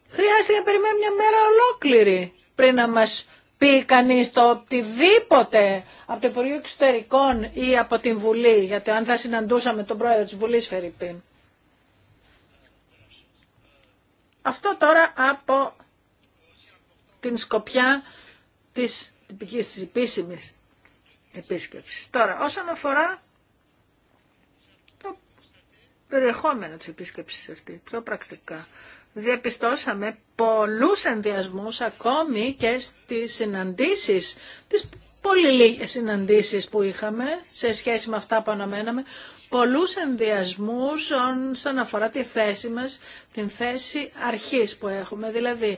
D: χρειάζεται να περιμένουμε μια μέρα ολόκληρη πριν να μας πει κανείς το οτιδήποτε από το Υπουργείο Εξωτερικών ή από την Βουλή, γιατί αν θα συναντούσαμε τον πρόεδρο της Βουλής Φερρυπίν. Αυτό τώρα από την σκοπιά της τυπικής της επίσημης επίσκεψης. Τώρα, όσον αφορά το περιεχόμενο της επίσκεψης αυτή, πιο πρακτικά, διαπιστώσαμε πολλούς ενδιασμούς ακόμη και στις συναντήσεις, τις πολύ λίγες συναντήσεις που είχαμε σε σχέση με αυτά που αναμέναμε, πολλούς ενδιασμούς όσον αφορά τη θέση μας, την θέση αρχής που έχουμε. Δηλαδή,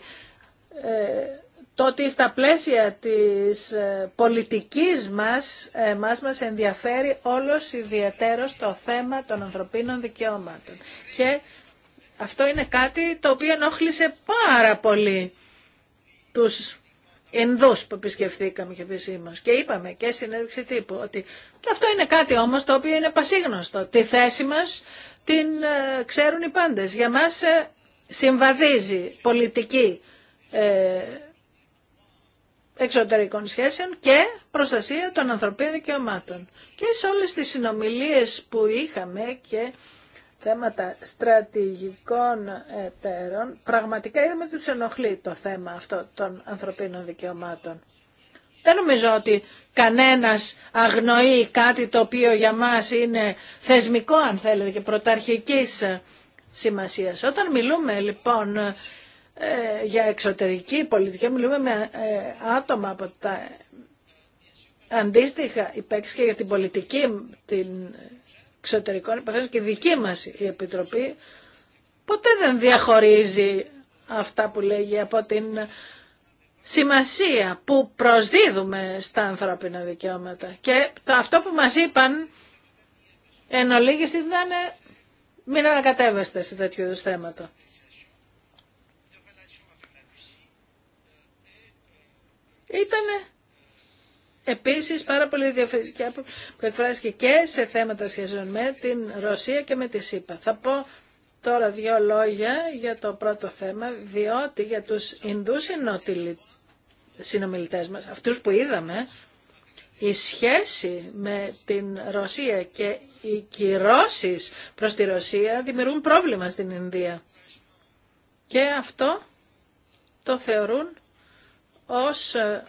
D: ε, το ότι στα πλαίσια της ε, πολιτικής μας, ε, μας μας ενδιαφέρει όλος ιδιαίτερος το θέμα των ανθρωπίνων δικαιωμάτων. Και αυτό είναι κάτι το οποίο ενόχλησε πάρα πολύ τους Ενδού που επισκεφθήκαμε και επισήμω. Και είπαμε και συνέντευξη τύπου ότι και αυτό είναι κάτι όμως το οποίο είναι πασίγνωστο. Τη θέση μας την ε, ξέρουν οι πάντε, Για μας ε, συμβαδίζει πολιτική ε, εξωτερικών σχέσεων και προστασία των ανθρωπίνων δικαιωμάτων. Και σε όλες τις συνομιλίες που είχαμε και θέματα στρατηγικών εταίρων, πραγματικά είδαμε ότι τους ενοχλεί το θέμα αυτό των ανθρωπίνων δικαιωμάτων. Δεν νομίζω ότι κανένας αγνοεί κάτι το οποίο για μας είναι θεσμικό, αν θέλετε, και πρωταρχικής σημασίας. Όταν μιλούμε, λοιπόν, ε, για εξωτερική πολιτική, μιλούμε με ε, άτομα από τα αντίστοιχα υπέξη και για την πολιτική, την εξωτερικών υποθέσεων και δική μας η Επιτροπή ποτέ δεν διαχωρίζει αυτά που λέγει από την σημασία που προσδίδουμε στα ανθρώπινα δικαιώματα. Και το, αυτό που μας είπαν εν ολίγης ήταν μην ανακατεύεστε σε τέτοιου είδους θέματα. Ήτανε Επίσης πάρα πολύ διαφορετικά που εκφράστηκε και σε θέματα σχέσεων με την Ρωσία και με τη ΣΥΠΑ. Θα πω τώρα δύο λόγια για το πρώτο θέμα, διότι για τους Ινδούς συνομιλητές μας, αυτούς που είδαμε, η σχέση με την Ρωσία και οι κυρώσεις προς τη Ρωσία δημιουργούν πρόβλημα στην Ινδία. Και αυτό το θεωρούν ως ε,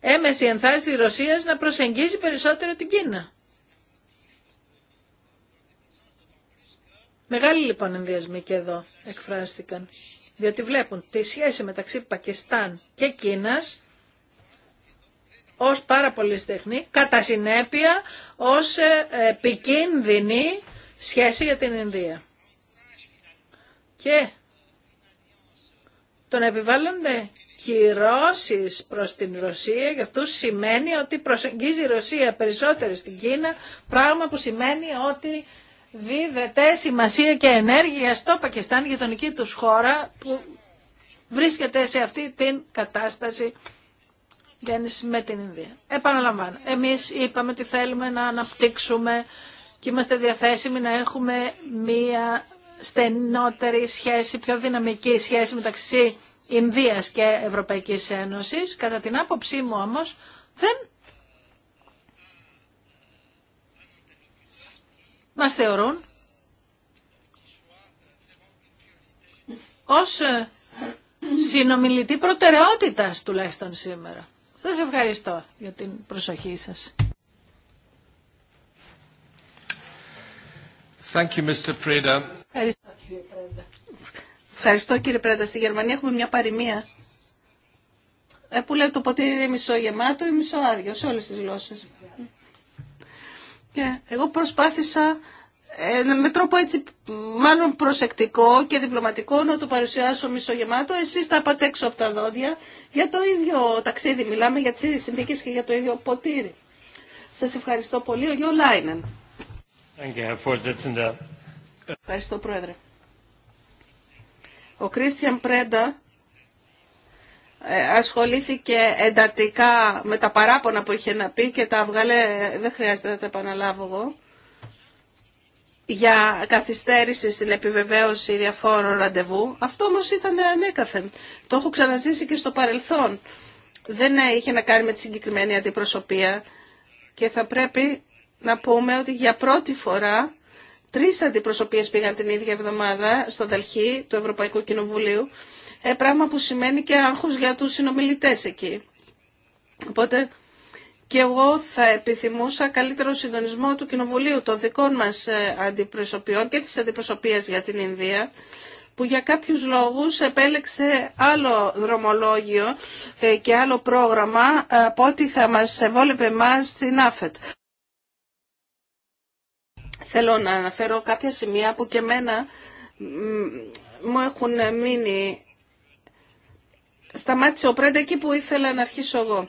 D: έμεση ενθάρρυνση της Ρωσίας να προσεγγίζει περισσότερο την Κίνα. Μεγάλοι λοιπόν ενδιασμοί και εδώ εκφράστηκαν, διότι βλέπουν τη σχέση μεταξύ Πακιστάν και Κίνας ως πάρα πολύ στεχνή, κατά συνέπεια ως ε, επικίνδυνη σχέση για την Ινδία. Και τον επιβάλλονται κυρώσεις προς την Ρωσία γι' αυτό σημαίνει ότι προσεγγίζει η Ρωσία περισσότερο στην Κίνα, πράγμα που σημαίνει ότι δίδεται σημασία και ενέργεια στο Πακιστάν γειτονική τους χώρα που βρίσκεται σε αυτή την κατάσταση με την Ινδία. Επαναλαμβάνω, εμείς είπαμε ότι θέλουμε να αναπτύξουμε και είμαστε διαθέσιμοι να έχουμε μία στενότερη σχέση, πιο δυναμική σχέση μεταξύ Ινδίας και Ευρωπαϊκής Ένωσης. Κατά την άποψή μου όμως δεν μας θεωρούν ως ε, συνομιλητή προτεραιότητας τουλάχιστον σήμερα. Σας ευχαριστώ για την προσοχή σας.
A: Thank you,
B: Ευχαριστώ κύριε Πρέντα. Στη Γερμανία έχουμε μια παροιμία ε, που λέει το ποτήρι είναι μισό γεμάτο ή μισό άδειο σε όλες τις γλώσσες. Και εγώ προσπάθησα ε, με τρόπο έτσι μάλλον προσεκτικό και διπλωματικό να το παρουσιάσω μισό γεμάτο. Εσείς τα πάτε από τα δόντια για το ίδιο ταξίδι. Μιλάμε για τις ίδιες συνθήκες και για το ίδιο ποτήρι. Σας ευχαριστώ πολύ. Ο Γιώ Λάινεν. Ευχαριστώ Πρόεδρε. Ο Κρίστιαν Πρέντα ε, ασχολήθηκε εντατικά με τα παράπονα που είχε να πει και τα βγάλε, δεν χρειάζεται να τα επαναλάβω εγώ, για καθυστέρηση στην επιβεβαίωση διαφόρων ραντεβού. Αυτό όμω ήταν ανέκαθεν. Το έχω ξαναζήσει και στο παρελθόν. Δεν είχε να κάνει με τη συγκεκριμένη αντιπροσωπεία και θα πρέπει να πούμε ότι για πρώτη φορά Τρει αντιπροσωπείες πήγαν την ίδια εβδομάδα στο Δαλχή του Ευρωπαϊκού Κοινοβουλίου, ε, πράγμα που σημαίνει και άγχος για τους συνομιλητές εκεί. Οπότε και εγώ θα επιθυμούσα καλύτερο συντονισμό του Κοινοβουλίου των δικών μας ε, αντιπροσωπιών και της αντιπροσωπείας για την Ινδία, που για κάποιους λόγους επέλεξε άλλο δρομολόγιο ε, και άλλο πρόγραμμα από ό,τι θα μας ευόλευε εμάς στην ΑΦΕΤ. Θέλω να αναφέρω κάποια σημεία που και μένα μου έχουν μείνει. Σταμάτησε ο Πρέντα εκεί που ήθελα να αρχίσω εγώ.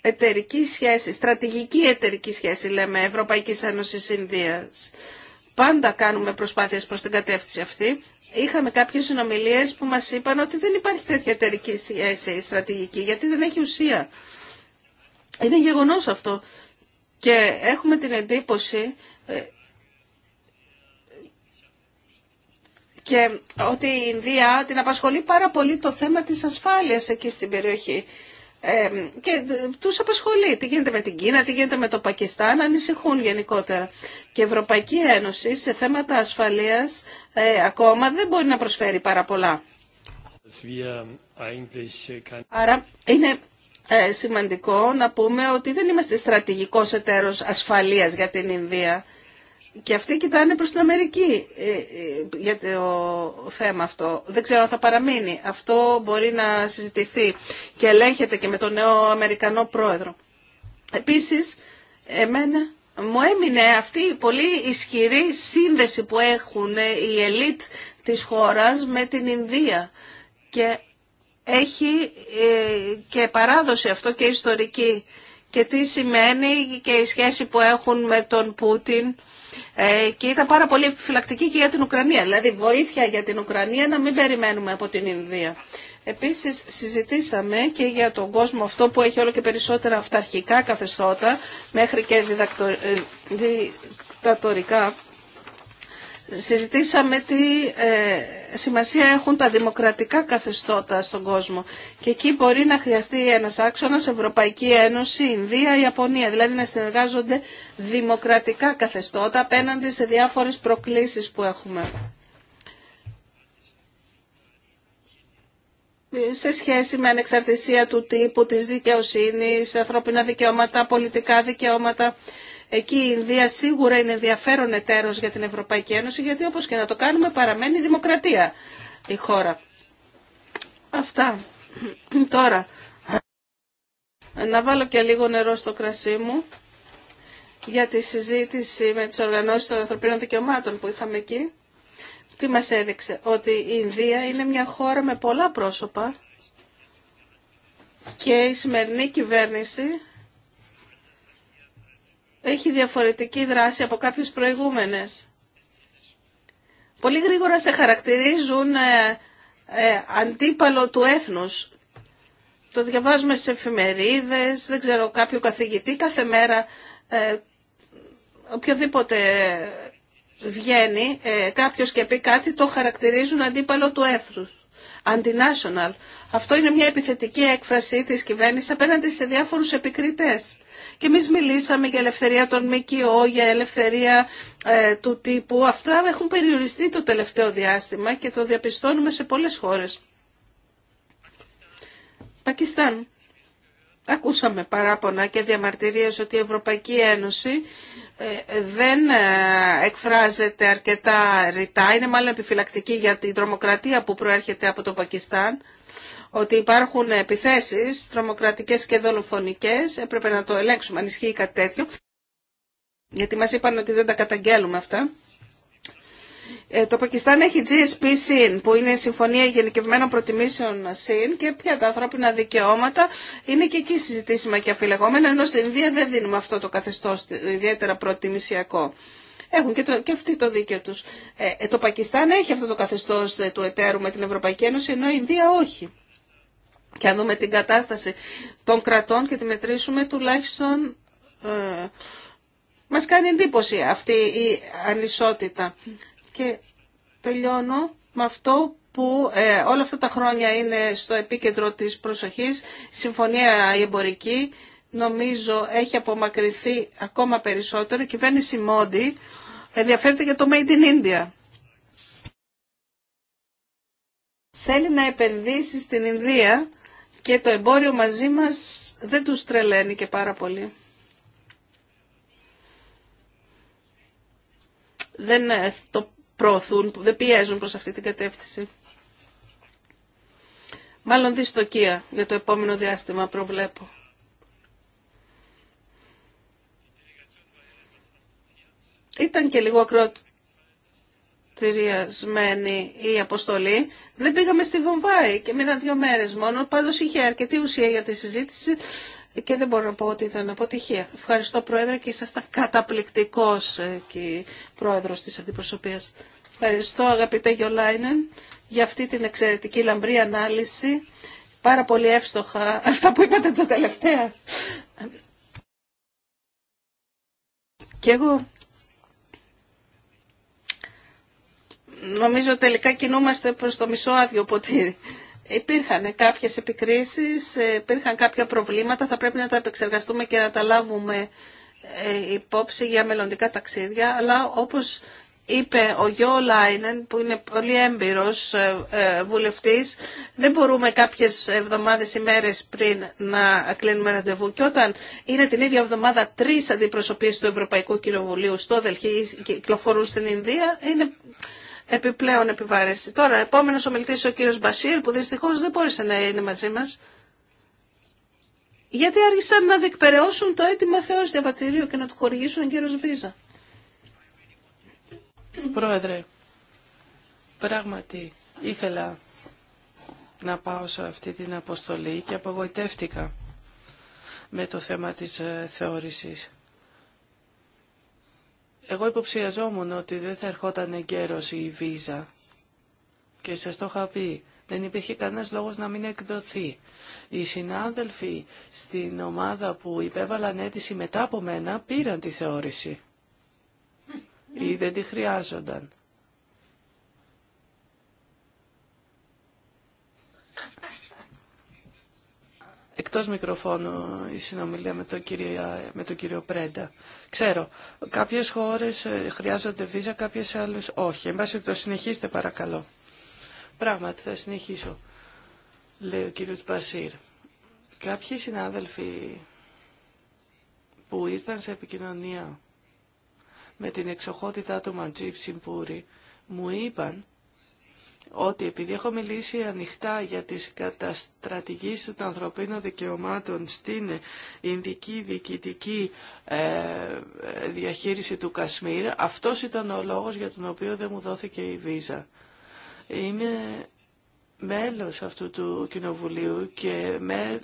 B: Εταιρική σχέση, στρατηγική εταιρική σχέση λέμε Ευρωπαϊκής Ένωσης Ινδίας. Πάντα κάνουμε προσπάθειες προς την κατεύθυνση αυτή. Είχαμε κάποιες συνομιλίες που μας είπαν ότι δεν υπάρχει τέτοια εταιρική σχέση στρατηγική γιατί δεν έχει ουσία. Είναι γεγονός αυτό. Και έχουμε την εντύπωση ε, και ότι η Ινδία την απασχολεί πάρα πολύ το θέμα της ασφάλειας εκεί στην περιοχή. και τους απασχολεί τι γίνεται με την Κίνα, τι γίνεται με το Πακιστάν, ανησυχούν γενικότερα. Και η Ευρωπαϊκή Ένωση σε θέματα ασφαλείας ε, ακόμα δεν μπορεί να προσφέρει πάρα πολλά.
A: Ε, Άρα
B: είναι ε, σημαντικό να πούμε ότι δεν είμαστε στρατηγικός εταίρος ασφαλείας για την Ινδία. Και αυτοί κοιτάνε προς την Αμερική ε, ε, για το θέμα αυτό. Δεν ξέρω αν θα παραμείνει. Αυτό μπορεί να συζητηθεί και ελέγχεται και με τον νέο Αμερικανό πρόεδρο. Επίσης, εμένα μου έμεινε αυτή η πολύ ισχυρή σύνδεση που έχουν οι ελίτ της χώρας με την Ινδία. Και έχει ε, και παράδοση αυτό και ιστορική. Και τι σημαίνει και η σχέση που έχουν με τον Πούτιν ε, και ήταν πάρα πολύ επιφυλακτική και για την Ουκρανία. Δηλαδή βοήθεια για την Ουκρανία να μην περιμένουμε από την Ινδία. Επίσης συζητήσαμε και για τον κόσμο αυτό που έχει όλο και περισσότερα αυταρχικά καθεστώτα μέχρι και διδακτορικά ε, συζητήσαμε τι ε, σημασία έχουν τα δημοκρατικά καθεστώτα στον κόσμο. Και εκεί μπορεί να χρειαστεί ένας άξονας Ευρωπαϊκή Ένωση, Ινδία, Ιαπωνία. Δηλαδή να συνεργάζονται δημοκρατικά καθεστώτα απέναντι σε διάφορες προκλήσεις που έχουμε. σε σχέση με ανεξαρτησία του τύπου, της δικαιοσύνης, ανθρώπινα δικαιώματα, πολιτικά δικαιώματα. Εκεί η Ινδία σίγουρα είναι ενδιαφέρον εταίρος για την Ευρωπαϊκή Ένωση, γιατί όπως και να το κάνουμε παραμένει δημοκρατία η χώρα. Αυτά. Τώρα, να βάλω και λίγο νερό στο κρασί μου για τη συζήτηση με τις οργανώσεις των ανθρωπίνων δικαιωμάτων που είχαμε εκεί. Τι μας έδειξε, ότι η Ινδία είναι μια χώρα με πολλά πρόσωπα και η σημερινή κυβέρνηση έχει διαφορετική δράση από κάποιες προηγούμενες. Πολύ γρήγορα σε χαρακτηρίζουν ε, ε, αντίπαλο του έθνους. Το διαβάζουμε σε εφημερίδες, δεν ξέρω κάποιο καθηγητή, κάθε μέρα ε, οποιοδήποτε βγαίνει ε, κάποιος και πει κάτι, το χαρακτηρίζουν αντίπαλο του έθνους. Αντινάσιοναλ. Αυτό είναι μια επιθετική έκφραση της κυβέρνησης απέναντι σε διάφορους επικριτές. Και εμεί μιλήσαμε για ελευθερία των ΜΚΟ, για ελευθερία ε, του τύπου. Αυτά έχουν περιοριστεί το τελευταίο διάστημα και το διαπιστώνουμε σε πολλές χώρες. Πακιστάν. Ακούσαμε παράπονα και διαμαρτυρίες ότι η Ευρωπαϊκή Ένωση ε, δεν ε, εκφράζεται αρκετά ρητά, είναι μάλλον επιφυλακτική για την τρομοκρατία που προέρχεται από το Πακιστάν ότι υπάρχουν επιθέσεις τρομοκρατικές και δολοφονικές. Έπρεπε να το ελέγξουμε αν ισχύει κάτι τέτοιο. Γιατί μας είπαν ότι δεν τα καταγγέλουμε αυτά. Ε, το Πακιστάν έχει GSP SIN που είναι η Συμφωνία Γενικευμένων Προτιμήσεων SIN και πια τα ανθρώπινα δικαιώματα είναι και εκεί συζητήσιμα και αφιλεγόμενα ενώ στην Ινδία δεν δίνουμε αυτό το καθεστώς ιδιαίτερα προτιμησιακό. Έχουν και, το, αυτοί το δίκαιο τους. Ε, ε, το Πακιστάν έχει αυτό το καθεστώς του εταίρου με την Ευρωπαϊκή Ένωση, ενώ η Ινδία όχι και αν δούμε την κατάσταση των κρατών και τη μετρήσουμε τουλάχιστον ε, μας κάνει εντύπωση αυτή η ανισότητα. Και τελειώνω με αυτό που ε, όλα αυτά τα χρόνια είναι στο επίκεντρο της προσοχής, συμφωνία η εμπορική, νομίζω έχει απομακρυνθεί ακόμα περισσότερο. Η κυβέρνηση Μόντι ενδιαφέρεται για το Made in India. Θέλει να επενδύσει στην Ινδία και το εμπόριο μαζί μας δεν τους τρελαίνει και πάρα πολύ. Δεν ε, το προωθούν, δεν πιέζουν προς αυτή την κατεύθυνση. Μάλλον δυστοκία για το επόμενο διάστημα προβλέπω. Ήταν και λίγο ακρότητα μαρτυριασμένη η αποστολή. Δεν πήγαμε στη Βομβάη και μείναν δύο μέρες μόνο. Πάντω είχε αρκετή ουσία για τη συζήτηση και δεν μπορώ να πω ότι ήταν αποτυχία. Ευχαριστώ Πρόεδρε και ήσασταν καταπληκτικό ε, και Πρόεδρος της αντιπροσωπεία. Ευχαριστώ αγαπητέ Γιολάινεν για αυτή την εξαιρετική λαμπρή ανάλυση. Πάρα πολύ εύστοχα αυτά που είπατε τα τελευταία. Και εγώ Νομίζω τελικά κινούμαστε προς το μισό άδειο ποτήρι. Υπήρχαν κάποιες επικρίσεις, υπήρχαν κάποια προβλήματα, θα πρέπει να τα επεξεργαστούμε και να τα λάβουμε ε, υπόψη για μελλοντικά ταξίδια, αλλά όπως είπε ο Γιώ Λάινεν, που είναι πολύ έμπειρος ε, ε, βουλευτής, δεν μπορούμε κάποιες εβδομάδες ή μέρες πριν να κλείνουμε ραντεβού. Και όταν είναι την ίδια εβδομάδα τρεις αντιπροσωπείς του Ευρωπαϊκού Κοινοβουλίου στο Δελχή κυκλοφορούν στην Ινδία, είναι επιπλέον επιβάρεση. Τώρα, επόμενο ο ο κύριο Μπασίρ, που δυστυχώ δεν μπόρεσε να είναι μαζί μα. Γιατί άρχισαν να διεκπαιρεώσουν το αίτημα θεώρηση διαβατηρίου και να του χορηγήσουν
C: κύριο βίζα. Πρόεδρε, πράγματι ήθελα να πάω σε αυτή την αποστολή και απογοητεύτηκα με το θέμα της ε, θεώρησης. Εγώ υποψιαζόμουν ότι δεν θα ερχόταν εγκαίρως η βίζα και σας το είχα πει. Δεν υπήρχε κανένας λόγος να μην εκδοθεί. Οι συνάδελφοι στην ομάδα που υπέβαλαν αίτηση μετά από μένα πήραν τη θεώρηση ή δεν τη χρειάζονταν. Εκτός μικροφώνου η συνομιλία με τον κύριο, με τον κύριο Πρέντα. Ξέρω, κάποιες χώρες ε, χρειάζονται βίζα, κάποιες άλλες όχι. Εν πάση το συνεχίστε παρακαλώ. Πράγματι θα συνεχίσω, λέει ο κύριος Μπασίρ. Κάποιοι συνάδελφοι που ήρθαν σε επικοινωνία με την εξοχότητά του Μαντζίπ Σιμπούρη μου είπαν ότι επειδή έχω μιλήσει ανοιχτά για τις καταστρατηγήσεις των ανθρωπίνων δικαιωμάτων στην ειδική διοικητική ε, διαχείριση του Κασμίρ, αυτός ήταν ο λόγος για τον οποίο δεν μου δόθηκε η βίζα. Είμαι μέλος αυτού του κοινοβουλίου και με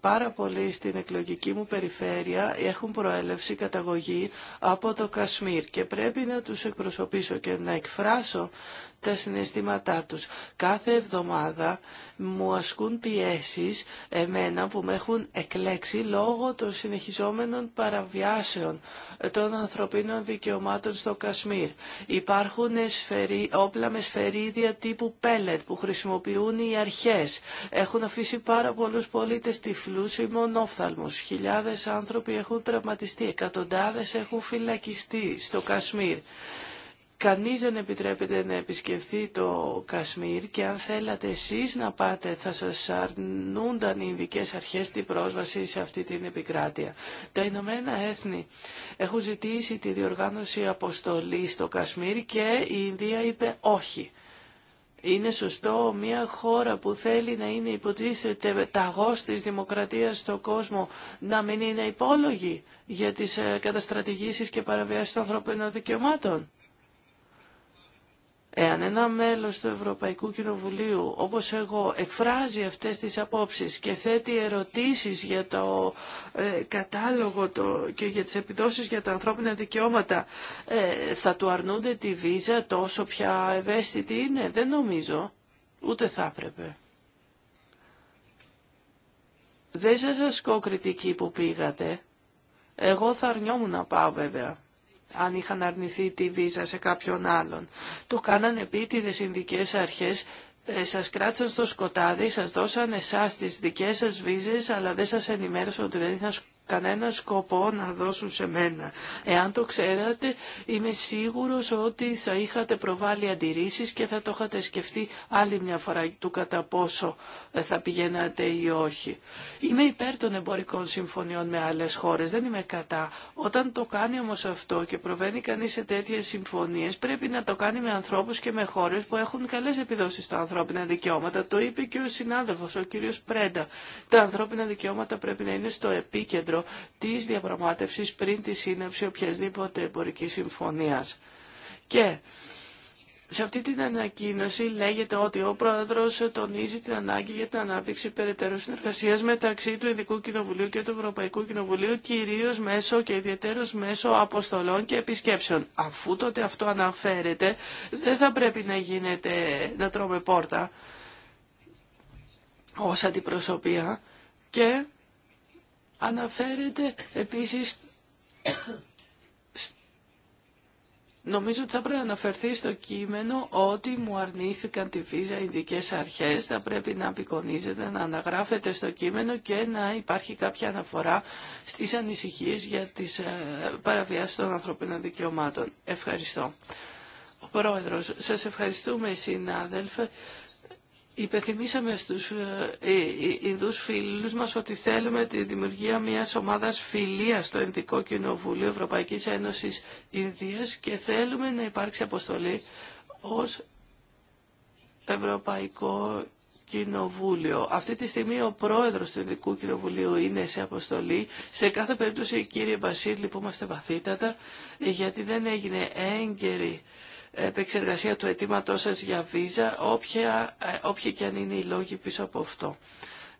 C: πάρα πολλοί στην εκλογική μου περιφέρεια έχουν προέλευση καταγωγή από το Κασμίρ και πρέπει να τους εκπροσωπήσω και να εκφράσω τα συναισθήματά τους. Κάθε εβδομάδα μου ασκούν πιέσεις εμένα που με έχουν εκλέξει λόγω των συνεχιζόμενων παραβιάσεων των ανθρωπίνων δικαιωμάτων στο Κασμίρ. Υπάρχουν σφαιρί, όπλα με σφαιρίδια τύπου πέλετ που χρησιμοποιούν οι αρχές. Έχουν αφήσει πάρα πολλούς πολίτες τυφλούς ή μονόφθαλμους. Χιλιάδες άνθρωποι έχουν τραυματιστεί, εκατοντάδες έχουν φυλακιστεί στο Κασμίρ. Κανείς δεν επιτρέπεται να επισκεφθεί το Κασμίρ και αν θέλατε εσείς να πάτε θα σας αρνούνταν οι Ινδικές αρχές την πρόσβαση σε αυτή την επικράτεια. Τα Ηνωμένα Έθνη έχουν ζητήσει τη διοργάνωση αποστολή στο Κασμίρ και η Ινδία είπε όχι. Είναι σωστό μια χώρα που θέλει να είναι υποτίθεται ταγός της δημοκρατίας στον κόσμο να μην είναι υπόλογη για τις ε, καταστρατηγήσεις και παραβιάσεις των ανθρωπίνων δικαιωμάτων. Εάν ένα μέλος του Ευρωπαϊκού Κοινοβουλίου, όπως εγώ, εκφράζει αυτές τις απόψεις και θέτει ερωτήσεις για το ε, κατάλογο το, και για τις επιδόσεις για τα ανθρώπινα δικαιώματα, ε, θα του αρνούνται τη βίζα τόσο πια ευαίσθητη είναι. Δεν νομίζω. Ούτε θα έπρεπε. Δεν σας ασκώ κριτική που πήγατε. Εγώ θα αρνιόμουν να πάω βέβαια αν είχαν αρνηθεί τη βίζα σε κάποιον άλλον. Το κάνανε επίτηδες συνδικές αρχές ε, σας κράτησαν στο σκοτάδι, σας δώσαν εσάς τις δικές σας βίζες, αλλά δεν σας ενημέρωσαν ότι δεν είχαν κανένα σκοπό να δώσουν σε μένα. Εάν το ξέρατε, είμαι σίγουρος ότι θα είχατε προβάλει αντιρρήσεις και θα το είχατε σκεφτεί άλλη μια φορά του κατά πόσο ε, θα πηγαίνατε ή όχι. Είμαι υπέρ των εμπορικών συμφωνιών με άλλες χώρες, δεν είμαι κατά. Όταν το κάνει όμως αυτό και προβαίνει κανείς σε τέτοιες συμφωνίες, πρέπει να το κάνει με ανθρώπους και με χώρες που έχουν καλές επιδόσεις στα ανθρώπινα δικαιώματα. Το είπε και ο συνάδελφος, ο κύριος Πρέντα. Τα ανθρώπινα δικαιώματα πρέπει να είναι στο επίκεντρο Τη διαπραγματεύση πριν τη σύναψη οποιασδήποτε εμπορική συμφωνίας. Και σε αυτή την ανακοίνωση λέγεται ότι ο πρόεδρο τονίζει την ανάγκη για την ανάπτυξη περαιτέρω συνεργασία μεταξύ του Ειδικού Κοινοβουλίου και του Ευρωπαϊκού Κοινοβουλίου, Κυρίω μέσω και ιδιαίτερω μέσω αποστολών και επισκέψεων. Αφού τότε αυτό αναφέρεται, δεν θα πρέπει να γίνεται να τρώμε πόρτα ως αντιπροσωπεία και αναφέρεται επίσης Νομίζω ότι θα πρέπει να αναφερθεί στο κείμενο ότι μου αρνήθηκαν τη βίζα ειδικέ αρχέ. Θα πρέπει να απεικονίζεται, να αναγράφεται στο κείμενο και να υπάρχει κάποια αναφορά στις ανησυχίες για τι ε, παραβιάσει των ανθρωπίνων δικαιωμάτων. Ευχαριστώ. Ο πρόεδρο. σας ευχαριστούμε συνάδελφε. Υπενθυμίσαμε στους ε, ε, ε, Ινδούς φίλους μας ότι θέλουμε τη δημιουργία μιας ομάδας φιλίας στο Ενδικό Κοινοβούλιο Ευρωπαϊκής Ένωσης Ινδίας και θέλουμε να υπάρξει αποστολή ως Ευρωπαϊκό Κοινοβούλιο. Αυτή τη στιγμή ο πρόεδρος του Ειδικού Κοινοβουλίου είναι σε αποστολή. Σε κάθε περίπτωση κύριε Μπασίρ λυπούμαστε βαθύτατα γιατί δεν έγινε έγκαιρη επεξεργασία του αιτήματό σας για βίζα, όποια, ε, όποια και αν είναι οι λόγοι πίσω από αυτό.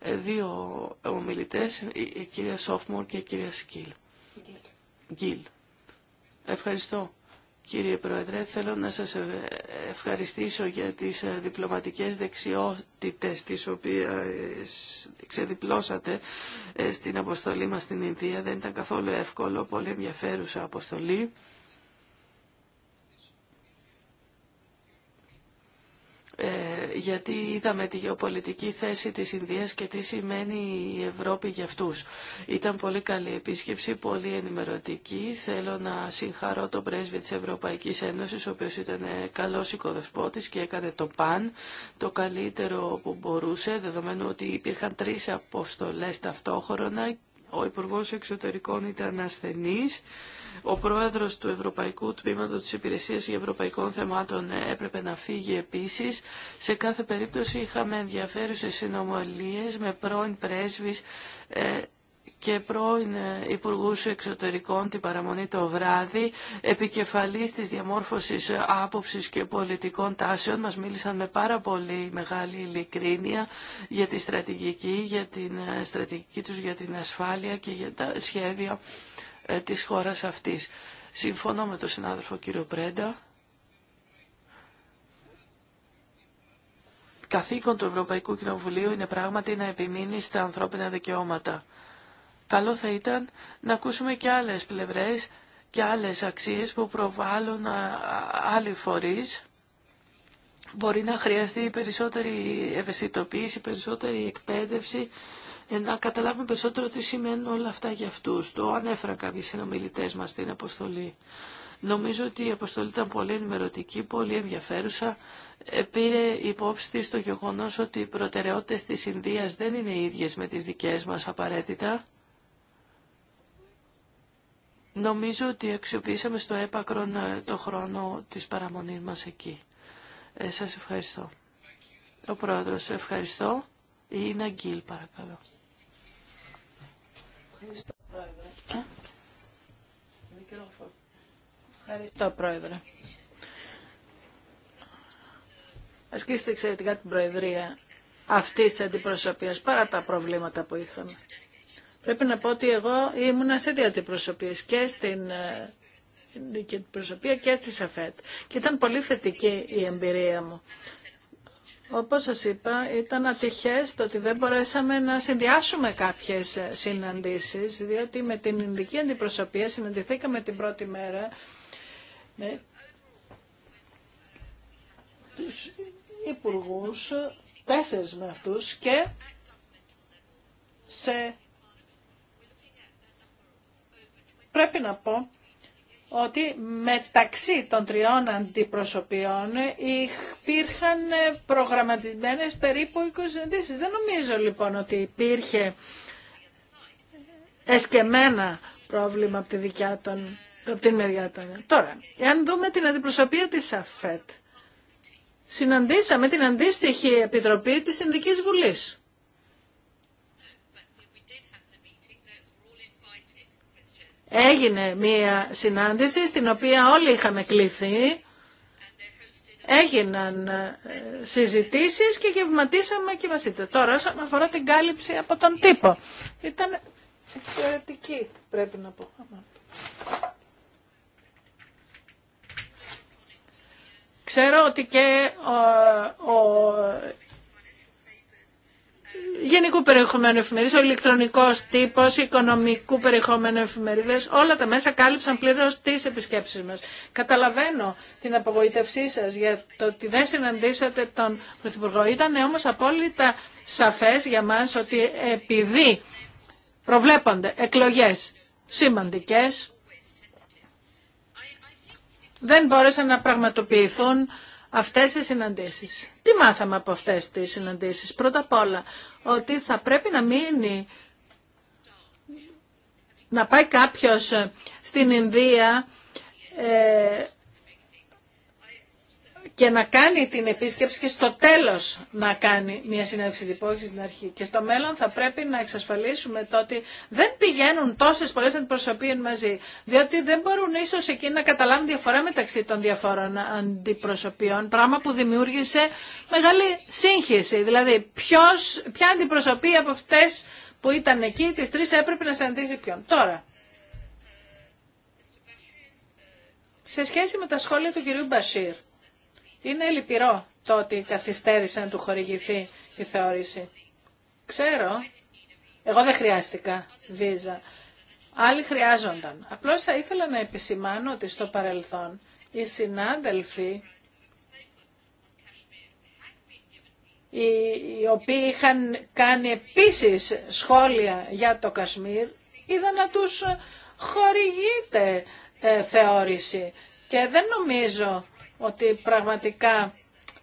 C: Ε, δύο ομιλητές, η κυρία Σόφμορ και η κυρία Σκύλ. Γκίλ. Ευχαριστώ. Κύριε Πρόεδρε, θέλω να σας ευχαριστήσω για τις ε, διπλωματικές δεξιότητες τις οποίες ξεδιπλώσατε στην αποστολή μας στην Ινδία. Δεν ήταν καθόλου εύκολο, πολύ ενδιαφέρουσα αποστολή. γιατί είδαμε τη γεωπολιτική θέση της Ινδίας και τι σημαίνει η Ευρώπη για αυτούς. Ήταν πολύ καλή επίσκεψη, πολύ ενημερωτική. Θέλω να συγχαρώ τον πρέσβη της Ευρωπαϊκής Ένωσης, ο οποίος ήταν καλός οικοδοσπότης και έκανε το παν, το καλύτερο που μπορούσε, δεδομένου ότι υπήρχαν τρεις αποστολές ταυτόχρονα. Ο Υπουργός Εξωτερικών ήταν ασθενής. Ο πρόεδρος του Ευρωπαϊκού Τμήματος της Υπηρεσίας για Ευρωπαϊκών Θεμάτων ε, έπρεπε να φύγει επίσης. Σε κάθε περίπτωση είχαμε ενδιαφέρουσες συνομολίες με πρώην πρέσβης ε, και πρώην ε, Υπουργού Εξωτερικών την παραμονή το βράδυ, επικεφαλής της διαμόρφωσης άποψης και πολιτικών τάσεων, μας μίλησαν με πάρα πολύ μεγάλη ειλικρίνεια για τη στρατηγική, για την στρατηγική τους για την ασφάλεια και για τα σχέδια ε, της χώρας αυτής. Συμφωνώ με τον συνάδελφο κύριο Πρέντα. Καθήκον του Ευρωπαϊκού Κοινοβουλίου είναι πράγματι να επιμείνει στα ανθρώπινα δικαιώματα. Καλό θα ήταν να ακούσουμε και άλλες πλευρές και άλλες αξίες που προβάλλουν άλλοι φορείς. Μπορεί να χρειαστεί περισσότερη ευαισθητοποίηση, περισσότερη εκπαίδευση, ε, να καταλάβουμε περισσότερο τι σημαίνουν όλα αυτά για αυτούς. Το ανέφεραν κάποιοι συνομιλητές μας στην αποστολή. Νομίζω ότι η αποστολή ήταν πολύ ενημερωτική, πολύ ενδιαφέρουσα. Ε, πήρε υπόψη της το γεγονός ότι οι προτεραιότητες της Ινδίας δεν είναι ίδιες με τις δικές μας απαραίτητα. Νομίζω ότι αξιοποιήσαμε στο έπακρον ε, το χρόνο της παραμονής μας εκεί. Ε, σας ευχαριστώ. Ο Πρόεδρος, ευχαριστώ. Η Ναγκίλ, παρακαλώ. Ευχαριστώ, Πρόεδρε.
D: Ευχαριστώ, Πρόεδρε. Ασκήστε εξαιρετικά την Προεδρία αυτή τη αντιπροσωπεία παρά τα προβλήματα που είχαμε. Πρέπει να πω ότι εγώ ήμουνα σε δύο αντιπροσωπείε και στην ε, και την προσωπία και στη ΣΑΦΕΤ. Και ήταν πολύ θετική η εμπειρία μου. Όπως σας είπα, ήταν ατυχές το ότι δεν μπορέσαμε να συνδυάσουμε κάποιες συναντήσεις, διότι με την Ινδική Αντιπροσωπεία συναντηθήκαμε την πρώτη μέρα με τους υπουργούς, τέσσερις με αυτούς και σε... Πρέπει να πω ότι μεταξύ των τριών αντιπροσωπιών υπήρχαν προγραμματισμένες περίπου 20 συναντήσεις. Δεν νομίζω λοιπόν ότι υπήρχε εσκεμένα πρόβλημα από τη δικιά των, από την μεριά των. Τώρα, εάν δούμε την αντιπροσωπεία της ΑΦΕΤ, συναντήσαμε την αντίστοιχη επιτροπή της Συνδικής Βουλής. Έγινε μία συνάντηση στην οποία όλοι είχαμε κλειθεί, Έγιναν ε, συζητήσεις και γευματίσαμε και μας Τώρα όσον αφορά την κάλυψη από τον τύπο. Ήταν εξαιρετική πρέπει να πω. Ξέρω ότι και ο γενικού περιεχομένου εφημερίδες, ο ηλεκτρονικός τύπος, οικονομικού περιεχομένου εφημερίδες, όλα τα μέσα κάλυψαν πλήρως τις επισκέψεις μας. Καταλαβαίνω την απογοήτευσή σας για το ότι δεν συναντήσατε τον Πρωθυπουργό. Ήταν όμως απόλυτα σαφές για μας ότι επειδή προβλέπονται εκλογές σημαντικές, δεν μπόρεσαν να πραγματοποιηθούν αυτές οι συναντήσεις. Τι μάθαμε από αυτές τις συναντήσεις. Πρώτα απ' όλα ότι θα πρέπει να μείνει να πάει κάποιος στην Ινδία ε, και να κάνει την επίσκεψη και στο τέλος να κάνει μια συνέντευξη τυπώχηση στην αρχή. Και στο μέλλον θα πρέπει να εξασφαλίσουμε το ότι δεν πηγαίνουν τόσες πολλές αντιπροσωπείες μαζί, διότι δεν μπορούν ίσως εκείνοι να καταλάβουν διαφορά μεταξύ των διαφόρων αντιπροσωπείων, πράγμα που δημιούργησε μεγάλη σύγχυση. Δηλαδή, ποιος, ποια αντιπροσωπεία από αυτές που ήταν εκεί, τις τρεις έπρεπε να συναντήσει ποιον. Τώρα, σε σχέση με τα σχόλια του κυρίου Μπασίρ, είναι λυπηρό το ότι καθυστέρησε να του χορηγηθεί η θεώρηση. Ξέρω, εγώ δεν χρειάστηκα βίζα. Άλλοι χρειάζονταν. Απλώς θα ήθελα να επισημάνω ότι στο παρελθόν οι συνάδελφοι οι οποίοι είχαν κάνει επίσης σχόλια για το Κασμίρ είδαν να τους χορηγείται ε, θεώρηση και δεν νομίζω ότι πραγματικά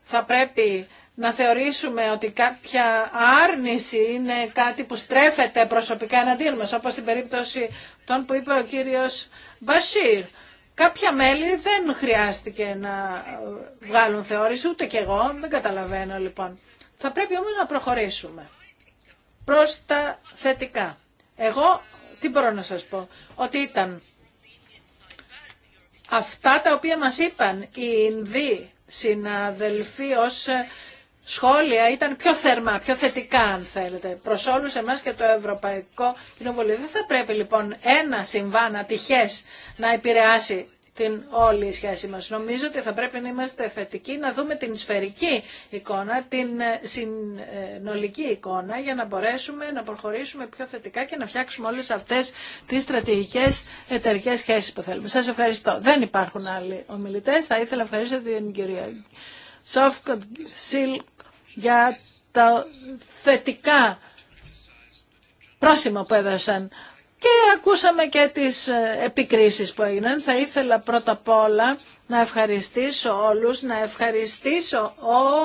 D: θα πρέπει να θεωρήσουμε ότι κάποια άρνηση είναι κάτι που στρέφεται προσωπικά εναντίον μας, όπως στην περίπτωση των που είπε ο κύριος Μπασίρ. Κάποια μέλη δεν χρειάστηκε να βγάλουν θεώρηση, ούτε κι εγώ, δεν καταλαβαίνω λοιπόν. Θα πρέπει όμως να προχωρήσουμε προς τα θετικά. Εγώ τι μπορώ να σας πω, ότι ήταν αυτά τα οποία μας είπαν οι Ινδοί συναδελφοί ως ε, σχόλια ήταν πιο θερμά, πιο θετικά αν θέλετε, προς όλους εμάς και το Ευρωπαϊκό Κοινοβουλίο. Δεν θα πρέπει λοιπόν ένα συμβάν ατυχές να επηρεάσει την όλη σχέση μας. Νομίζω ότι θα πρέπει να είμαστε θετικοί, να δούμε την σφαιρική εικόνα, την ε, συνολική εικόνα, για να μπορέσουμε να προχωρήσουμε πιο θετικά και να φτιάξουμε όλες αυτές τις στρατηγικές εταιρικέ σχέσεις που θέλουμε. Σας ευχαριστώ. Δεν υπάρχουν άλλοι ομιλητές. Θα ήθελα να ευχαριστήσω την κυρία Σόφκο Σιλ για τα θετικά πρόσημα που έδωσαν και ακούσαμε και τις ε, επικρίσεις που έγιναν. Θα ήθελα πρώτα απ' όλα να ευχαριστήσω όλους, να ευχαριστήσω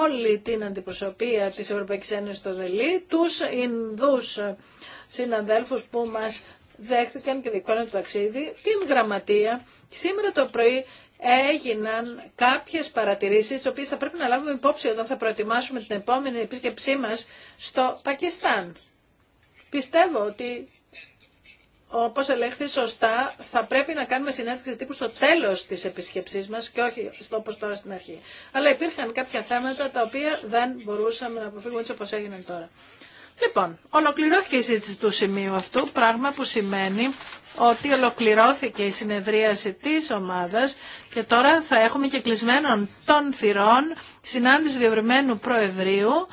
D: όλη την αντιπροσωπεία της Ευρωπαϊκής Ένωσης στο Δελή, τους Ινδούς συναδέλφους που μας δέχθηκαν και δικόναν το ταξίδι, την γραμματεία. Σήμερα το πρωί έγιναν κάποιες παρατηρήσεις, τις οποίες θα πρέπει να λάβουμε υπόψη όταν θα προετοιμάσουμε την επόμενη επίσκεψή μας στο Πακιστάν. Πιστεύω ότι όπως ελέγχθη σωστά, θα πρέπει να κάνουμε συνέντευξη τύπου στο τέλος της επισκεψής μας και όχι όπως τώρα στην αρχή. Αλλά υπήρχαν κάποια θέματα τα οποία δεν μπορούσαμε να αποφύγουμε έτσι όπως έγινε τώρα. Λοιπόν, ολοκληρώθηκε η συζήτηση του σημείου αυτού, πράγμα που σημαίνει ότι ολοκληρώθηκε η συνεδρίαση της ομάδας και τώρα θα έχουμε και κλεισμένων των θυρών συνάντηση του Διευρυμένου Προεδρίου